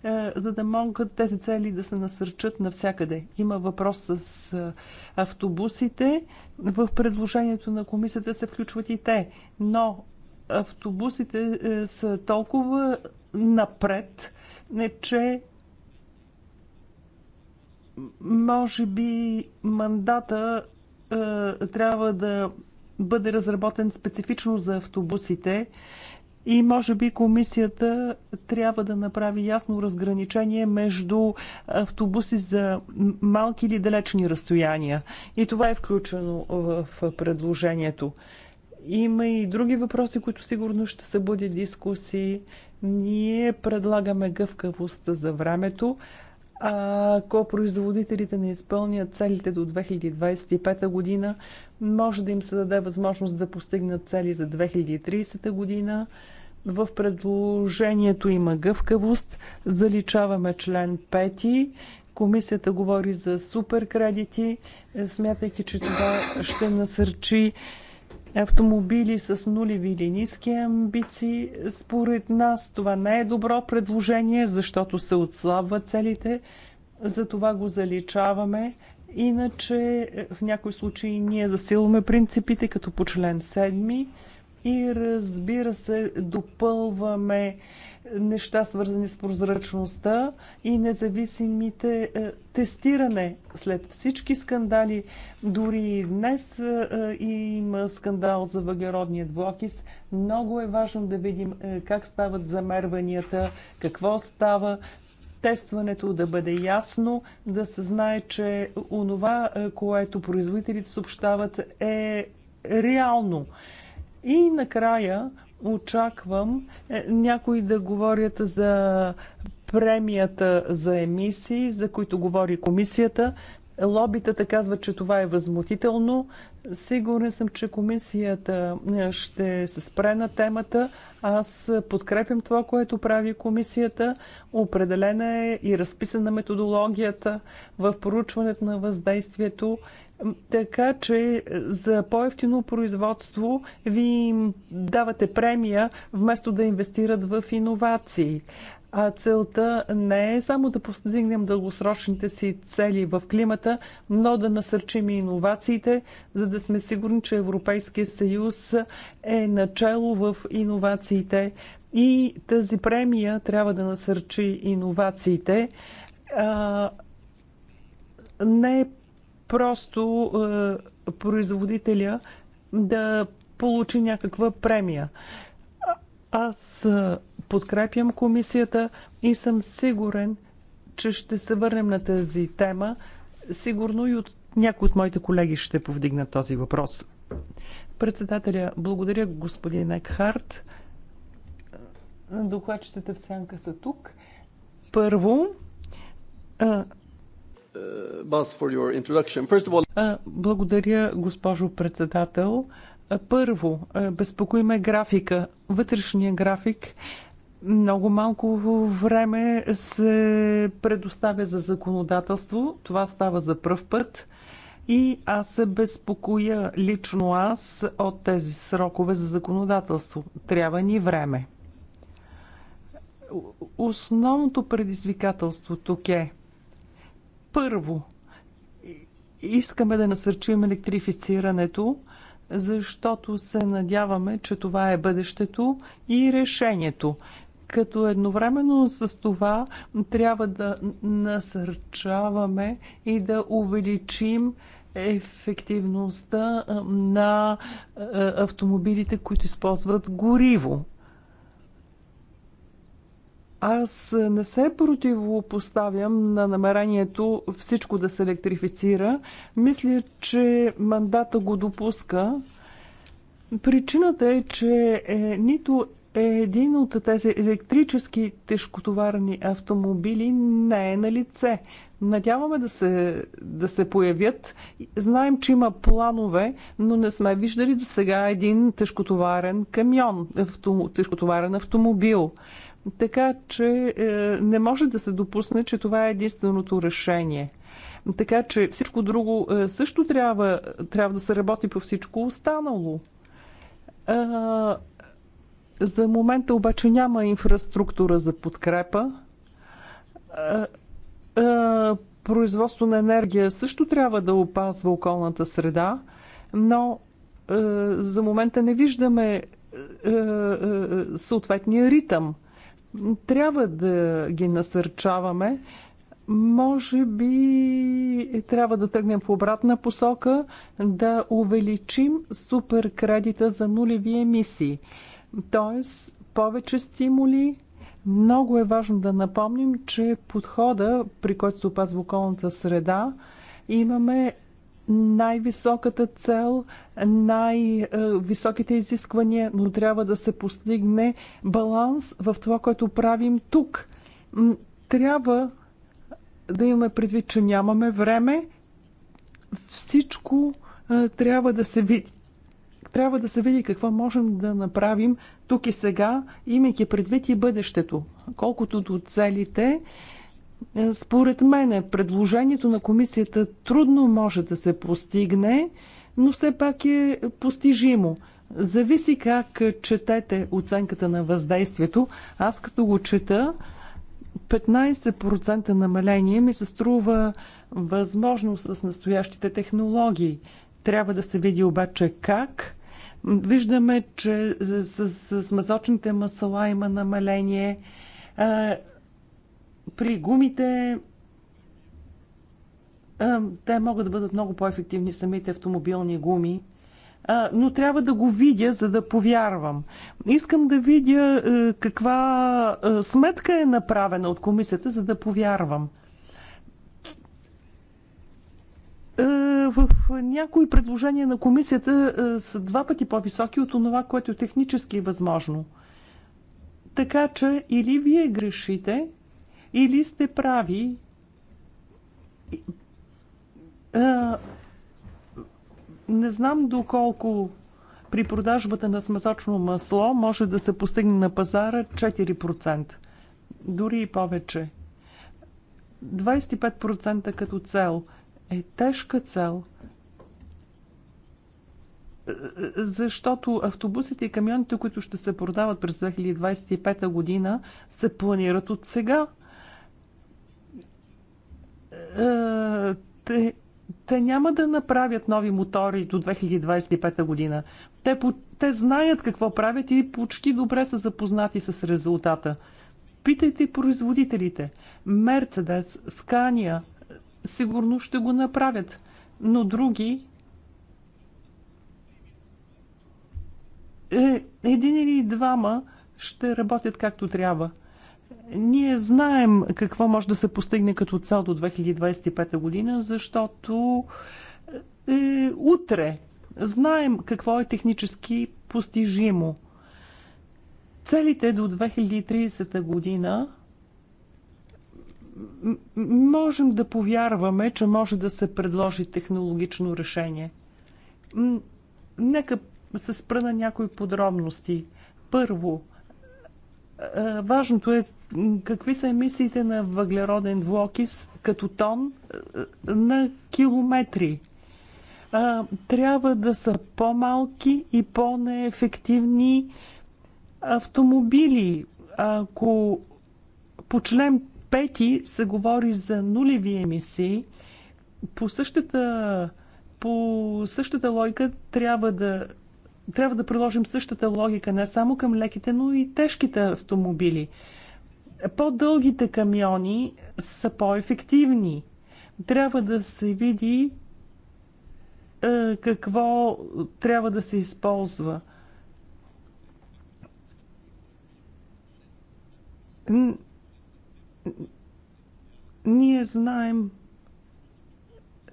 Е, за да могат тези цели да се насърчат навсякъде. Има въпрос с е, автобусите. В предложението на комисията се включват и те, но автобусите е, са толкова напред, че може би мандата трябва да бъде разработен специфично за автобусите и може би комисията трябва да направи ясно разграничение между автобуси за малки или далечни разстояния. И това е включено в предложението. Има и други въпроси, които сигурно ще събудят дискусии. Ние предлагаме гъвкавост за времето. Ако производителите не изпълнят целите до 2025 година, може да им се даде възможност да постигнат цели за 2030 година. В предложението има гъвкавост. Заличаваме член 5. Комисията говори за суперкредити, смятайки, че това ще насърчи автомобили с нулеви или ниски амбиции. Според нас това не е добро предложение, защото се отслабват целите. Затова го заличаваме. Иначе в някои случаи ние засилваме принципите, като по член 7 и разбира се, допълваме неща, свързани с прозрачността и независимите е, тестиране. След всички скандали, дори и днес е, е има скандал за въглеродния двуокис. Много е важно да видим е, как стават замерванията, какво става, тестването да бъде ясно, да се знае, че онова, е, което производителите съобщават е реално. И накрая очаквам е, някои да говорят за премията за емисии, за които говори комисията. Лобитата казват, че това е възмутително. Сигурен съм, че комисията е, ще се спре на темата. Аз подкрепям това, което прави комисията. Определена е и разписана методологията в поручването на въздействието. Така че е, за по-ефтино производство ви им давате премия, вместо да инвестират в иновации. А целта не е само да постигнем дългосрочните си цели в климата, но да насърчим иновациите, за да сме сигурни, че Европейския съюз е начало в иновациите. И тази премия трябва да насърчи иновациите. не е просто е, производителя да получи някаква премия. Аз е, подкрепям комисията и съм сигурен, че ще се върнем на тази тема. Сигурно и от някои от моите колеги ще повдигнат този въпрос. Председателя, благодаря господин Екхарт. Докладчиците в сянка са тук. Първо, е, Uh, благодаря, госпожо председател. Първо, безпокои ме графика, вътрешния график. Много малко време се предоставя за законодателство. Това става за пръв път. И аз се безпокоя лично аз от тези срокове за законодателство. Трябва ни време. Основното предизвикателство тук е – първо, искаме да насърчим електрифицирането, защото се надяваме, че това е бъдещето и решението като едновременно с това трябва да насърчаваме и да увеличим ефективността на автомобилите, които използват гориво. Аз не се противопоставям на намерението всичко да се електрифицира. Мисля, че мандата го допуска. Причината е, че е, нито е един от тези електрически тежкотоварни автомобили не е на лице. Надяваме да се, да се появят. Знаем, че има планове, но не сме виждали до сега един тежкотоварен камион, тежкотоварен автомобил. Така че е, не може да се допусне, че това е единственото решение. Така че всичко друго е, също трябва, трябва да се работи по всичко останало. Е, за момента обаче няма инфраструктура за подкрепа. Производство на енергия също трябва да опазва околната среда, но за момента не виждаме съответния ритъм. Трябва да ги насърчаваме. Може би трябва да тръгнем в обратна посока, да увеличим суперкредита за нулеви емисии. Тоест, повече стимули, много е важно да напомним, че подхода, при който се опазва околната среда, имаме най-високата цел, най-високите изисквания, но трябва да се постигне баланс в това, което правим тук. Трябва да имаме предвид, че нямаме време. Всичко трябва да се види. Трябва да се види какво можем да направим тук и сега, имайки предвид и бъдещето. Колкото до целите, според мен предложението на комисията трудно може да се постигне, но все пак е постижимо. Зависи как четете оценката на въздействието. Аз като го чета, 15% намаление ми се струва възможно с настоящите технологии. Трябва да се види обаче как. Виждаме, че с, с, с масочните масла има намаление. При гумите те могат да бъдат много по-ефективни самите автомобилни гуми, но трябва да го видя, за да повярвам. Искам да видя каква сметка е направена от комисията, за да повярвам. В някои предложения на комисията са два пъти по-високи от това, което е технически е възможно. Така че или вие грешите, или сте прави. Не знам доколко при продажбата на смазочно масло може да се постигне на пазара 4%, дори и повече. 25% като цел е тежка цел, защото автобусите и камионите, които ще се продават през 2025 година, се планират от сега – е, те, те няма да направят нови мотори до 2025 година. Те, те знаят какво правят и почти добре са запознати с резултата. Питайте производителите. Мерцедес, Скания, сигурно ще го направят, но други е, един или двама ще работят както трябва – ние знаем какво може да се постигне като цел до 2025 година, защото е, утре знаем какво е технически постижимо. Целите до 2030 година можем да повярваме, че може да се предложи технологично решение. Нека се спра на някои подробности. Първо, е, важното е какви са емисиите на въглероден двуокис като тон е, е, на километри. Трябва да са по-малки и по-неефективни автомобили. Ако по член 5 се говори за нулеви емисии, по същата, по същата логика трябва да трябва да приложим същата логика не само към леките, но и тежките автомобили. По-дългите камиони са по-ефективни. Трябва да се види е, какво трябва да се използва. Ние знаем,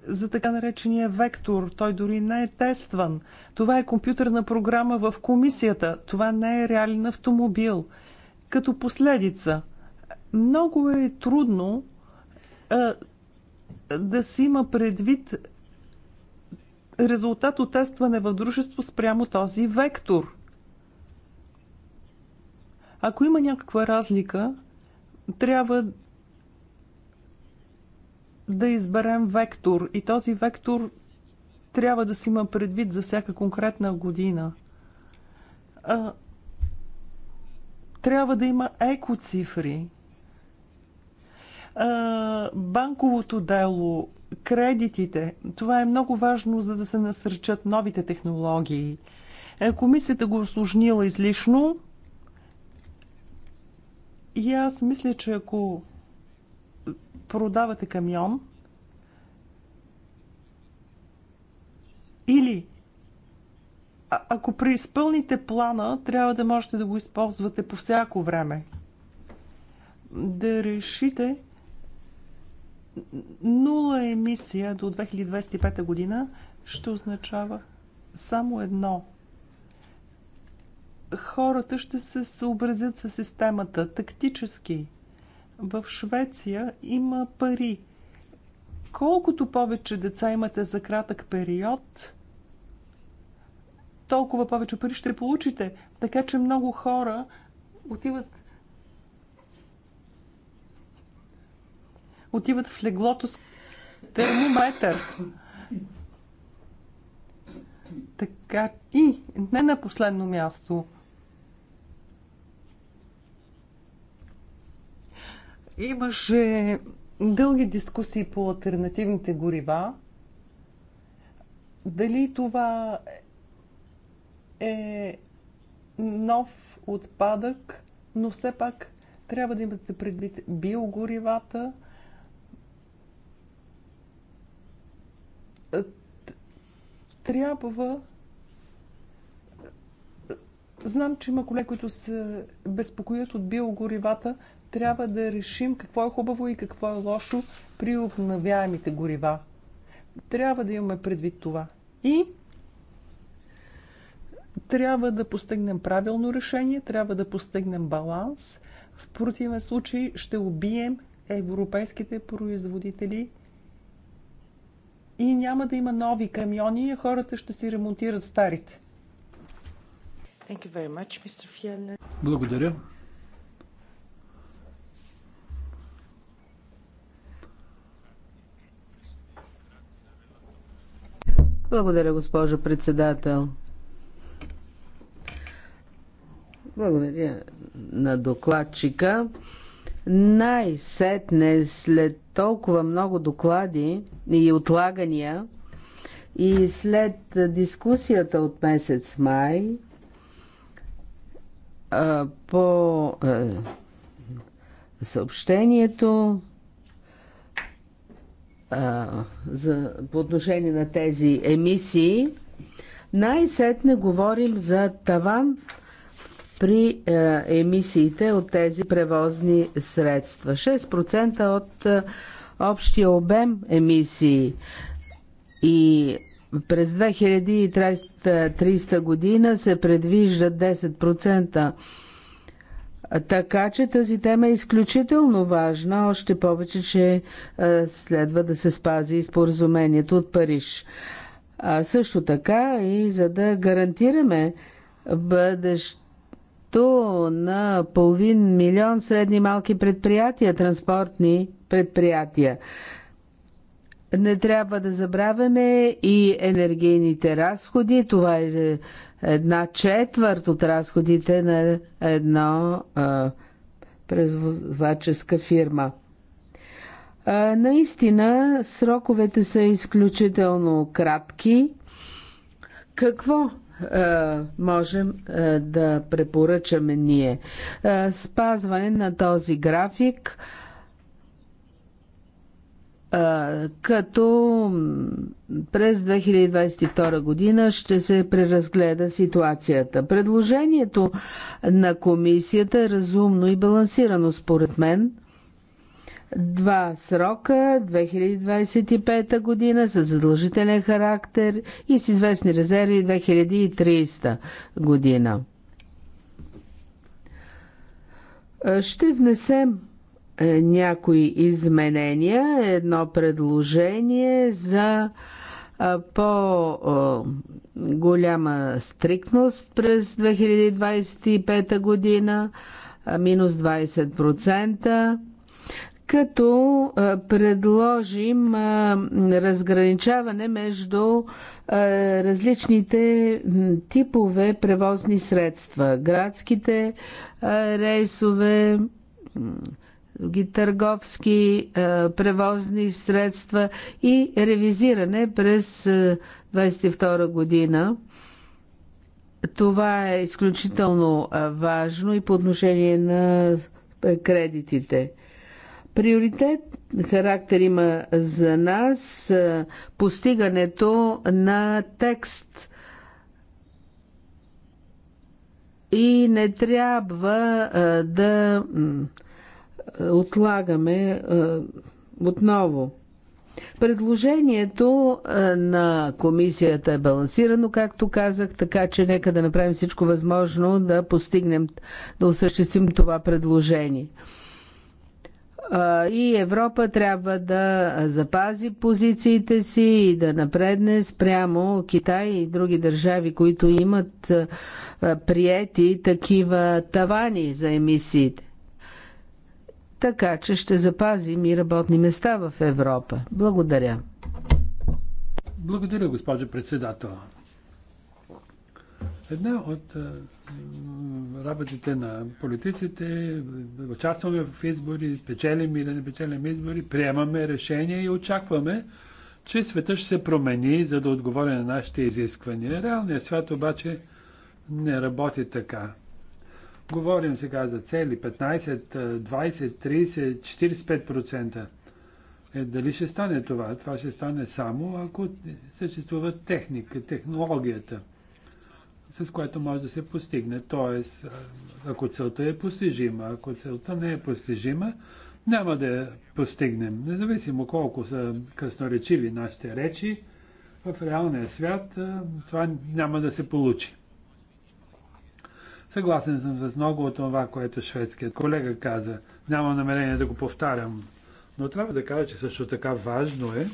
за така наречения вектор. Той дори не е тестван. Това е компютърна програма в комисията. Това не е реален автомобил. Като последица, много е трудно а, да се има предвид резултат от тестване в дружество спрямо този вектор. Ако има някаква разлика, трябва да изберем вектор и този вектор трябва да си има предвид за всяка конкретна година. А, трябва да има екоцифри. А, банковото дело, кредитите, това е много важно, за да се насърчат новите технологии. А, е, комисията го осложнила излишно. И аз мисля, че ако продавате камион или а- ако преизпълните плана, трябва да можете да го използвате по всяко време. Да решите нула емисия до 2025 година ще означава само едно. Хората ще се съобразят с системата тактически – в Швеция има пари. Колкото повече деца имате за кратък период, толкова повече пари ще получите. Така че много хора отиват отиват в леглото с термометър. Така и не на последно място. Имаше дълги дискусии по альтернативните горива. Дали това е нов отпадък, но все пак трябва да имате предвид биогоривата. Трябва. Знам, че има колеги, които се безпокоят от биогоривата, трябва да решим какво е хубаво и какво е лошо при обновяемите горива. Трябва да имаме предвид това. И трябва да постигнем правилно решение, трябва да постигнем баланс. В противен случай ще убием европейските производители и няма да има нови камиони, а хората ще си ремонтират старите. Much, Благодаря. Благодаря, госпожо председател. Благодаря на докладчика. Най-сетне след толкова много доклади и отлагания и след дискусията от месец май по съобщението за, по отношение на тези емисии, най-сетне говорим за таван при е, емисиите от тези превозни средства. 6% от е, общия обем емисии и през 2030 година се предвижда 10% така че тази тема е изключително важна, още повече, че следва да се спази и споразумението от Париж. А също така и за да гарантираме бъдещето на половин милион средни малки предприятия, транспортни предприятия. Не трябва да забравяме и енергийните разходи. Това е една четвърт от разходите на едно превозваческа фирма. А, наистина, сроковете са изключително кратки. Какво а, можем а, да препоръчаме ние? А, спазване на този график. А, като през 2022 година ще се преразгледа ситуацията. Предложението на комисията е разумно и балансирано според мен. Два срока 2025 година с задължителен характер и с известни резерви 2030 година. Ще внесем е, някои изменения, едно предложение за е, по-голяма стрикност през 2025 година, е, минус 20%, като предложим разграничаване между различните типове превозни средства, градските рейсове, други търговски превозни средства и ревизиране през 22 година. Това е изключително важно и по отношение на кредитите. Приоритет характер има за нас постигането на текст. И не трябва да отлагаме отново. Предложението на комисията е балансирано, както казах, така че нека да направим всичко възможно да постигнем, да осъществим това предложение. И Европа трябва да запази позициите си и да напредне спрямо Китай и други държави, които имат приети такива тавани за емисиите така че ще запазим и работни места в Европа. Благодаря. Благодаря, госпожо председател. Една от работите на политиците участваме в избори, печелим или не печелим избори, приемаме решения и очакваме, че света ще се промени, за да отговори на нашите изисквания. Реалният свят обаче не работи така. Говорим сега за цели 15, 20, 30, 45%. Е, дали ще стане това? Това ще стане само ако съществува техника, технологията, с която може да се постигне. Тоест, ако целта е постижима, ако целта не е постижима, няма да я постигнем. Независимо колко са красноречиви нашите речи, в реалния свят това няма да се получи. Съгласен съм с много от това, което шведският колега каза. Няма намерение да го повтарям. Но трябва да кажа, че също така важно е,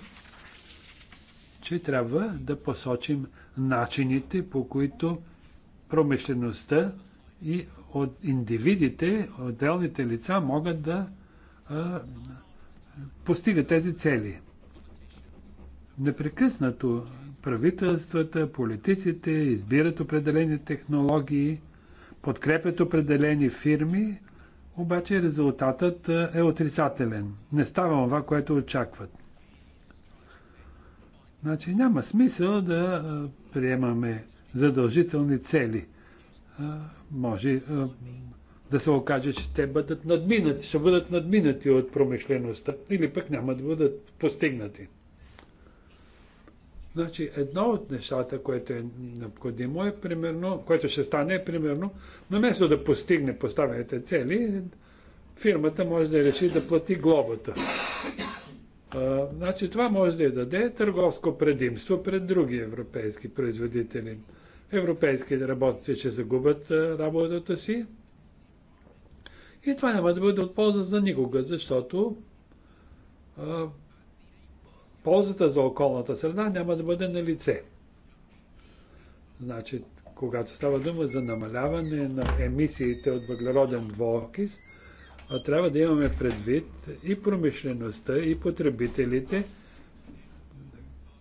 че трябва да посочим начините, по които промишлеността и от индивидите, отделните лица могат да а, постигат тези цели. Непрекъснато правителствата, политиците избират определени технологии, подкрепят определени фирми, обаче резултатът е, е отрицателен. Не става това, което очакват. Значи няма смисъл да е, приемаме задължителни цели. Е, може да се окаже, че те бъдат надминати, ще бъдат надминати от промишлеността или пък няма да бъдат постигнати. Значи едно от нещата, което е необходимо, е примерно, което ще стане е примерно, наместо да постигне поставените цели, фирмата може да реши да плати глобата. А, значи това може да даде търговско предимство пред други европейски производители. Европейски работници ще загубят работата си. И това няма да бъде от полза за никога, защото а, ползата за околната среда няма да бъде на лице. Значи, когато става дума за намаляване на емисиите от въглероден двуокис, а трябва да имаме предвид и промишлеността, и потребителите,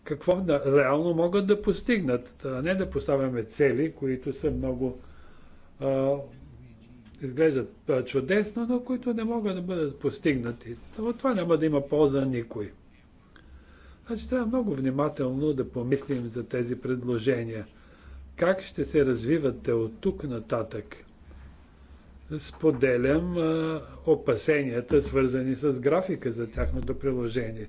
какво да, реално могат да постигнат, а не да поставяме цели, които са много а, изглеждат чудесно, но които не могат да бъдат постигнати. От това няма да има полза никой. Значи трябва много внимателно да помислим за тези предложения. Как ще се развиват те от тук нататък? Споделям а, опасенията, свързани с графика за тяхното приложение.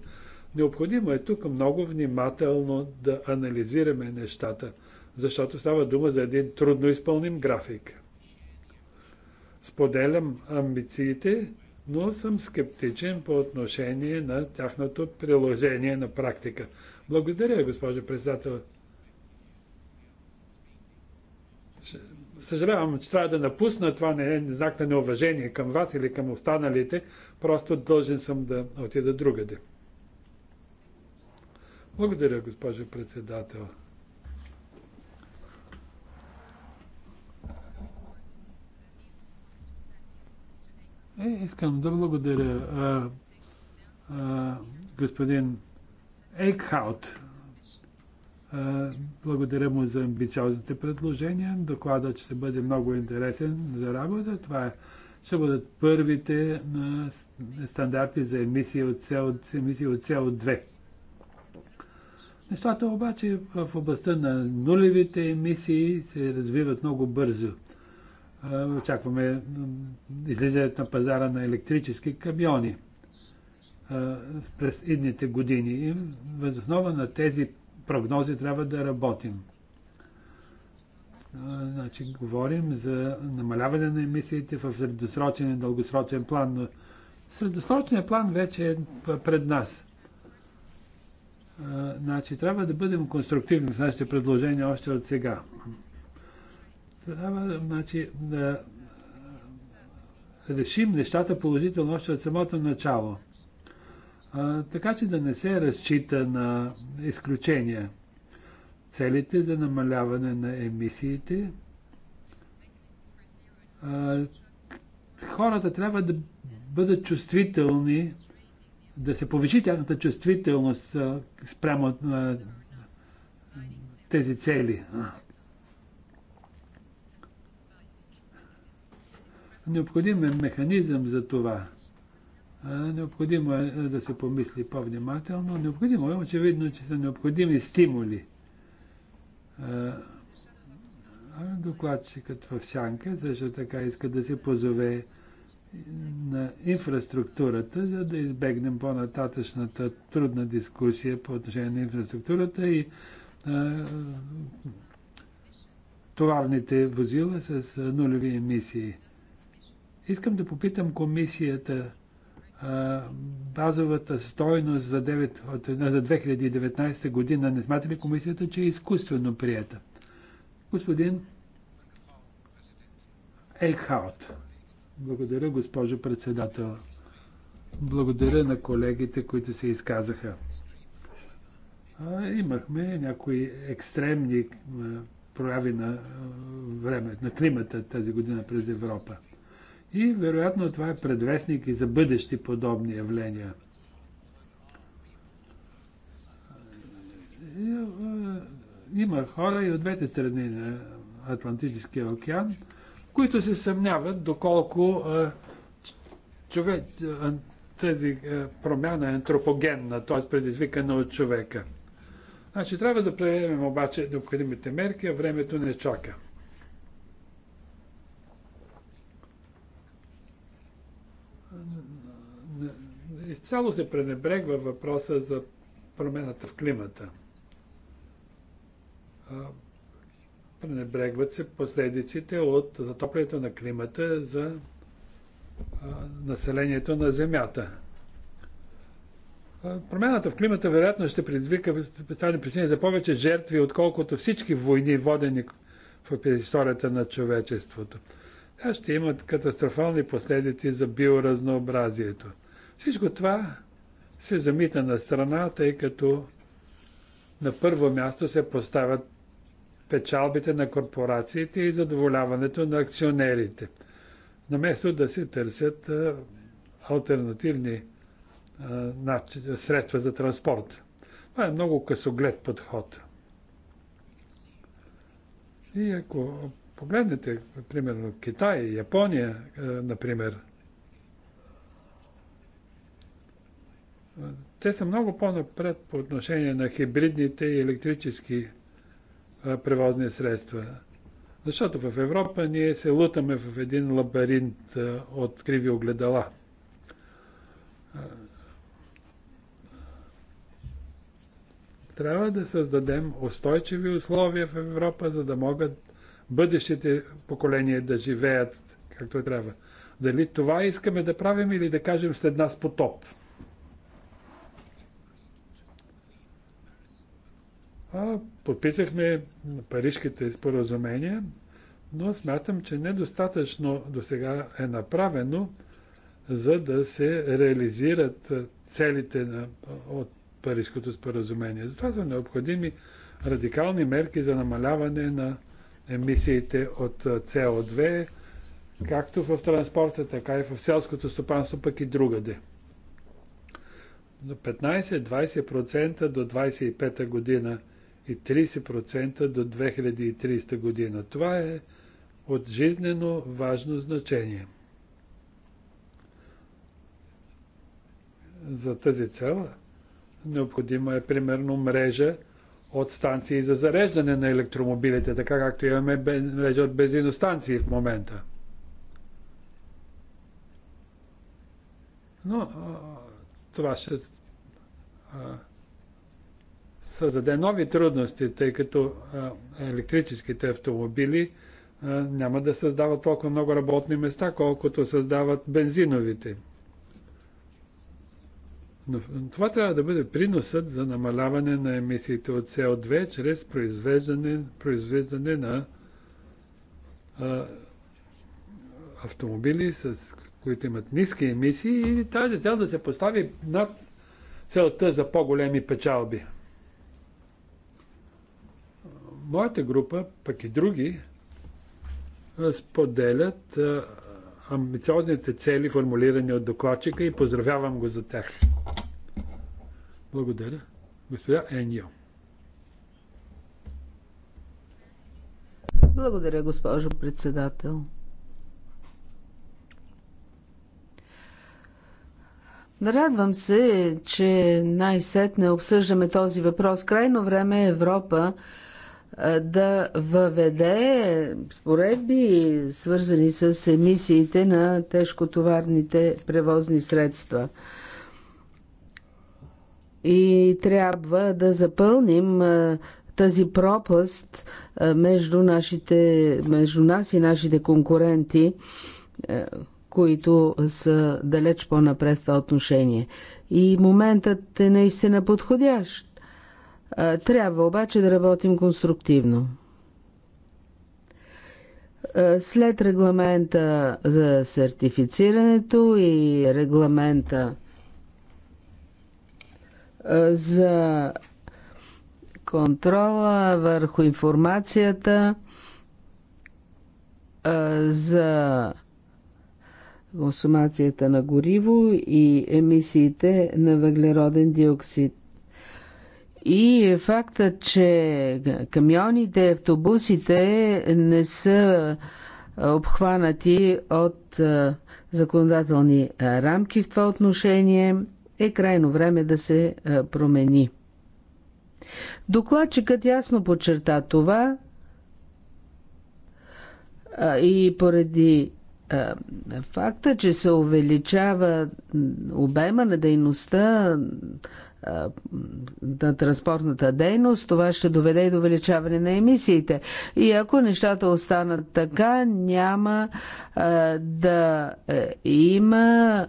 Необходимо е тук много внимателно да анализираме нещата, защото става дума за един трудно изпълним график. Споделям амбициите но съм скептичен по отношение на тяхното приложение на практика. Благодаря, госпожо председател. Съжалявам, че трябва да напусна. Това не е знак на неуважение към вас или към останалите. Просто дължен съм да отида другаде. Благодаря, госпожо председател. Е, искам да благодаря а, а, господин Ейкхаут. А, благодаря му за амбициозните предложения. Докладът ще бъде много интересен за работа. Това е, ще бъдат първите на стандарти за емисии от CO2. Нещата обаче в областта на нулевите емисии се развиват много бързо. Очакваме излизането на пазара на електрически камиони през идните години. И възоснова на тези прогнози трябва да работим. Значи, говорим за намаляване на емисиите в средосрочен и дългосрочен план, но средосрочният план вече е пред нас. Значи, трябва да бъдем конструктивни в нашите предложения още от сега. Трябва, значи, да решим нещата положително още от самото начало. А, така че да не се разчита на изключения. Целите за намаляване на емисиите. А, хората трябва да бъдат чувствителни, да се повиши тяхната чувствителност а, спрямо а, тези цели. А. Необходим е механизъм за това. Необходимо е, е да се помисли по-внимателно. Необходимо е очевидно, че са необходими стимули. Докладчикът в Сянка също така иска да се позове на инфраструктурата, за да избегнем по-нататъчната трудна дискусия по отношение на инфраструктурата и а, товарните возила с нулеви емисии. Искам да попитам комисията базовата стойност за, 9, от, за 2019 година. Не смята ли комисията, че е изкуствено прията? Господин Ейхаут. Благодаря, госпожо председател. Благодаря на колегите, които се изказаха. имахме някои екстремни прояви на време, на климата тази година през Европа. И вероятно това е предвестник и за бъдещи подобни явления. Е, има хора и от двете страни на Атлантическия океан, които се съмняват доколко е, човек, е, тази промяна е антропогенна, т.е. предизвикана от човека. Значи трябва да приемем обаче необходимите мерки, а времето не чака. Цяло се пренебрегва въпроса за промената в климата. Пренебрегват се последиците от затоплянето на климата за населението на Земята. Промената в климата вероятно ще предизвика специални причини за повече жертви, отколкото всички войни, водени в историята на човечеството. Тя ще имат катастрофални последици за биоразнообразието. Всичко това се замита на страна, тъй като на първо място се поставят печалбите на корпорациите и задоволяването на акционерите. Наместо да се търсят альтернативни средства за транспорт. Това е много късоглед подход. И ако погледнете, примерно, Китай, Япония, например, Те са много по-напред по отношение на хибридните и електрически превозни средства. Защото в Европа ние се лутаме в един лабиринт от криви огледала. Трябва да създадем устойчиви условия в Европа, за да могат бъдещите поколения да живеят както трябва. Дали това искаме да правим или да кажем след нас потоп? А, подписахме парижките споразумения, но смятам, че недостатъчно до сега е направено, за да се реализират целите на, от парижското споразумение. Затова са необходими радикални мерки за намаляване на емисиите от CO2, както в транспорта, така и в селското стопанство, пък и другаде. До 15-20% до 25-та година – и 30% до 2030 година. Това е от жизнено важно значение. За тази цел необходима е примерно мрежа от станции за зареждане на електромобилите, така както имаме мрежа от бензиностанции в момента. Но това ще а, създаде нови трудности, тъй като електрическите автомобили няма да създават толкова много работни места, колкото създават бензиновите. Но това трябва да бъде приносът за намаляване на емисиите от СО2 чрез произвеждане, произвеждане на а, автомобили, с, които имат ниски емисии и тази цел да се постави над целта за по-големи печалби моята група, пък и други, споделят амбициозните цели, формулирани от докладчика и поздравявам го за тях. Благодаря. Господа Еньо. Благодаря, госпожо председател. Радвам се, че най-сетне обсъждаме този въпрос. Крайно време е Европа да въведе споредби, свързани с емисиите на тежкотоварните превозни средства. И трябва да запълним тази пропаст между, нашите, между нас и нашите конкуренти, които са далеч по-напред в това отношение. И моментът е наистина подходящ трябва обаче да работим конструктивно. След регламента за сертифицирането и регламента за контрола върху информацията за консумацията на гориво и емисиите на въглероден диоксид. И факта, че камионите, автобусите не са обхванати от законодателни рамки в това отношение, е крайно време да се промени. Докладчикът ясно подчерта това и поради факта, че се увеличава обема на дейността на транспортната дейност, това ще доведе и до увеличаване на емисиите. И ако нещата останат така, няма да е, има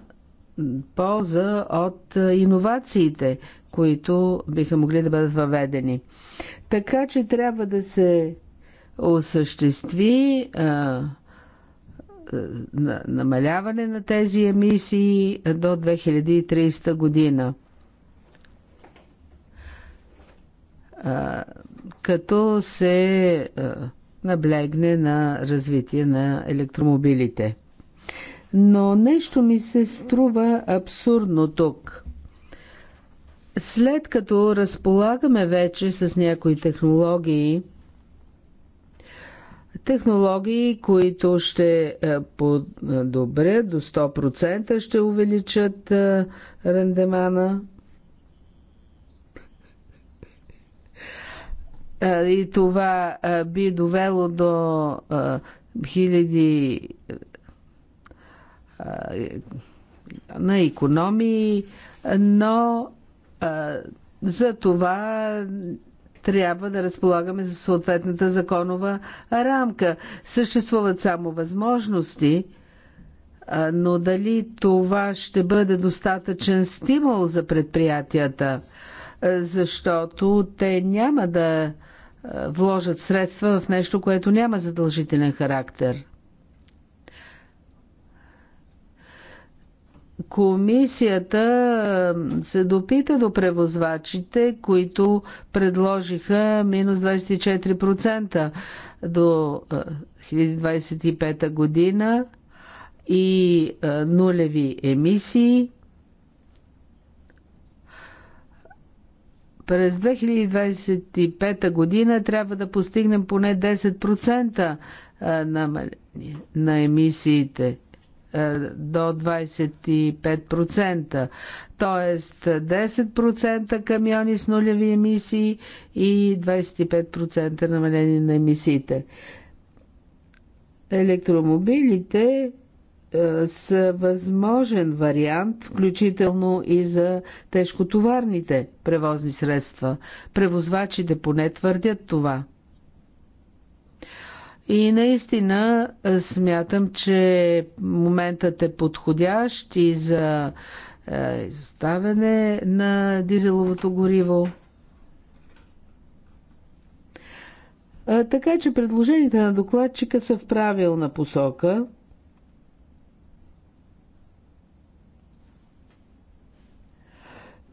полза от иновациите, които биха могли да бъдат въведени. Така че трябва да се осъществи намаляване на тези емисии до 2030 година. като се наблегне на развитие на електромобилите. Но нещо ми се струва абсурдно тук. След като разполагаме вече с някои технологии, технологии, които ще подобрят до 100%, ще увеличат рендемана Е, и това е, би довело до е, хиляди на економии, но за това трябва да разполагаме за съответната законова рамка. Съществуват само възможности, но дали това ще бъде достатъчен стимул за предприятията, защото те няма да е, вложат средства в нещо, което няма задължителен характер. Комисията е, се допита до превозвачите, които предложиха минус 24% до 2025 е, година и нулеви емисии. През 2025 година трябва да постигнем поне 10% на, на емисиите до 25%, т.е. 10% камиони с нулеви емисии и 25% намаление на емисиите. Електромобилите е, с възможен вариант, включително и за тежкотоварните превозни средства. Превозвачите поне твърдят това. И наистина е, смятам, че моментът е подходящ и за е, изоставяне на дизеловото гориво. Така че предложенията на докладчика са в правилна посока –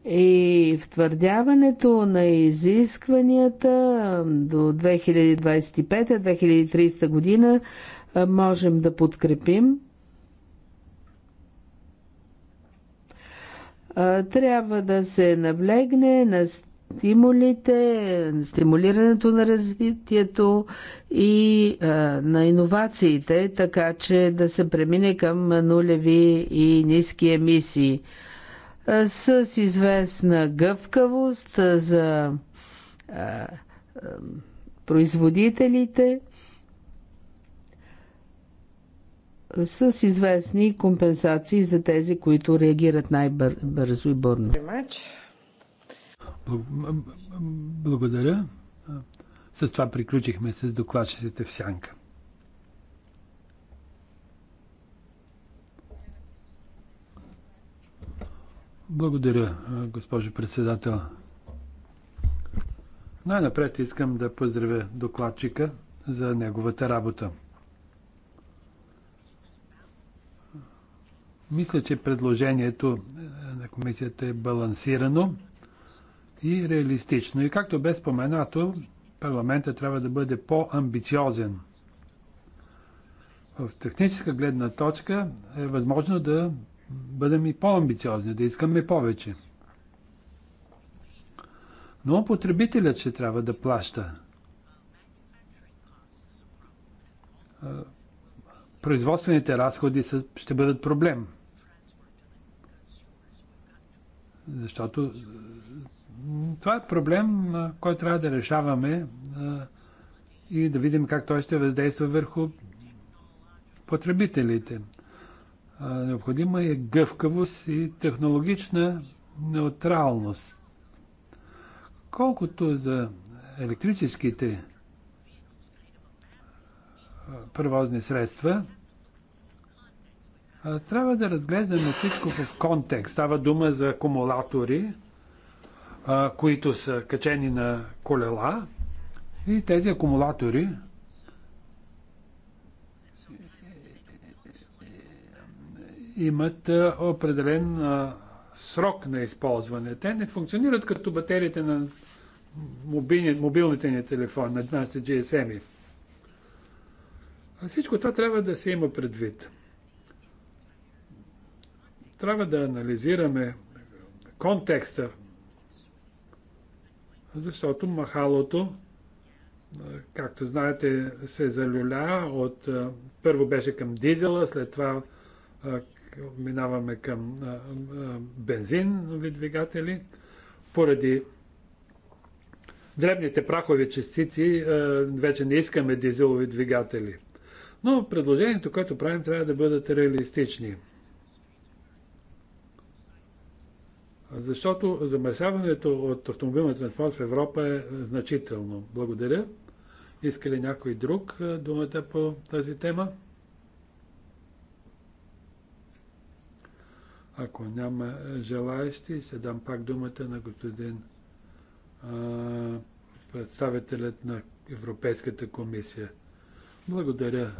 И втвърдяването на изискванията до 2025-2030 година можем да подкрепим. Трябва да се наблегне на стимулите, стимулирането на развитието и а, на иновациите, така че да се премине към нулеви и ниски емисии с известна гъвкавост за производителите с известни компенсации за тези, които реагират най-бързо и бурно. Благодаря. С това приключихме с докладчиците в Сянка. Благодаря, госпожо председател. Най-напред искам да поздравя докладчика за неговата работа. Мисля, че предложението на комисията е балансирано и реалистично. И както бе споменато, парламента трябва да бъде по-амбициозен. В техническа гледна точка е възможно да бъдем и по-амбициозни, да искаме повече. Но потребителят ще трябва да плаща. Производствените разходи ще бъдат проблем. Защото това е проблем, който трябва да решаваме и да видим как той ще въздейства върху потребителите. Необходима е гъвкавост и технологична неутралност. Колкото за електрическите превозни средства, трябва да разглеждаме всичко в контекст. Става дума за акумулатори, които са качени на колела и тези акумулатори имат определен срок на използване. Те не функционират като батериите на мобилни, мобилните ни телефони, на нашите GSM-и. Всичко това трябва да се има предвид. Трябва да анализираме контекста, защото махалото, както знаете, се залюля от... Първо беше към дизела, след това минаваме към бензинови двигатели. Поради дребните прахови частици вече не искаме дизелови двигатели. Но предложението, което правим, трябва да бъдат реалистични. Защото замърсяването от автомобилния транспорт в Европа е значително. Благодаря. Иска ли някой друг думата по тази тема? Ако няма желаящи, ще дам пак думата на господин а, представителят на Европейската комисия. Благодаря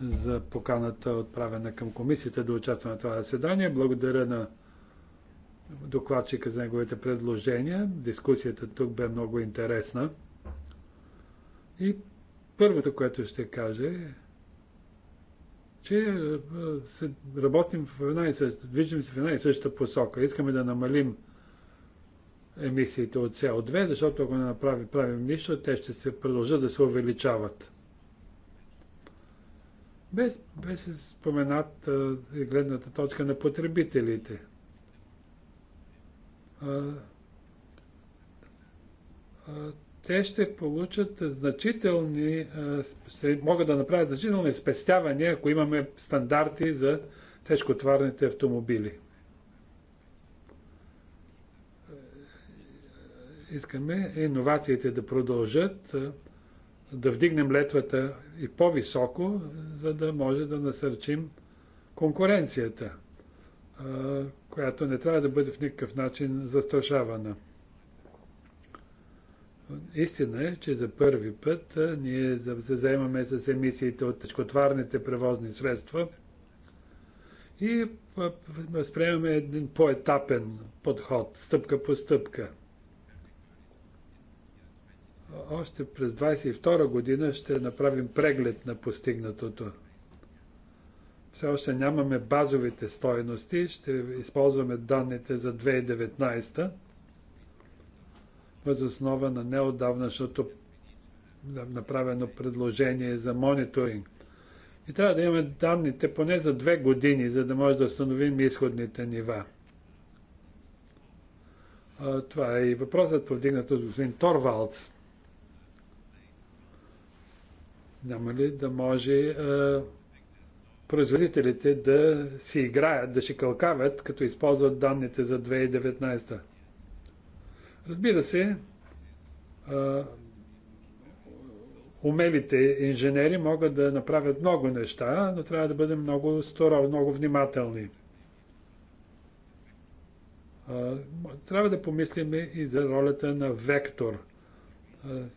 за поканата, отправена към комисията да участва на това заседание. Благодаря на докладчика за неговите предложения. Дискусията тук бе много интересна. И първото, което ще кажа е, че е, работим в една и съща, движим се в една и съща посока. Искаме да намалим емисиите от СО2, защото ако не направим, правим нищо, те ще се продължат да се увеличават. Без, без споменат е, и гледната точка на потребителите. А, е, а, те ще получат значителни, ще могат да направят значителни спестявания, ако имаме стандарти за тежкотварните автомобили. Искаме иновациите да продължат, да вдигнем летвата и по-високо, за да може да насърчим конкуренцията, която не трябва да бъде в никакъв начин застрашавана. Истина е, че за първи път ние се заемаме с емисиите от тежкотварните превозни средства и възприемаме един по-етапен подход, стъпка по стъпка. Още през 22 година ще направим преглед на постигнатото. Все още нямаме базовите стоености, ще използваме данните за 2019 -та възоснова на неодавнашното направено предложение за мониторинг. И трябва да имаме данните поне за две години, за да може да установим изходните нива. Това е и въпросът повдигнат от господин Торвалц. Няма ли да може а, производителите да си играят, да шикалкавят, като използват данните за 2019? Разбира се, умелите инженери могат да направят много неща, но трябва да бъдем много сторо, много внимателни. Трябва да помислим и за ролята на вектор.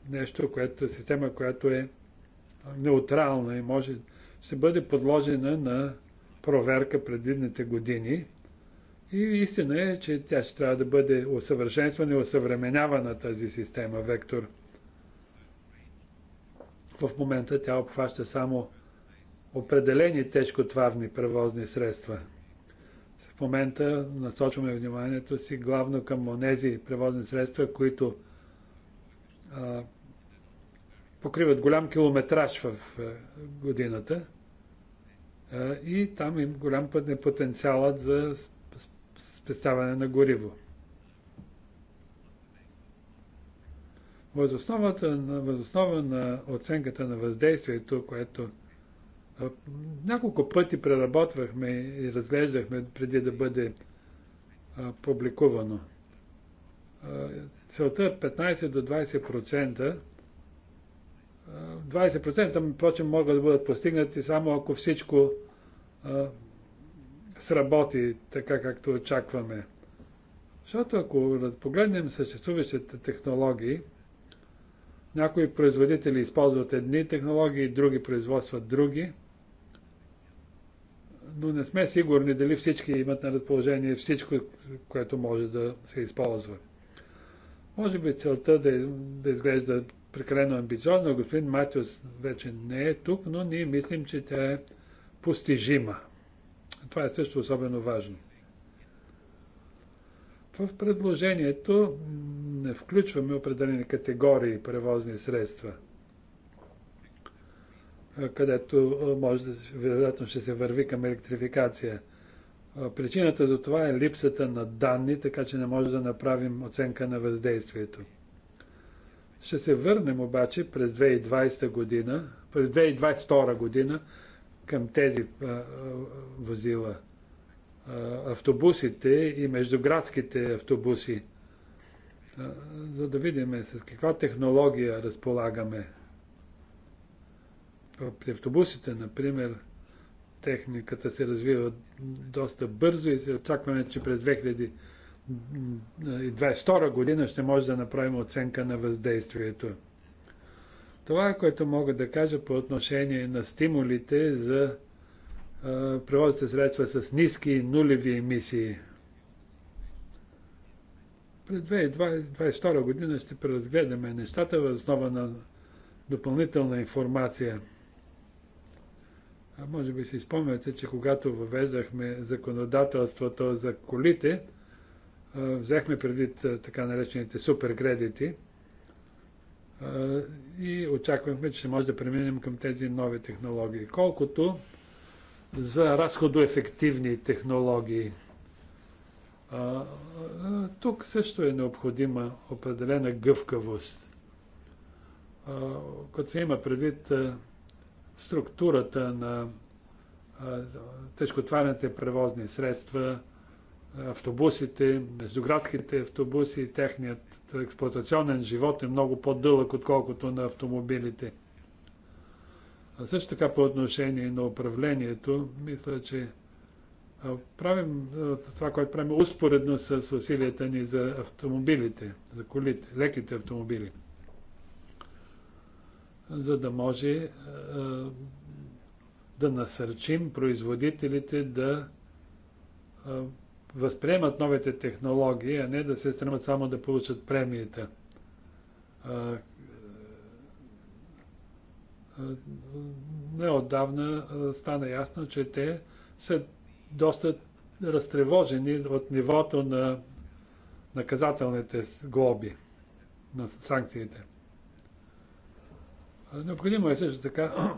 Нещо, което система, която е неутрална и може ще бъде подложена на проверка предвидните години – и истина е, че тя ще трябва да бъде усъвършенствана и усъвременявана тази система Вектор. В момента тя обхваща само определени тежкотварни превозни средства. В момента насочваме вниманието си главно към онези превозни средства, които а, покриват голям километраж в годината и там им голям път е потенциалът за спестяване на гориво. Възосновата на, възоснова на оценката на въздействието, което няколко пъти преработвахме и разглеждахме преди да бъде а, публикувано. целта е 15 до 20%. 20% впрочем могат да бъдат постигнати само ако всичко сработи така, както очакваме. Защото ако погледнем съществуващите технологии, някои производители използват едни технологии, други производстват други, но не сме сигурни дали всички имат на разположение всичко, което може да се използва. Може би целта да, да изглежда прекалено амбициозно, господин Матиус вече не е тук, но ние мислим, че тя е постижима. Това е също особено важно. В предложението не включваме определени категории превозни средства, където може да, вероятно ще се върви към електрификация. Причината за това е липсата на данни, така че не може да направим оценка на въздействието. Ще се върнем обаче през 2020 година, през 2022 година към тези возила. Автобусите и междуградските автобуси, за да видим с каква технология разполагаме. При автобусите, например, техниката се развива доста бързо и се очакваме, че през 2022 година ще може да направим оценка на въздействието. Това, е което мога да кажа по отношение на стимулите за превозните средства с ниски нулеви емисии. През 2022 година ще преразгледаме нещата в основа на допълнителна информация. А може би си спомняте, че когато въвеждахме законодателството за колите, взехме преди така наречените суперкредити – и очаквахме, че може да преминем към тези нови технологии. Колкото за разходоефективни технологии, тук също е необходима определена гъвкавост. Като се има предвид структурата на тежкотварните превозни средства, автобусите, междуградските автобуси и техният експлуатационен живот е много по-дълъг, отколкото на автомобилите. А също така по отношение на управлението, мисля, че правим това, което правим успоредно с усилията ни за автомобилите, за колите, леките автомобили. За да може да насърчим производителите да възприемат новите технологии, а не да се стремат само да получат премията. Неотдавна стана ясно, че те са доста разтревожени от нивото на наказателните глоби, на санкциите. Необходимо е също така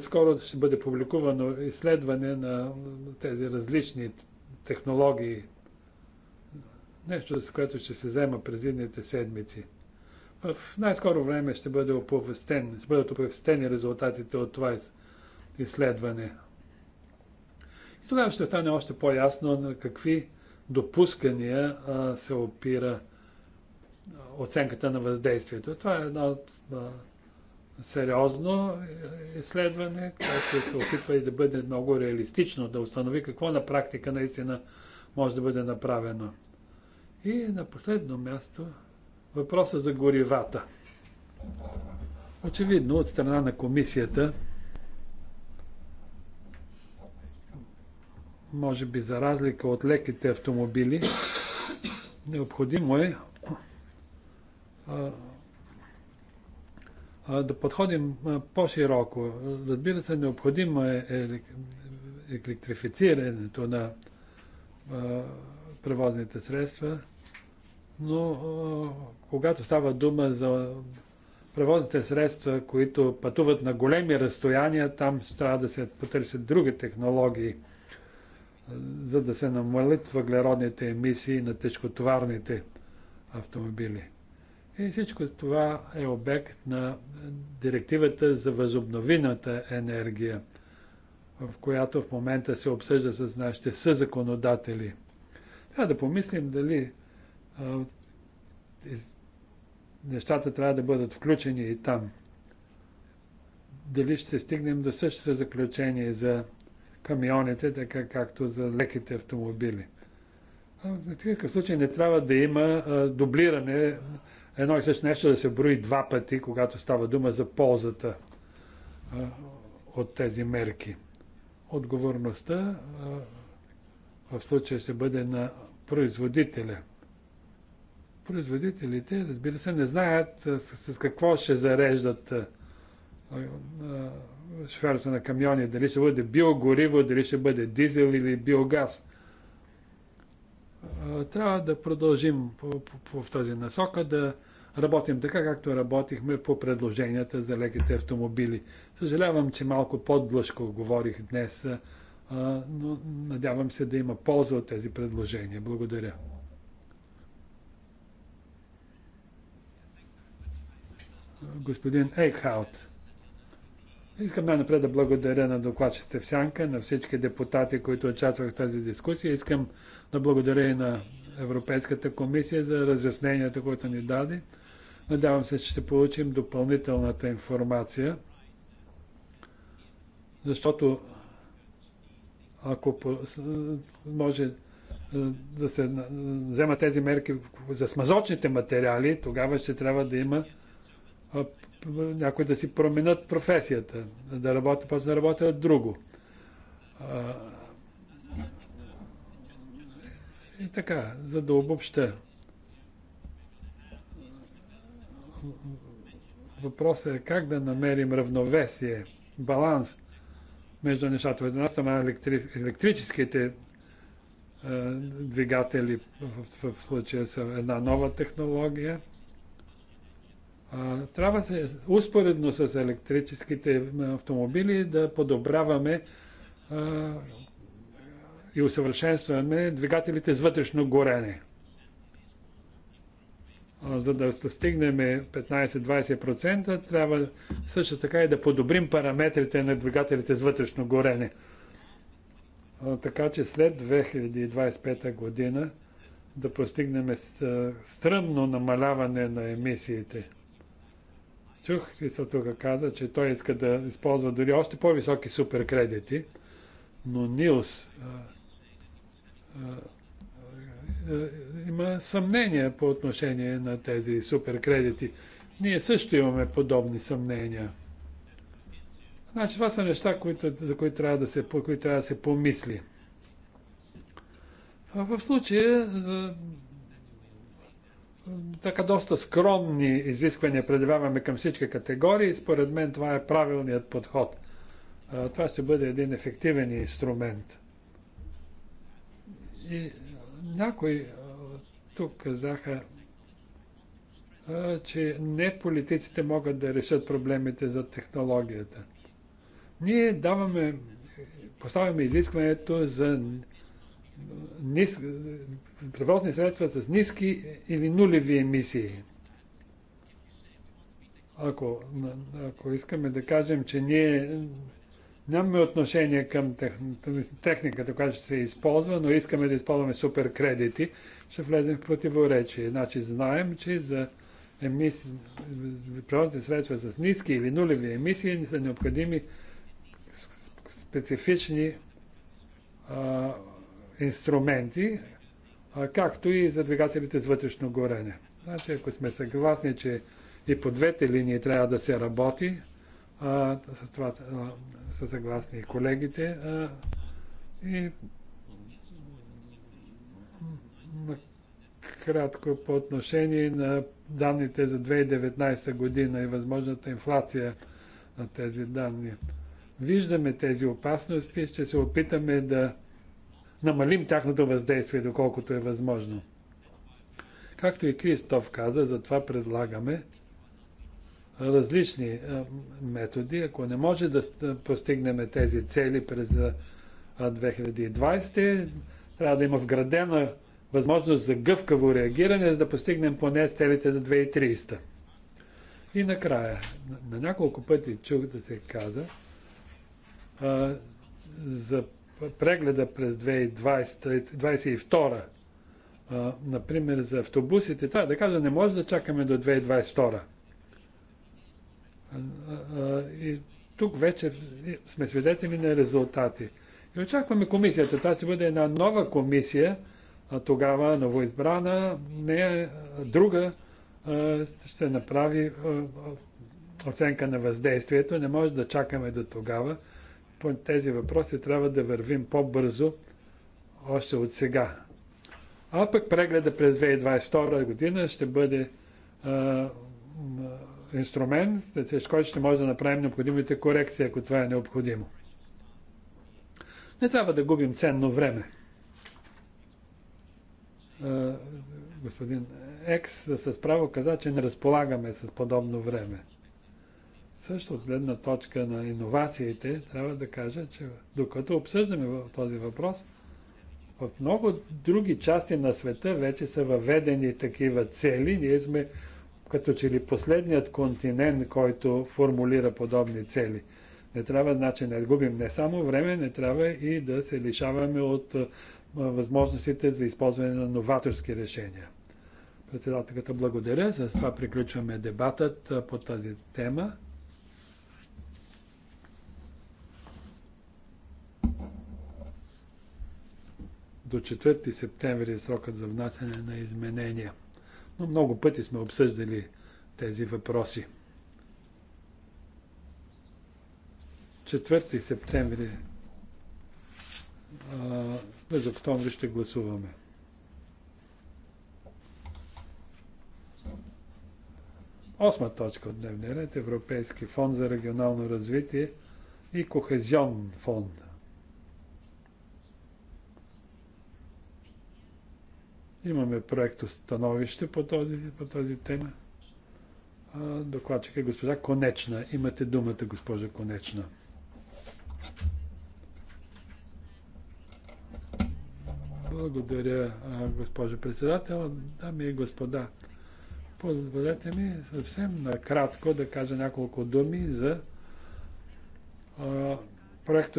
скоро ще бъде публикувано изследване на тези различни технологии. Нещо, с което ще се взема през едните седмици. В най-скоро време ще, бъде оповестен, ще бъдат оповестени резултатите от това изследване. И тогава ще стане още по-ясно на какви допускания а, се опира оценката на въздействието. Това е една от а, сериозно изследване, което се опитва и да бъде много реалистично, да установи какво на практика наистина може да бъде направено. И на последно място въпроса за горивата. Очевидно от страна на комисията, може би за разлика от леките автомобили, необходимо е да подходим по-широко. Разбира се, необходимо е електрифицирането на превозните средства, но когато става дума за превозните средства, които пътуват на големи разстояния, там трябва да се потърсят други технологии, за да се намалят въглеродните емисии на тежкотоварните автомобили. И всичко това е обект на директивата за възобновината енергия, в която в момента се обсъжда с нашите съзаконодатели. Трябва да помислим дали а, из, нещата трябва да бъдат включени и там. Дали ще стигнем до същото заключение за камионите, така както за леките автомобили. В такъв случай не трябва да има дублиране едно и също нещо да се брои два пъти, когато става дума за ползата от тези мерки. Отговорността в случая ще бъде на производителя. Производителите, разбира се, не знаят с, с какво ще зареждат шофьорите на камиони, дали ще бъде биогориво, дали ще бъде дизел или биогаз. Трябва да продължим по, по, по, в тази насока, да работим така, както работихме по предложенията за леките автомобили. Съжалявам, че малко по-длъжко говорих днес, но надявам се да има полза от тези предложения. Благодаря. господин Ейхаут. Искам най-напред да благодаря на докладчите в Сянка, на всички депутати, които участвах в тази дискусия. Искам да благодаря и на Европейската комисия за разясненията, които ни даде. Надявам се, че ще получим допълнителната информация, защото ако може да се взема тези мерки за смазочните материали, тогава ще трябва да има някой да си променят професията, да работи, почне да работят друго. И така, за да обобща. Въпросът е как да намерим равновесие, баланс между нещата. От една страна електрическите е, двигатели в, в случая са една нова технология. А, трябва се, успоредно с електрическите автомобили да подобряваме и усъвършенстваме двигателите с вътрешно горене. За да достигнем 15-20%, трябва също така и да подобрим параметрите на двигателите с вътрешно горене. Така че след 2025 година да постигнем стръмно намаляване на емисиите. Чух Христо тук каза, че той иска да използва дори още по-високи суперкредити, но Нилс е, е, има съмнения по отношение на тези суперкредити. Ние също имаме подобни съмнения. Значи това са неща, които, за които трябва да се, по които трябва да се помисли. В случая така доста скромни изисквания предявяваме към всички категории. Според мен това е правилният подход. Това ще бъде един ефективен инструмент. И е, някои е, тук казаха, е, че не политиците могат да решат проблемите за технологията. Ние даваме, поставяме изискването за превозни средства с ниски или нулеви емисии. Ако, ако искаме да кажем, че ние Нямаме отношение към техниката, която ще се използва, но искаме да използваме супер кредити, ще влезем в противоречие. Значи знаем, че за емисии, природните средства с ниски или нулеви емисии са необходими специфични а, инструменти, а, както и за двигателите с вътрешно горене. Значи, ако сме съгласни, че и по двете линии трябва да се работи, а, с това а, са съгласни и колегите. А, и кратко по отношение на данните за 2019 година и възможната инфлация на тези данни. Виждаме тези опасности, ще се опитаме да намалим тяхното въздействие, доколкото е възможно. Както и Кристоф каза, затова предлагаме различни методи. Ако не може да постигнем тези цели през 2020, трябва да има вградена възможност за гъвкаво реагиране, за да постигнем поне с целите за 2300. И накрая, на няколко пъти чух да се каза а, за прегледа през 2020, 2022. А, например, за автобусите, трябва е да кажа, не може да чакаме до 2022. И тук вече сме свидетели на резултати. И очакваме комисията. Това ще бъде една нова комисия, а тогава новоизбрана, не друга, ще направи оценка на въздействието. Не може да чакаме до тогава. По тези въпроси трябва да вървим по-бързо още от сега. А пък прегледа през 2022 година ще бъде инструмент, с който ще може да направим необходимите корекции, ако това е необходимо. Не трябва да губим ценно време. Господин Екс с право каза, че не разполагаме с подобно време. Също от гледна точка на иновациите, трябва да кажа, че докато обсъждаме този въпрос, в много други части на света вече са въведени такива цели. Ние сме като че ли последният континент, който формулира подобни цели. Не трябва, значи, не губим не само време, не трябва и да се лишаваме от възможностите за използване на новаторски решения. Председателката благодаря. С това приключваме дебатът по тази тема. До 4 септември е срокът за внасяне на изменения но много пъти сме обсъждали тези въпроси. 4 септември през октомври ще гласуваме. Осма точка от дневния ред Европейски фонд за регионално развитие и Кохезион фонд. Имаме проекто становище по този, по този тема. Докладчик е госпожа Конечна. Имате думата, госпожа Конечна. Благодаря, госпожо председател. Дами и господа, позволете ми съвсем накратко да кажа няколко думи за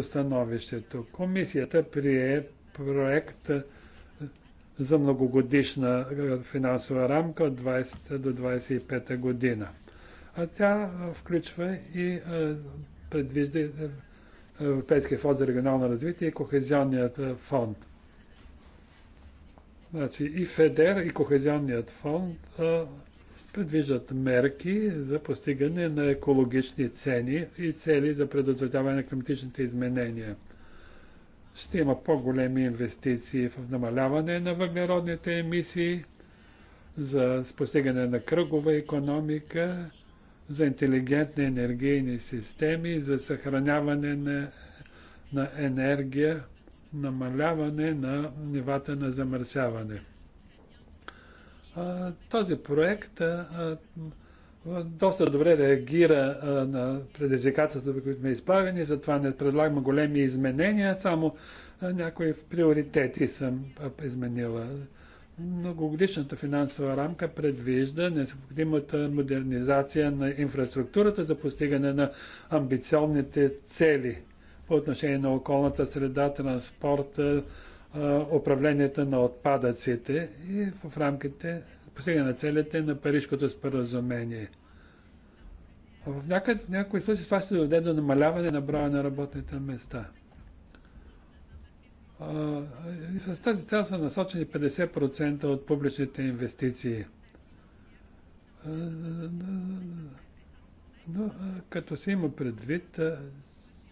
становището. Комисията прие проекта за многогодишна е, финансова рамка от 20 до 25 година. А тя е, включва и е, предвижда Европейския фонд за регионално развитие и Кохезионният фонд. Значи и ФЕДЕР, и Кохезионният фонд предвиждат мерки за постигане на екологични цени и цели за предотвратяване на климатичните изменения – ще има по-големи инвестиции в намаляване на въглеродните емисии, за постигане на кръгова економика, за интелигентни енергийни системи, за съхраняване на, на енергия, намаляване на нивата на замърсяване. А, този проект а, а, е, доста добре реагира а, на предизвикателствата, които сме изправени, затова не предлагам големи изменения, само а, някои приоритети съм а, изменила. Многогодишната финансова рамка предвижда необходимата модернизация на инфраструктурата за постигане на амбициозните цели по отношение на околната среда, транспорта, управлението на отпадъците и в рамките постигане на целите на Парижкото споразумение. В в някои случаи това ще доведе до намаляване на броя на работните места. А, с тази цел са насочени 50% от публичните инвестиции. Но като се има предвид,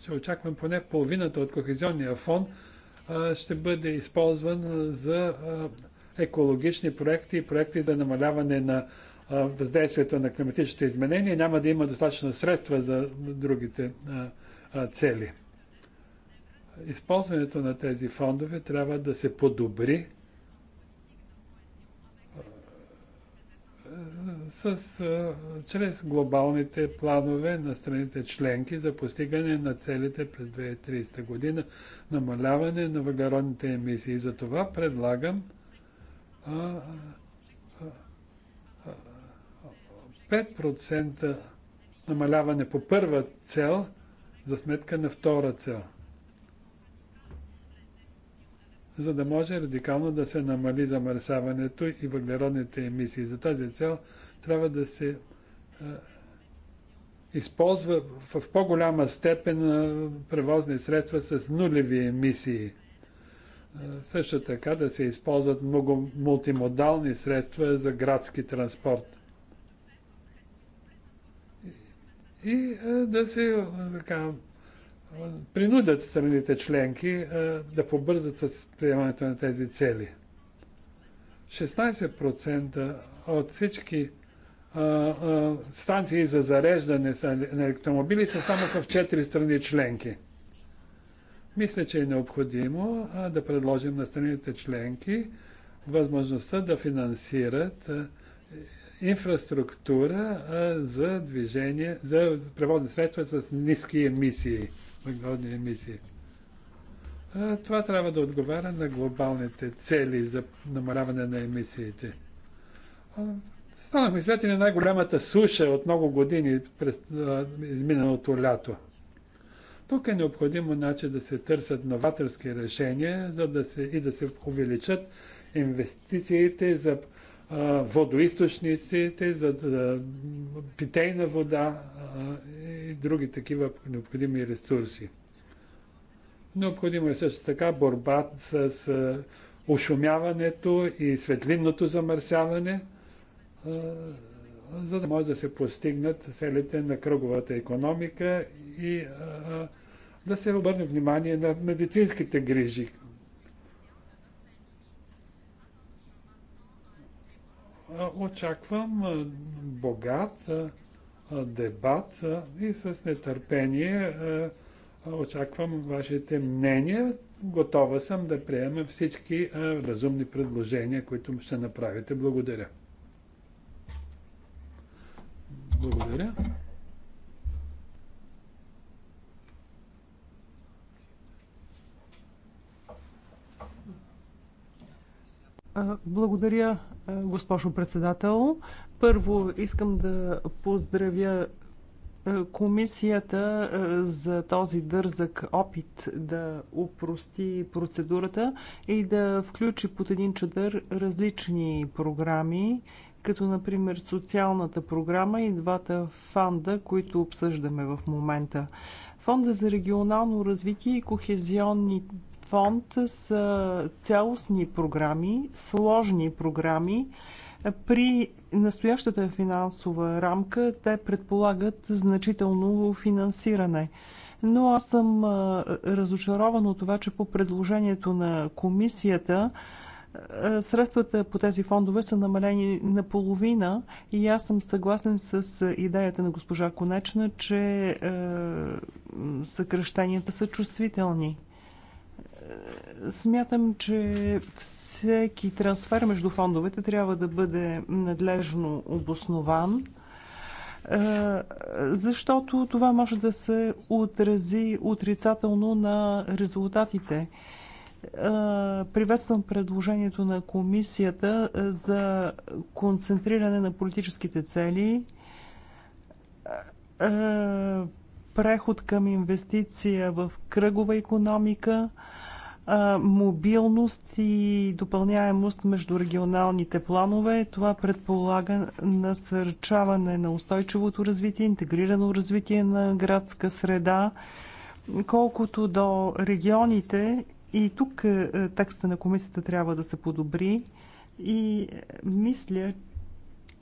че очаквам поне половината от кохезионния фонд ще бъде използван за екологични проекти и проекти за намаляване на въздействието на климатичните изменения, няма да има достатъчно средства за другите цели. Използването на тези фондове трябва да се подобри с, чрез глобалните планове на страните членки за постигане на целите през 2030 година, намаляване на въглеродните емисии. За това предлагам 5% намаляване по първа цел за сметка на втора цел. За да може радикално да се намали замърсяването и въглеродните емисии. За тази цел трябва да се използва в по-голяма степен превозни средства с нулеви емисии също така да се използват много мултимодални средства за градски транспорт. И да се така, принудят страните членки да побързат с приемането на тези цели. 16% от всички станции за зареждане на електромобили са само в 4 страни членки. Мисля, че е необходимо а, да предложим на страните членки възможността да финансират а, инфраструктура а, за движение, за преводни средства с ниски емисии, въглеродни емисии. А, това трябва да отговаря на глобалните цели за намаляване на емисиите. Станахме станахме и на най-голямата суша от много години през а, изминалото лято. Тук е необходимо значи, да се търсят новаторски решения за да се, и да се увеличат инвестициите за а, водоисточниците, за а, питейна вода а, и други такива необходими ресурси. Необходимо е също така борба с, с ушумяването и светлинното замърсяване, за да може да се постигнат целите на кръговата економика и а, да се обърне внимание на медицинските грижи. Очаквам богат дебат и с нетърпение очаквам вашите мнения. Готова съм да приема всички разумни предложения, които ще направите. Благодаря. Благодаря. Благодаря, госпожо председател. Първо искам да поздравя комисията за този дързък опит да упрости процедурата и да включи под един чадър различни програми, като например социалната програма и двата фанда, които обсъждаме в момента. Фонда за регионално развитие и кохезионни фонд са цялостни програми, сложни програми. При настоящата финансова рамка те предполагат значително финансиране. Но аз съм разочарован от това, че по предложението на комисията е, средствата по тези фондове са намалени наполовина и аз съм съгласен с е, идеята на госпожа Конечна, че е, съкръщенията са чувствителни. Смятам, че всеки трансфер между фондовете трябва да бъде надлежно обоснован защото това може да се отрази отрицателно на резултатите. Е, приветствам предложението на комисията е, за концентриране на политическите цели, е, преход към инвестиция в кръгова економика, мобилност и допълняемост между регионалните планове. Това предполага насърчаване на устойчивото развитие, интегрирано развитие на градска среда. Колкото до регионите, и тук е, е, текста на комисията трябва да се подобри и е, мисля,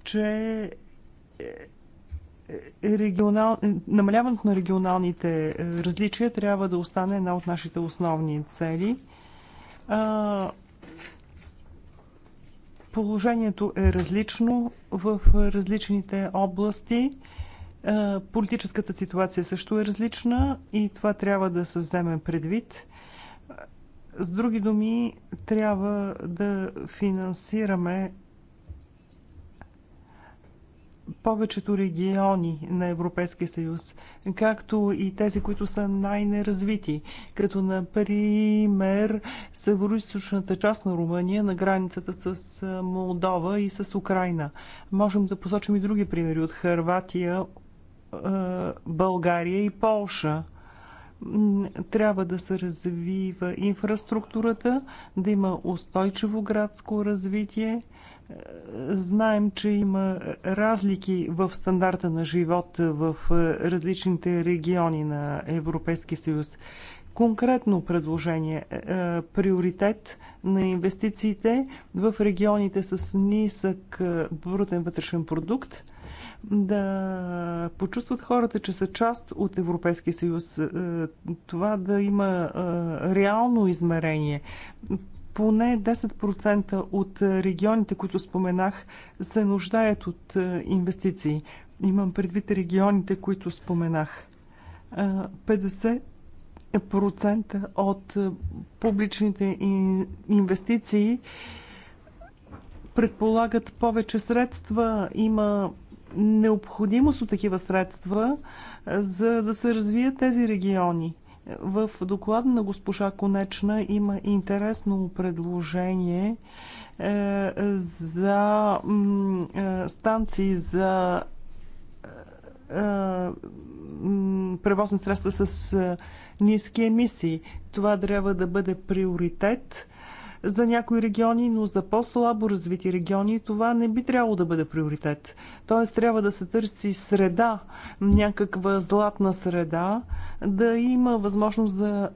че регионал... намаляването на регионалните различия трябва да остане една от нашите основни цели. Положението е различно в различните области. Политическата ситуация също е различна и това трябва да се вземе предвид. С други думи, трябва да финансираме повечето региони на Европейския съюз, както и тези, които са най-неразвити, като например северо-источната част на Румъния на границата с Молдова и с Украина. Можем да посочим и други примери от Харватия, България и Полша трябва да се развива инфраструктурата, да има устойчиво градско развитие. Е, знаем, че има разлики в стандарта на живот в е, различните региони на Европейския съюз. Конкретно предложение е, приоритет на инвестициите в регионите с нисък брутен вътрешен продукт – да почувстват хората, че са част от Европейския съюз. Е, това да има е, реално измерение. Поне 10% от регионите, които споменах, се нуждаят от е, инвестиции. Имам предвид регионите, които споменах. 50 процента от публичните инвестиции предполагат повече средства. Има необходимост от такива средства, е, за да се развият тези региони. В доклада на госпожа Конечна има интересно предложение е, за е, станции за превозни средства с ниски емисии. Това трябва да бъде приоритет за някои региони, но за по-слабо развити региони това не би трябвало да бъде приоритет. Тоест трябва да се търси среда, някаква златна среда, да има възможност за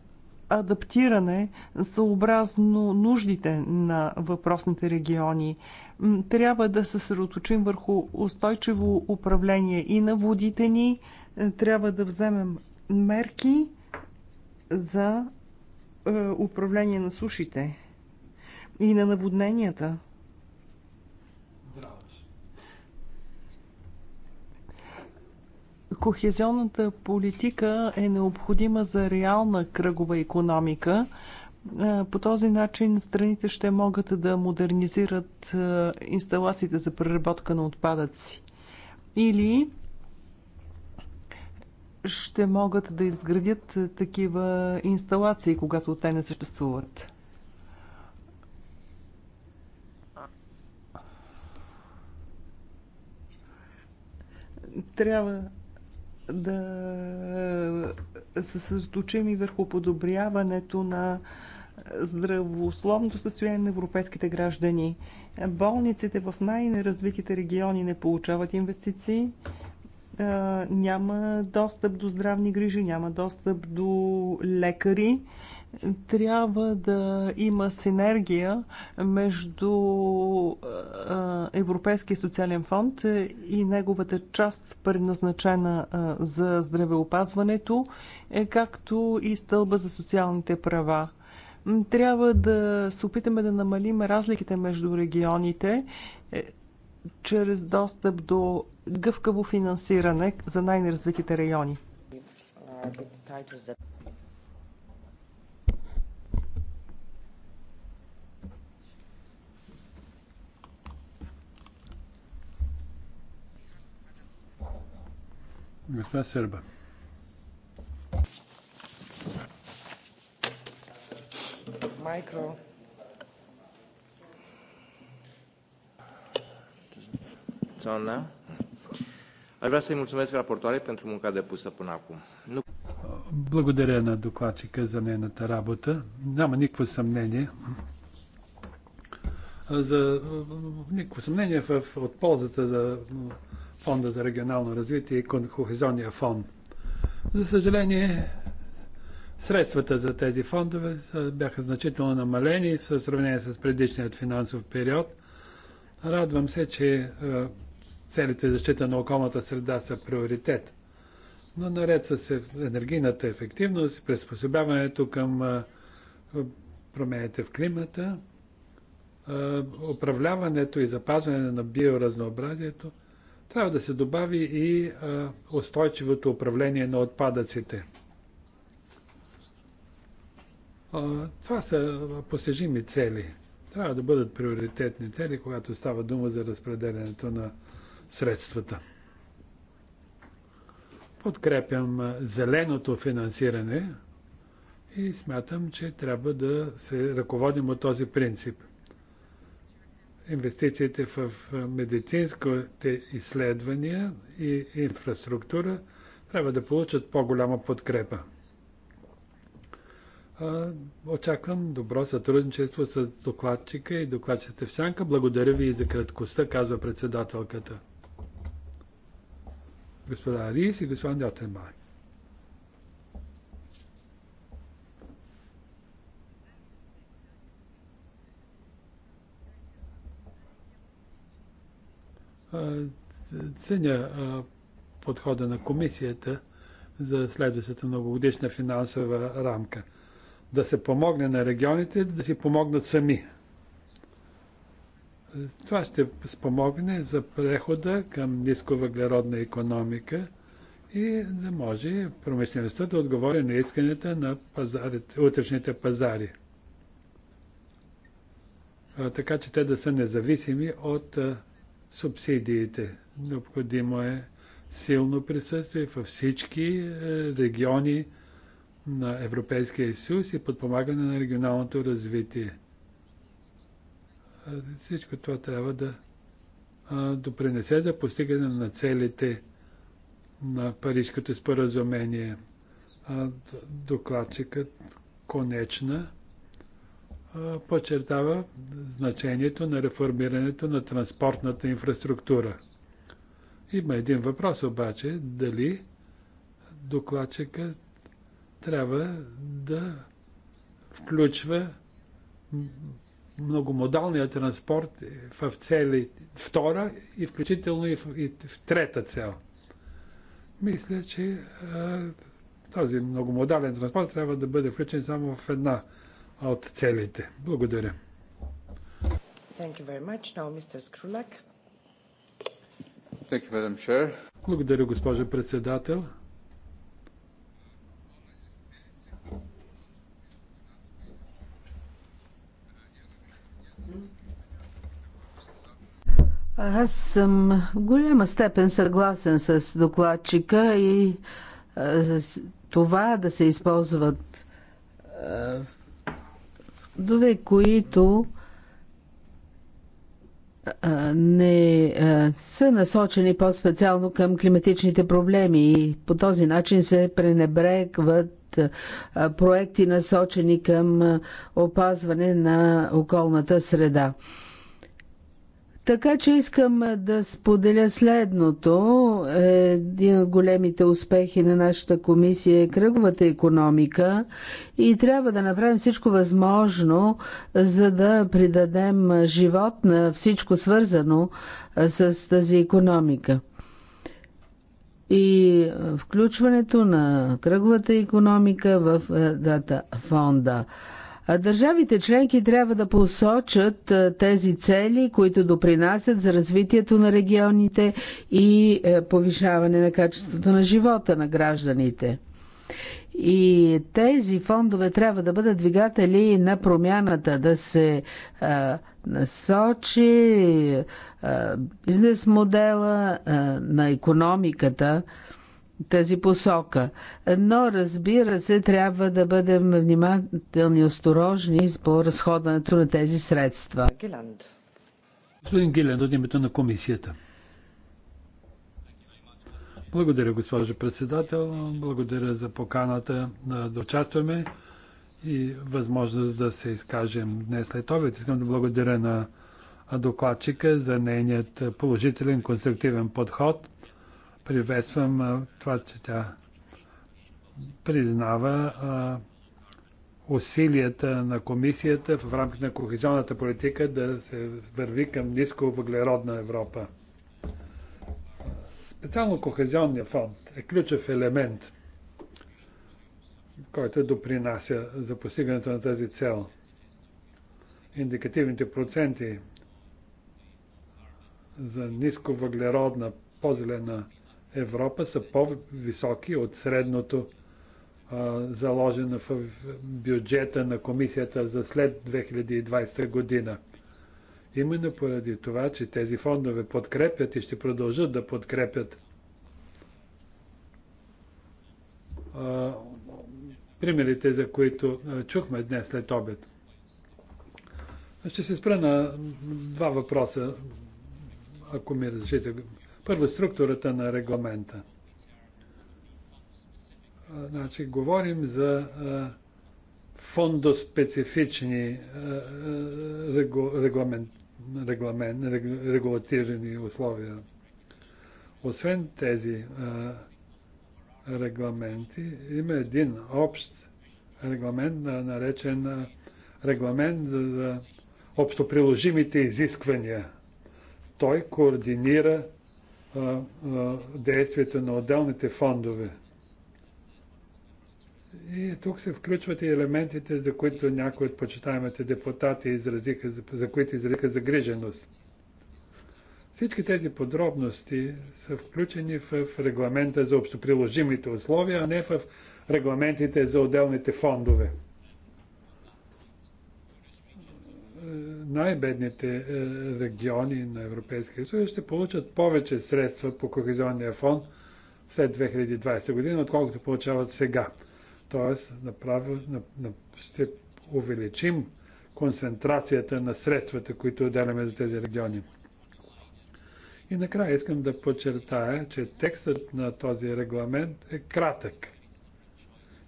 адаптиране съобразно нуждите на въпросните региони. Трябва да се съсредоточим върху устойчиво управление и на водите ни. Е, трябва да вземем мерки за е, управление на сушите и на наводненията. Кохезионната политика е необходима за реална кръгова економика. По този начин страните ще могат да модернизират инсталациите за преработка на отпадъци. Или ще могат да изградят такива инсталации, когато те не съществуват. трябва да се съсредоточим и върху подобряването на здравословното състояние на европейските граждани. Болниците в най-неразвитите региони не получават инвестиции, няма достъп до здравни грижи, няма достъп до лекари трябва да има синергия между Европейския социален фонд и неговата част, предназначена за здравеопазването, е както и стълба за социалните права. Трябва да се опитаме да намалим разликите между регионите е, чрез достъп до гъвкаво финансиране за най-неразвитите райони. Госпожа Сърба. Майкро. Doamna, aș vrea să-i mulțumesc raportoare pentru munca depusă Благодаря на докладчика за нейната работа. Няма никакво съмнение. За никакво съмнение в, от ползата за Фонда за регионално развитие и Кохезонния фонд. За съжаление, средствата за тези фондове бяха значително намалени в сравнение с предишният финансов период. Радвам се, че е, целите защита на околната среда са приоритет. Но наред с е- енергийната ефективност, приспособяването към е, промените в климата, управляването и запазване на биоразнообразието – трябва да се добави и устойчивото управление на отпадъците. Това са постижими цели. Трябва да бъдат приоритетни цели, когато става дума за разпределенето на средствата. Подкрепям зеленото финансиране и смятам, че трябва да се ръководим от този принцип – инвестициите в медицинските изследвания и инфраструктура трябва да получат по-голяма подкрепа. Очаквам добро сътрудничество с докладчика и докладчите в сянка. Благодаря ви и за краткостта, казва председателката. Господа Арис и господин Дятенбай. Ценя подхода на комисията за следващата многогодишна финансова рамка. Да се помогне на регионите, да си помогнат сами. Това ще спомогне за прехода към нисковъглеродна економика и да може промишлеността да отговори на исканията на пазарите, утрешните пазари. Така че те да са независими от субсидиите. Необходимо е силно присъствие във всички е, региони на Европейския съюз и подпомагане на регионалното развитие. Е, всичко това трябва да е, допринесе за постигане на целите на Парижското споразумение. Докладчикът конечна подчертава значението на реформирането на транспортната инфраструктура. Има един въпрос обаче, дали докладчикът трябва да включва многомодалния транспорт в цели втора и включително и в, и в трета цел. Мисля, че а, този многомодален транспорт трябва да бъде включен само в една от целите. Благодаря. Thank you very much. Now, Mr. Skrulak. Thank you, Madam Chair. Благодаря, госпожо председател. Аз съм в голяма степен съгласен с докладчика и а, с това да се използват а, дове, които не са насочени по-специално към климатичните проблеми и по този начин се пренебрегват проекти насочени към опазване на околната среда. Така че искам да споделя следното. Един от големите успехи на нашата комисия е кръговата економика и трябва да направим всичко възможно, за да придадем живот на всичко свързано с тази економика. И включването на кръговата економика в дата фонда. Държавите членки трябва да посочат тези цели, които допринасят за развитието на регионите и е, повишаване на качеството на живота на гражданите. И тези фондове трябва да бъдат двигатели на промяната, да се а, насочи а, бизнес модела а, на економиката тази посока. Но, разбира се, трябва да бъдем внимателни и осторожни по разходването на тези средства. Господин Гилен, от името на комисията. Благодаря, госпожо председател. Благодаря за поканата да участваме и възможност да се изкажем днес след обед. Искам да благодаря на докладчика за нейният положителен, конструктивен подход Приветствам а, това, че тя признава а, усилията на комисията в рамките на кохезионната политика да се върви към ниско въглеродна Европа. Специално кохезионния фонд е ключов елемент, който допринася за постигането на тази цел. Индикативните проценти за ниско въглеродна, по-зелена Европа са по-високи от средното заложено в бюджета на комисията за след 2020 година. Именно поради това, че тези фондове подкрепят и ще продължат да подкрепят а, примерите, за които чухме днес след обед. Ще се спра на два въпроса, ако ми разрешите, първо, структурата на регламента. Значи, говорим за фондоспецифични регламент, регламент, регулатирани условия. Освен тези регламенти, има един общ регламент, наречен регламент за общоприложимите изисквания. Той координира действието на отделните фондове. И тук се включват и елементите, за които някои от почитаемите депутати изразиха, за които изразиха загриженост. Всички тези подробности са включени в регламента за общоприложимите условия, а не в регламентите за отделните фондове. най-бедните е, региони на Европейския съюз ще получат повече средства по Кохезионния фонд след 2020 година, отколкото получават сега. Тоест, направо, ще увеличим концентрацията на средствата, които отделяме за тези региони. И накрая искам да подчертая, че текстът на този регламент е кратък.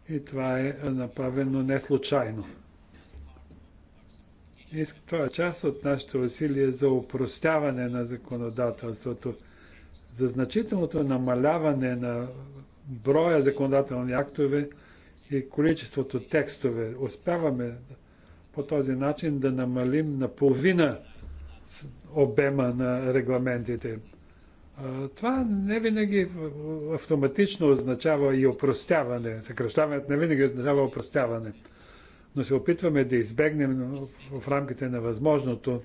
И това е направено не случайно. Това е част от нашите усилия за упростяване на законодателството, за значителното намаляване на броя законодателни актове и количеството текстове. Успяваме по този начин да намалим наполовина обема на регламентите. Това не винаги автоматично означава и опростяване. Съкръщаването не винаги означава опростяване но се опитваме да избегнем в рамките на възможното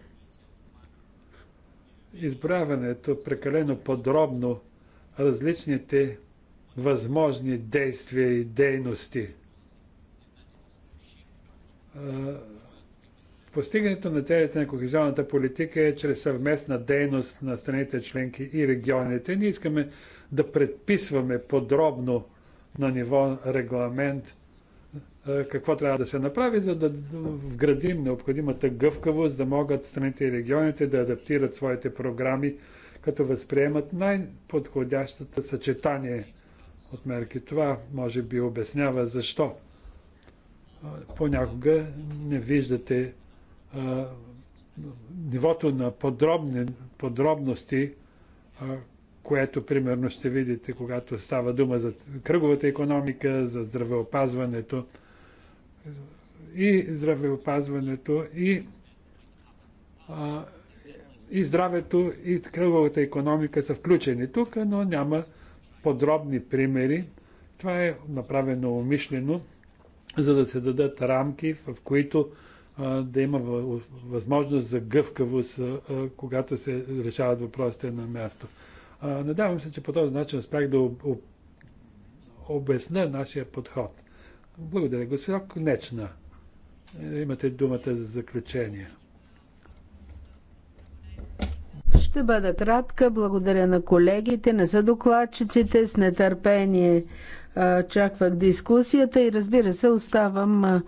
изброяването прекалено подробно различните възможни действия и дейности. Постигането на целите на кохезионната политика е чрез съвместна дейност на страните членки и регионите. Ние искаме да предписваме подробно на ниво регламент е, какво трябва да се направи, за да вградим необходимата гъвкавост, да могат страните и регионите да адаптират своите програми, като възприемат най-подходящата съчетание от мерки. Това може би обяснява защо е, понякога не виждате а, е, нивото на подробни, подробности, а, което примерно ще видите, когато става дума за кръговата економика, за здравеопазването и здравеопазването, и, а, и здравето, и кръговата економика са включени тук, но няма подробни примери. Това е направено умишлено, за да се дадат рамки, в които а, да има възможност за гъвкавост, а, когато се решават въпросите на място. А, надявам се, че по този начин успях да обясня нашия подход. Благодаря, господа, Конечна. Е, имате думата за заключение. Ще бъда кратка. Благодаря на колегите, на съдокладчиците. С нетърпение очаквах дискусията и разбира се, оставам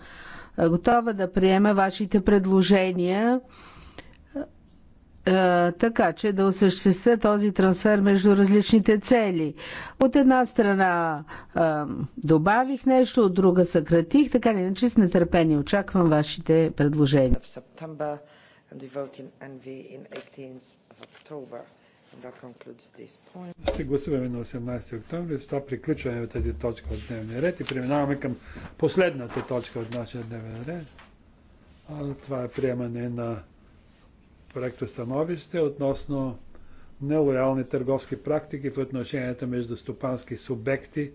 готова да приема вашите предложения така че да осъществя този трансфер между различните цели. От една страна а, добавих нещо, от друга съкратих, така или иначе с нетърпение очаквам вашите предложения. Ще гласуваме на 18 октомври, с това приключваме тази точка от дневния ред и преминаваме към последната точка от нашия дневен ред. А, това е приемане на проектостановище относно нелоялни търговски практики в отношенията между стопански субекти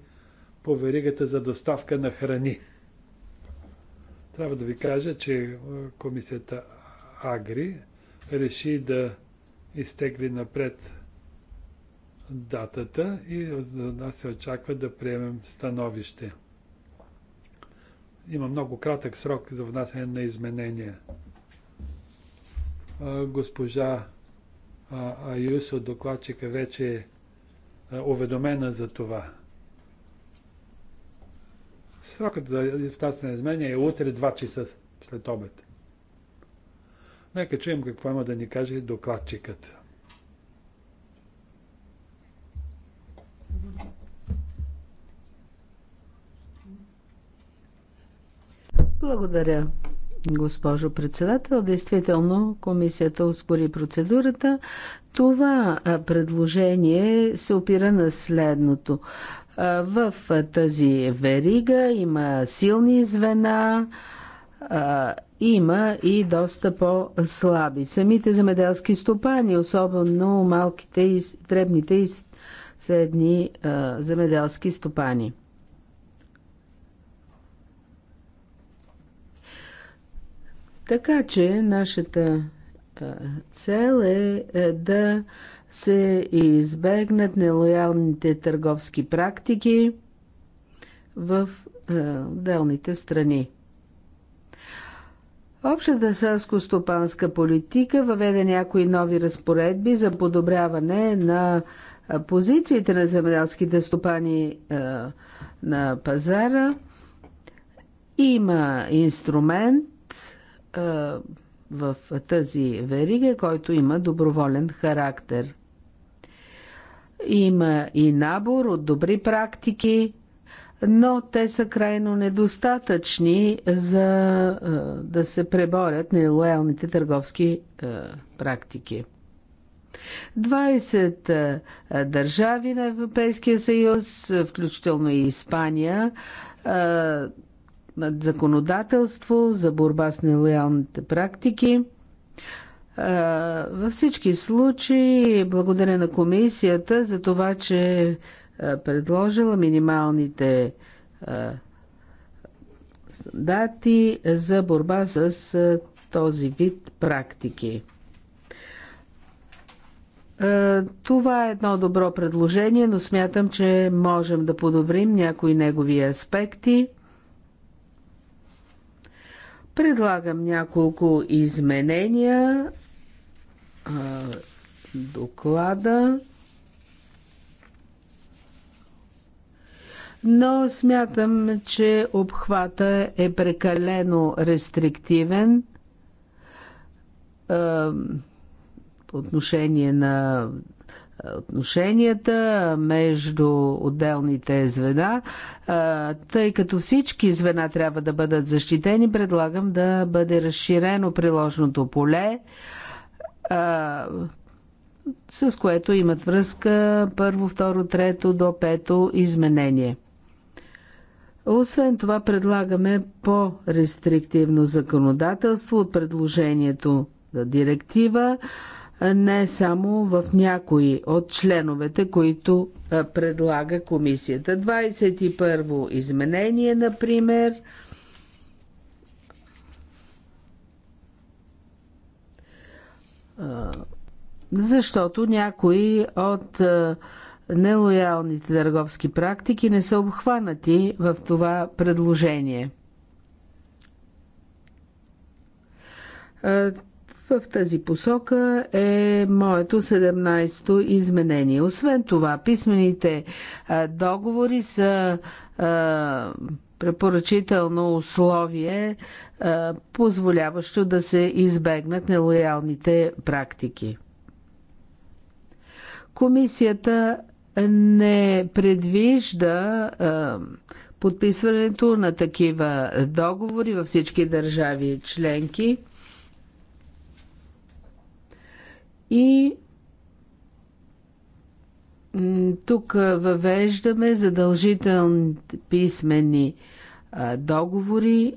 по веригата за доставка на храни. Трябва да ви кажа, че е, комисията Агри реши да изтегли напред датата и от е, нас се очаква да приемем становище. Има много кратък срок за внасяне на изменения. Госпожа Аюсо, докладчика, вече е уведомена за това. Срокът за внасяне на е утре 2 часа след обед. Нека чуем какво има да ни каже докладчикът. Благодаря госпожо председател. Действително, комисията ускори процедурата. Това предложение се опира на следното. В тази верига има силни звена, има и доста по-слаби. Самите земеделски стопани, особено малките и дребните и средни земеделски стопани. Така че нашата цел е, е да се избегнат нелоялните търговски практики в отделните страни. Общата селско-стопанска политика въведе някои нови разпоредби за подобряване на позициите на земеделските стопани на пазара. Има инструмент в тази верига, който има доброволен характер. Има и набор от добри практики, но те са крайно недостатъчни за да се преборят нелоялните търговски практики. 20 държави на Европейския съюз, включително и Испания, законодателство за борба с нелоялните практики. Във всички случаи, благодаря на комисията за това, че е предложила минималните стандарти за борба с този вид практики. Това е едно добро предложение, но смятам, че можем да подобрим някои негови аспекти. Предлагам няколко изменения а, доклада, но смятам, че обхвата е прекалено рестриктивен а, по отношение на отношенията между отделните звена. Тъй като всички звена трябва да бъдат защитени, предлагам да бъде разширено приложното поле, с което имат връзка първо, второ, трето до пето изменение. Освен това предлагаме по-рестриктивно законодателство от предложението за директива не само в някои от членовете, които предлага комисията. 21 изменение, например, защото някои от нелоялните търговски практики не са обхванати в това предложение. В тази посока е моето 17-то изменение. Освен това, писмените договори са препоръчително условие, позволяващо да се избегнат нелоялните практики. Комисията не предвижда подписването на такива договори във всички държави членки – И тук въвеждаме задължителни писмени договори,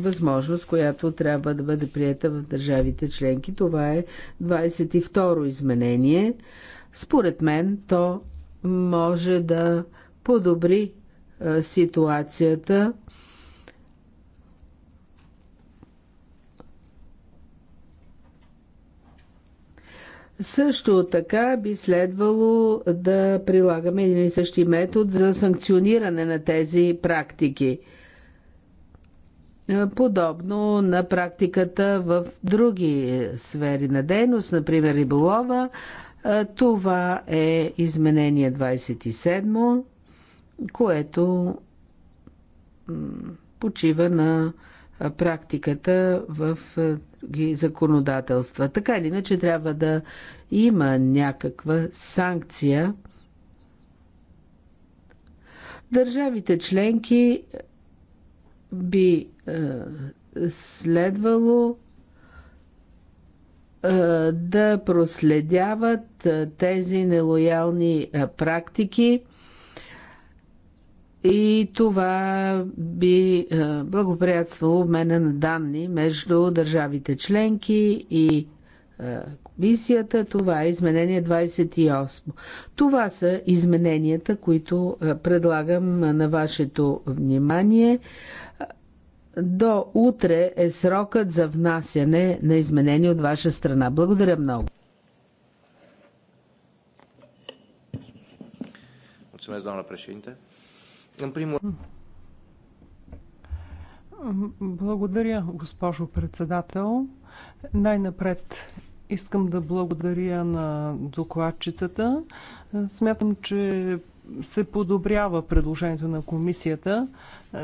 възможност, която трябва да бъде приета в държавите членки. Това е 22-ро изменение. Според мен то може да подобри ситуацията Също така би следвало да прилагаме един и същи метод за санкциониране на тези практики. Е, подобно на практиката в други сфери на дейност, например риболова, е, това е изменение 27, което почива на практиката в е, други законодателства. Така или иначе трябва да има някаква санкция. Държавите членки би е, следвало е, да проследяват е, тези нелоялни е, практики и това би е, благоприятствало обмена на данни между държавите членки и е, комисията. Това е изменение 28. Това са измененията, които е, предлагам на вашето внимание. До утре е срокът за внасяне на изменения от ваша страна. Благодаря много. Mulțumesc, doamna președinte. Например... Благодаря, госпожо председател. Най-напред искам да благодаря на докладчицата. Смятам, че се подобрява предложението на комисията.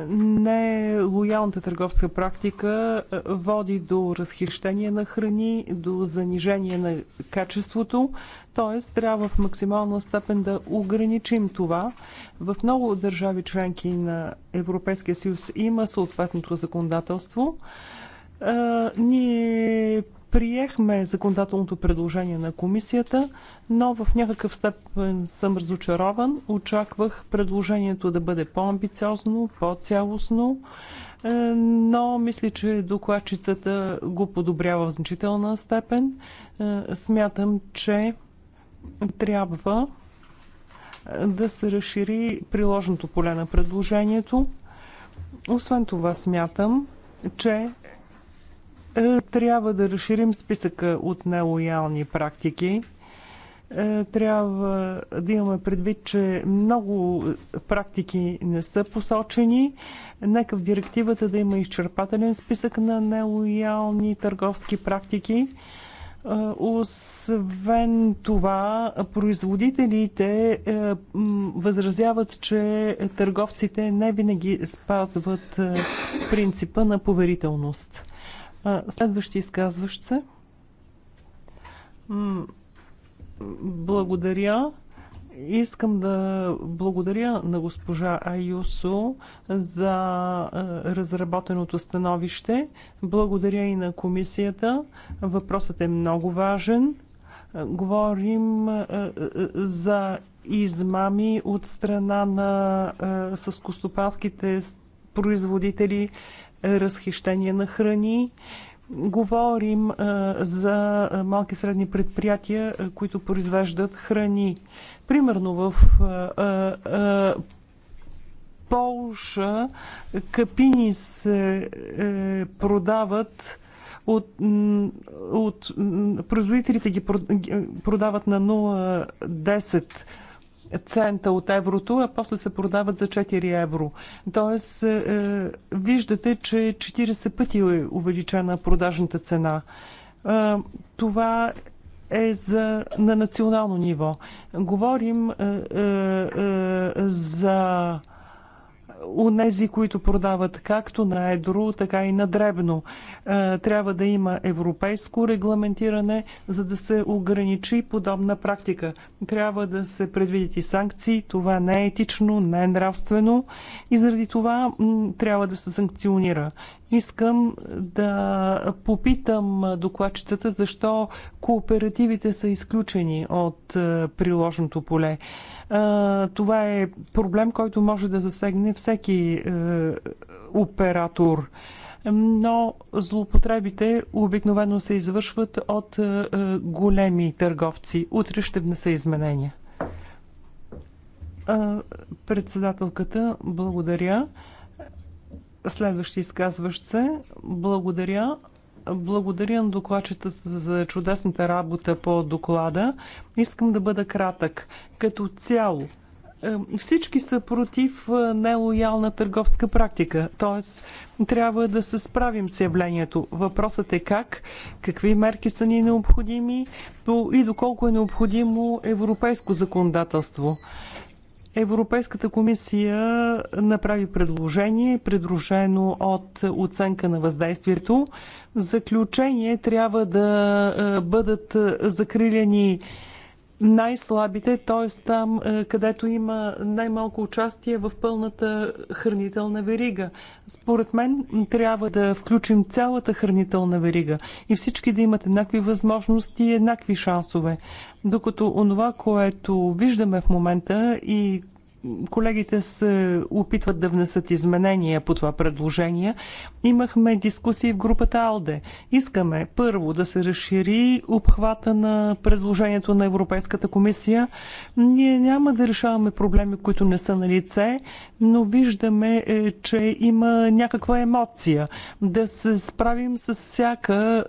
Нелоялната търговска практика е, води до разхищение на храни, до занижение на качеството, т.е. трябва в максимална степен да ограничим това. В много държави членки на Европейския съюз има съответното законодателство е, ние Приехме законодателното предложение на комисията, но в някакъв степен съм разочарован. Очаквах предложението да бъде по-амбициозно, по-цялостно, е, но мисля, че докладчицата го подобрява в значителна степен. Е, смятам, че трябва да се разшири приложното поле на предложението. Освен това смятам, че е, трябва да разширим списъка от нелоялни практики е, трябва да имаме предвид, че много практики не са посочени. Нека в директивата да има изчерпателен списък на нелоялни търговски практики. Е, освен това, производителите възразяват, че търговците не винаги спазват принципа на поверителност. Следващи изказващ се. Благодаря. Искам да благодаря на госпожа Аюсо за разработеното становище. Благодаря и на комисията. Въпросът е много важен. Говорим за измами от страна на съскостопанските производители, разхищение на храни. Говорим за малки и средни предприятия, които произвеждат храни. Примерно в Полша капини се е, продават от, от производителите ги продават на 0,10 цента от еврото, а после се продават за 4 евро. Тоест, е, е, виждате, че 40 пъти е увеличена продажната цена. Е, това е за, на национално ниво. Говорим е, е, е, за унези, които продават както на едро, така и на дребно. Е, трябва да има европейско регламентиране, за да се ограничи подобна практика. Трябва да се предвидят и санкции. Това не е етично, не е нравствено и заради това трябва да се санкционира. Искам да попитам докладчицата защо кооперативите са изключени от е, приложното поле. Е, това е проблем, който може да засегне всеки е, оператор но злоупотребите обикновено се извършват от големи търговци. Утре ще внеса изменения. Председателката, благодаря. Следващи изказващ се. Благодаря. Благодаря на докладчета за чудесната работа по доклада. Искам да бъда кратък. Като цяло, е, всички са против е, нелоялна търговска практика. т.е. трябва да се справим с явлението. Въпросът е как, какви мерки са ни необходими и доколко е необходимо европейско законодателство. Европейската комисия направи предложение, придружено от оценка на въздействието. В заключение трябва да е, бъдат е, закрилени най-слабите, т.е. там, е, където има най-малко участие в пълната хранителна верига. Според мен трябва да включим цялата хранителна верига и всички да имат еднакви възможности и еднакви шансове. Докато онова, което виждаме в момента и колегите се опитват да внесат изменения по това предложение. Имахме дискусии в групата АЛДЕ. Искаме първо да се разшири обхвата на предложението на Европейската комисия. Ние няма да решаваме проблеми, които не са на лице, но виждаме, е, че има някаква емоция. Да се справим с всяка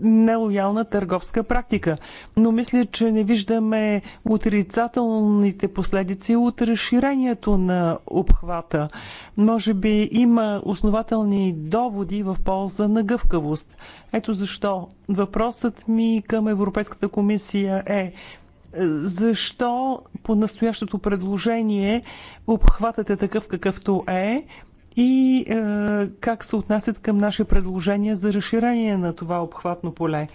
нелоялна търговска практика. Но мисля, че не виждаме отрицателните последици от разширението на обхвата. Може би има основателни доводи в полза на гъвкавост. Ето защо въпросът ми към Европейската комисия е защо по настоящото предложение обхватът е такъв какъвто е, и е, как се отнасят към наши предложения за разширение на това обхватно поле.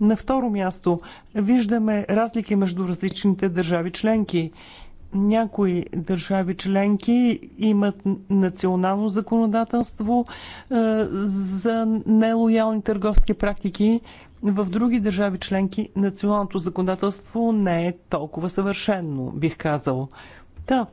На второ място виждаме разлики между различните държави членки. Някои държави членки имат национално законодателство е, за нелоялни търговски практики. В други държави членки националното законодателство не е толкова съвършено, бих казал. Та, да.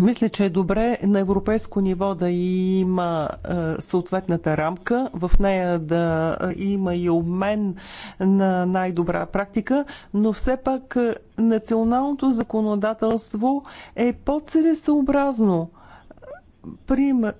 Мисля, че е добре на европейско ниво да има е, съответната рамка, в нея да е, има и обмен на най-добра практика, но все пак е, националното законодателство е по-целесообразно. Пример,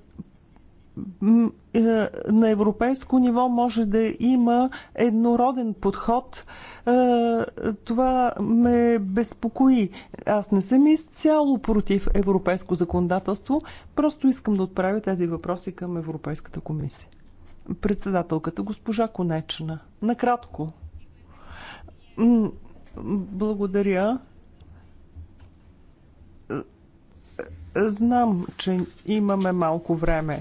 е, на европейско ниво може да има еднороден подход. Е, това ме безпокои. Аз не съм изцяло против европейско законодателство, просто искам да отправя тези въпроси към Европейската комисия. Председателката, госпожа Конечна. Накратко. Благодаря. Е, знам, че имаме малко време.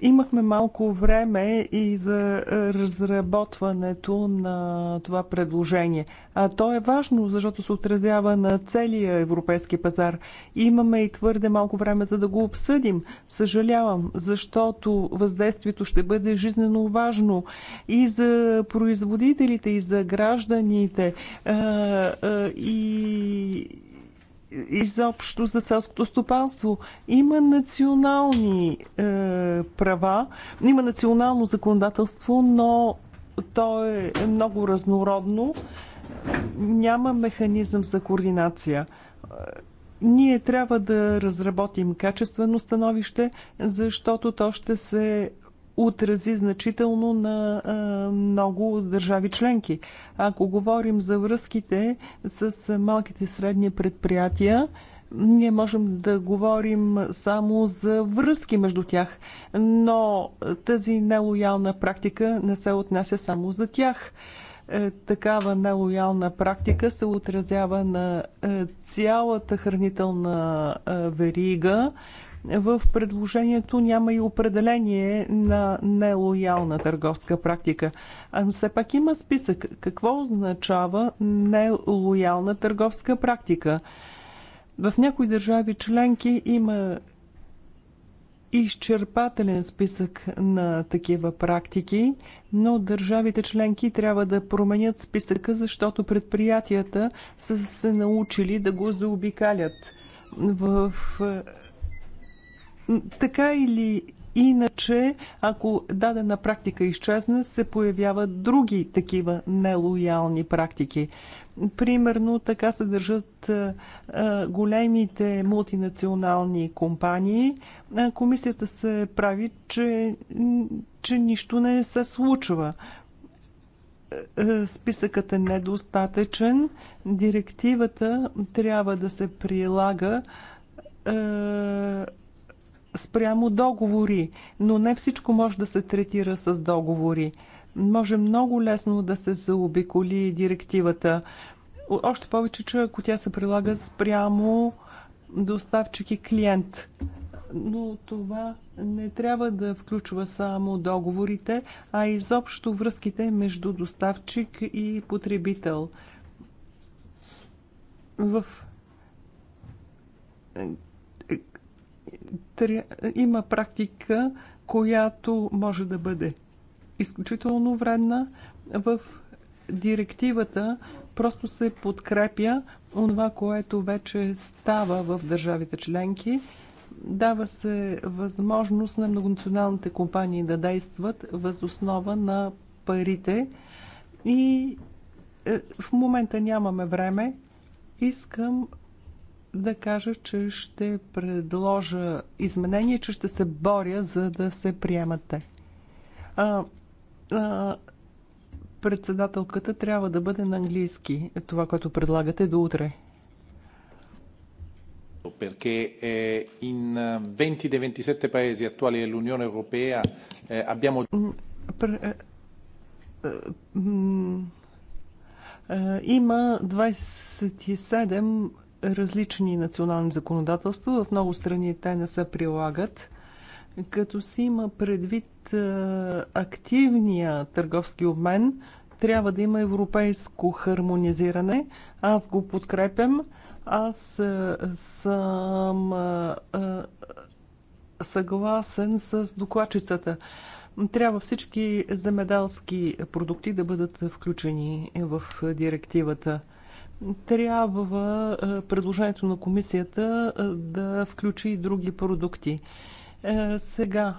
Имахме малко време и за е, разработването на това предложение. А то е важно, защото се отразява на целия европейски пазар. Имаме и твърде малко време за да го обсъдим. Съжалявам, защото въздействието ще бъде жизнено важно и за производителите, и за гражданите. Е, е, и изобщо за селското стопанство. Има национални е, права, има национално законодателство, но то е много разнородно. Няма механизъм за координация. Ние трябва да разработим качествено становище, защото то ще се отрази значително на много държави членки. Ако говорим за връзките с малките и средни предприятия, ние можем да говорим само за връзки между тях, но тази нелоялна практика не се отнася само за тях. Е, такава нелоялна практика се отразява на е, цялата хранителна е, верига, в предложението няма и определение на нелоялна търговска практика. А все пак има списък. Какво означава нелоялна търговска практика? В някои държави членки има изчерпателен списък на такива практики, но държавите членки трябва да променят списъка, защото предприятията са се научили да го заобикалят. В така или Иначе, ако дадена практика изчезне, се появяват други такива нелоялни практики. Примерно така се държат е, е, големите мултинационални компании. Е, комисията се прави, че, че нищо не се случва. Списъкът е недостатъчен. Директивата трябва да се прилага спрямо договори, но не всичко може да се третира с договори. Може много лесно да се заобиколи директивата. Още повече, че ако тя се прилага спрямо доставчик и клиент. Но това не трябва да включва само договорите, а изобщо връзките между доставчик и потребител. В тря... има практика, която може да бъде изключително вредна. В директивата просто се подкрепя онова, което вече става в държавите членки. Дава се възможност на многонационалните компании да действат възоснова на парите. И е, в момента нямаме време. Искам да кажа, че ще предложа изменения, че ще се боря, за да се приемате. А, а, председателката трябва да бъде на английски. Е, това, което предлагате е до утре. Perché eh, in 20 dei 27 paesi attuali dell'Unione Europea eh, abbiamo. Per, eh, eh, има 27 различни национални законодателства. В много страни те не се прилагат. Като си има предвид е, активния търговски обмен, трябва да има европейско хармонизиране. Аз го подкрепям. Аз е, съм е, съгласен с докладчицата. Трябва всички земеделски продукти да бъдат включени в директивата трябва е, предложението на комисията е, да включи и други продукти. Е, сега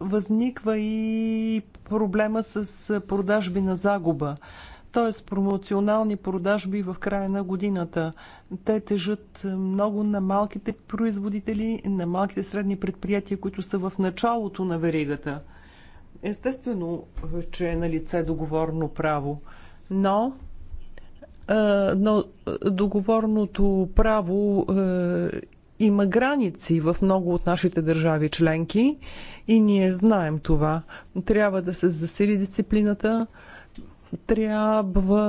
възниква и проблема с продажби на загуба, т.е. промоционални продажби в края на годината. Те тежат много на малките производители, на малките средни предприятия, които са в началото на веригата. Естествено, че е на лице договорно право, но но договорното право има граници в много от нашите държави членки и ние знаем това. Трябва да се засили дисциплината, трябва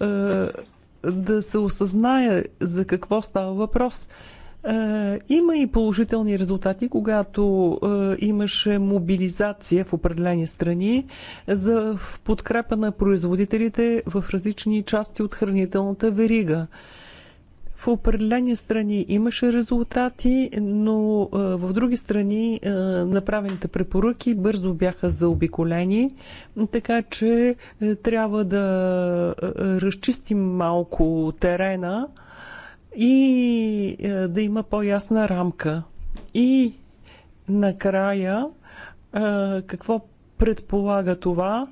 е, да се осъзнае за какво става въпрос. Е, има и положителни резултати, когато е, имаше мобилизация в определени страни за в подкрепа на производителите в различни части от хранителната верига. В определени страни имаше резултати, но е, в други страни направените препоръки бързо бяха заобиколени, така че трябва да разчистим малко терена и е, да има по-ясна рамка. И накрая, е, какво предполага това?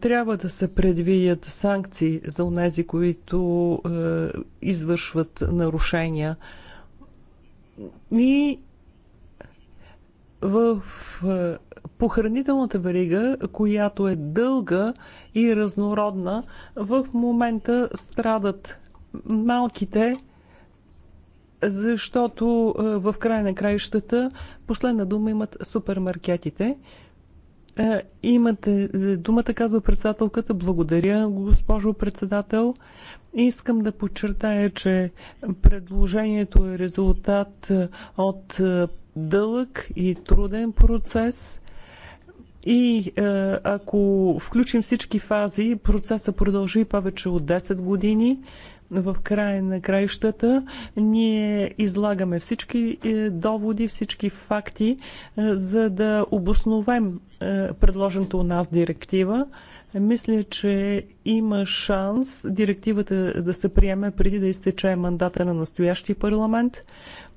Трябва да се предвидят санкции за онези, които е, извършват нарушения. И в похранителната верига, която е дълга и разнородна, в момента страдат малките защото е, в края на краищата последна дума имат супермаркетите. Е, имате е, думата, казва председателката. Благодаря, госпожо председател. Искам да подчертая, че предложението е резултат от дълъг и труден процес. И е, ако включим всички фази, процесът продължи повече от 10 години в края на краищата ние излагаме всички е, доводи, всички факти, е, за да обосновем е, предложената у нас директива. Мисля, че има шанс директивата да се приеме преди да изтече мандата на настоящия парламент.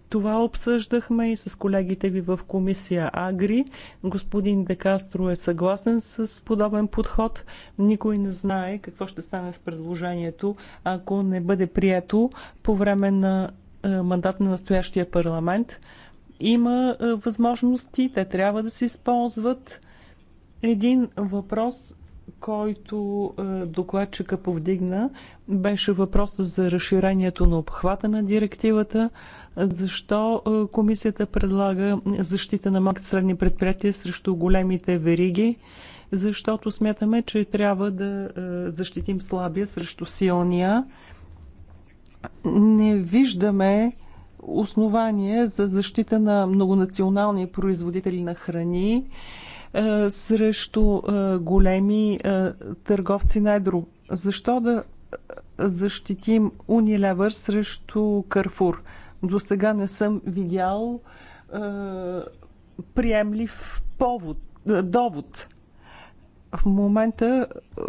Това обсъждахме и с колегите ви в комисия Агри. Господин Декастро е съгласен с подобен подход. Никой не знае какво ще стане с предложението, ако не бъде прието по време на е, мандат на настоящия парламент. Има е, възможности, те трябва да се използват. Един въпрос, който е, докладчика повдигна, беше въпроса за разширението на обхвата на директивата. Защо е, комисията предлага защита на малките средни предприятия срещу големите вериги? Защото смятаме, че трябва да е, защитим слабия срещу силния. Не виждаме основание за защита на многонационални производители на храни е, срещу големи търговци на едро. Защо да защитим Unilever срещу Карфур? до сега не съм видял е, приемлив повод, е, довод. В момента е,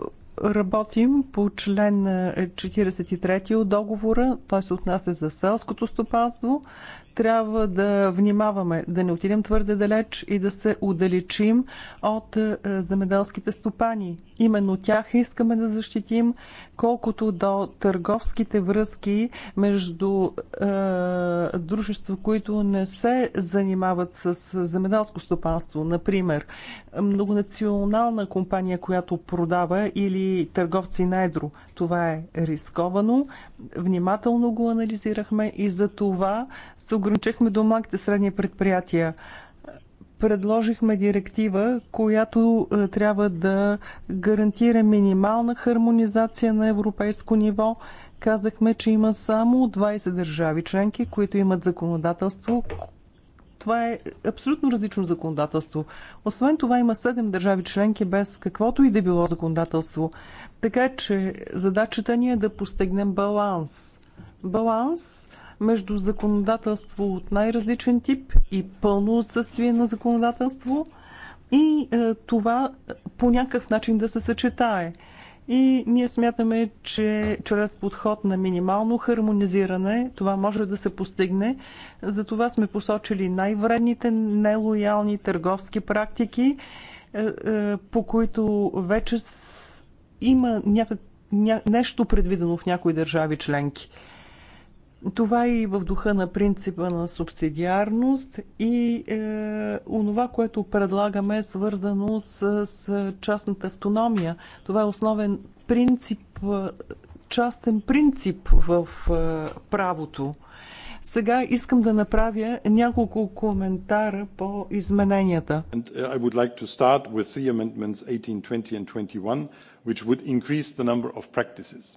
работим по член 43 е, от договора, той се отнася за селското стопанство. Трябва да внимаваме да не отидем твърде далеч и да се отдалечим от е, земеделските стопани. Именно тях искаме да защитим колкото до търговските връзки между е, дружества, които не се занимават с земеделско стопанство, например многонационална компания, която продава или търговци на едро. Това е рисковано. Внимателно го анализирахме и за това се ограничихме до малките средни предприятия предложихме директива, която е, трябва да гарантира минимална хармонизация на европейско ниво. Казахме, че има само 20 държави членки, които имат законодателство. Това е абсолютно различно законодателство. Освен това има 7 държави членки без каквото и да било законодателство. Така че задачата ни е да постигнем баланс. Баланс – между законодателство от най-различен тип и пълно отсъствие на законодателство и е, това по някакъв начин да се съчетае. И ние смятаме, че чрез подход на минимално хармонизиране това може да се постигне. Затова сме посочили най-вредните, нелоялни търговски практики, е, е, по които вече има някак... нещо предвидено в някои държави членки. Това е и в духа на принципа на субсидиарност и е, онова, което предлагаме е свързано с, с частната автономия. Това е основен принцип, е, частен принцип в е, правото. Сега искам да направя няколко коментара по измененията. Е, I would like to start with the amendments 18, 20 and 21, which would increase the number of practices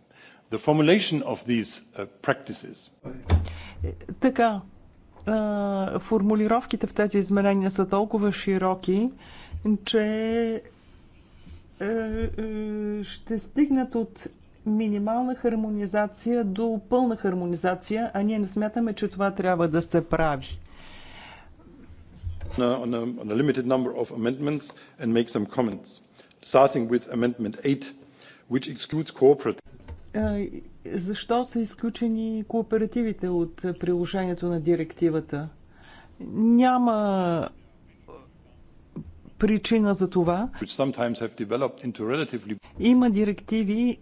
the formulation of these uh, practices. Така, формулировките в тези изменения са толкова широки, че е, е, ще стигнат от минимална хармонизация до пълна хармонизация, а ние не смятаме, че това трябва да се прави. On a, on a limited number of amendments and make some comments, starting with Amendment 8, which excludes corporate. Защо са изключени кооперативите от приложението на директивата? Няма причина за това. Има директиви.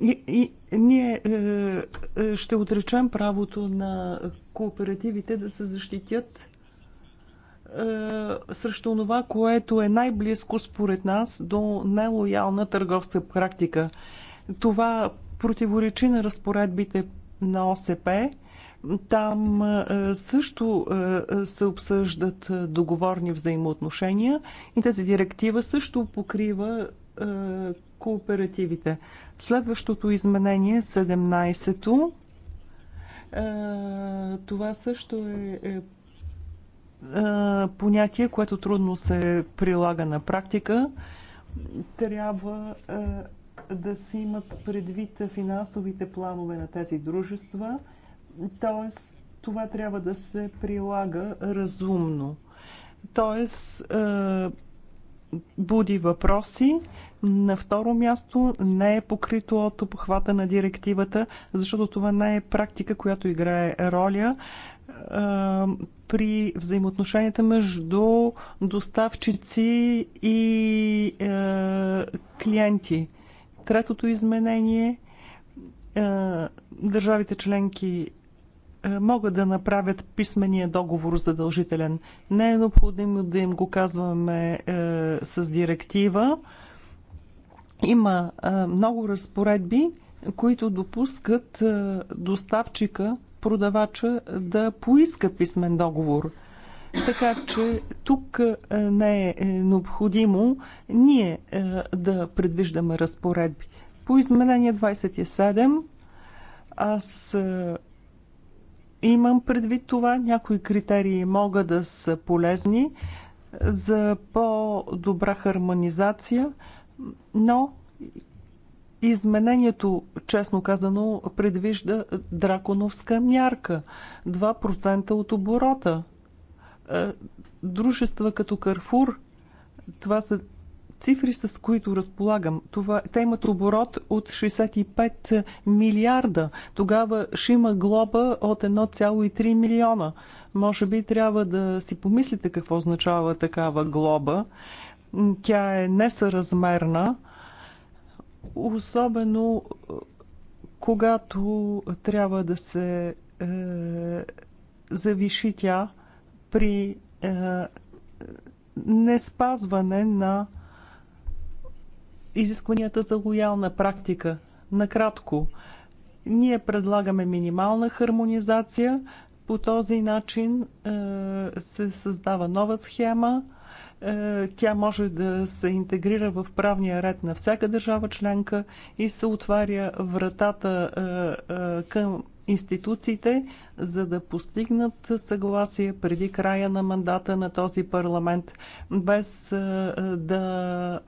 И, и, ние е, е, ще отречем правото на кооперативите да се защитят е, срещу това, което е най-близко според нас до нелоялна търговска практика. Това противоречи на разпоредбите на ОСП. Там е, също е, се обсъждат е, договорни взаимоотношения и тази директива също покрива кооперативите. Следващото изменение, 17-то, това също е понятие, което трудно се прилага на практика. Трябва да се имат предвид финансовите планове на тези дружества, т.е. това трябва да се прилага разумно. Т.е. буди въпроси. На второ място не е покрито от обхвата на директивата, защото това не е практика, която играе роля е, при взаимоотношенията между доставчици и е, клиенти. Третото изменение е, държавите членки е, могат да направят писмения договор задължителен. Не е необходимо да им го казваме е, с директива. Има много разпоредби, които допускат доставчика, продавача да поиска писмен договор – така че тук е, не е, е необходимо ние е, да предвиждаме разпоредби. По изменение 27 аз имам предвид това. Някои критерии могат да са полезни за по-добра хармонизация, но Изменението, честно казано, предвижда драконовска мярка 2% от оборота. Дружества като Карфур, това са цифри, с които разполагам. Това, те имат оборот от 65 милиарда. Тогава ще има глоба от 1,3 милиона. Може би трябва да си помислите какво означава такава глоба. Тя е несъразмерна, особено когато трябва да се е, завиши тя при е, неспазване на изискванията за лоялна практика. Накратко, ние предлагаме минимална хармонизация. По този начин е, се създава нова схема. Е, тя може да се интегрира в правния ред на всяка държава членка и се отваря вратата е, е към институциите, за да постигнат съгласие преди края на мандата на този парламент, без да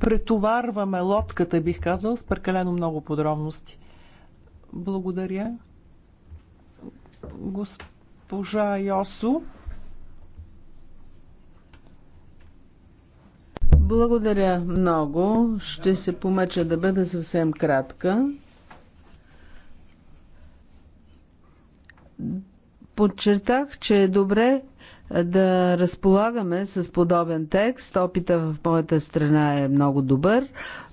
претоварваме лодката, бих казал, с прекалено много подробности. Благодаря. Госпожа Йосо. Благодаря много. Ще се помеча да бъда съвсем кратка. Подчертах, че е добре да разполагаме с подобен текст. Опита в моята страна е много добър.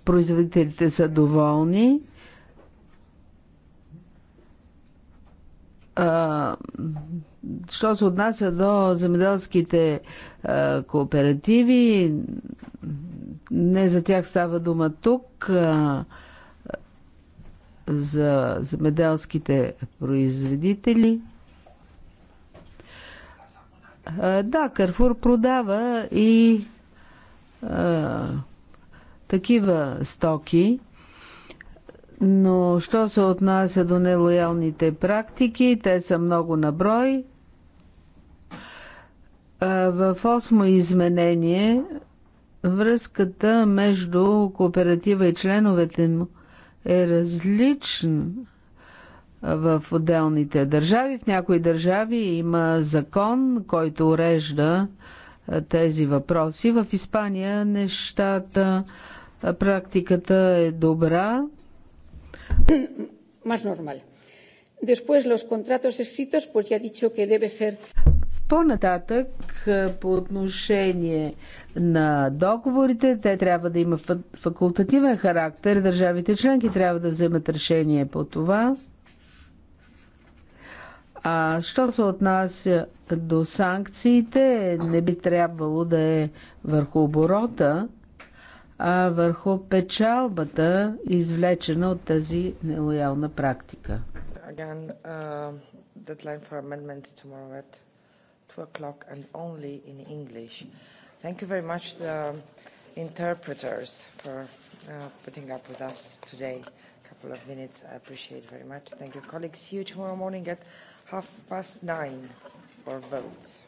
Производителите са доволни. що се отнася до земеделските кооперативи, не за тях става дума тук за земеделските производители. Да, Карфур продава и а, такива стоки, но що се отнася до нелоялните практики, те са много на брой. В осмо изменение връзката между кооператива и членовете му – е различен в отделните държави. В някои държави има закон, който урежда тези въпроси. В Испания нещата, практиката е добра. Más normal. Después los contratos escritos, pues ya he dicho que debe ser. По-нататък, по отношение на договорите, те трябва да има факултативен характер. Държавите членки трябва да вземат решение по това. А що се отнася до санкциите, не би трябвало да е върху оборота, а върху печалбата, извлечена от тази нелоялна практика. Again, uh, two o'clock and only in English. Thank you very much the interpreters for uh, putting up with us today. A couple of minutes, I appreciate very much. Thank you, colleagues. See you tomorrow morning at half past nine for votes.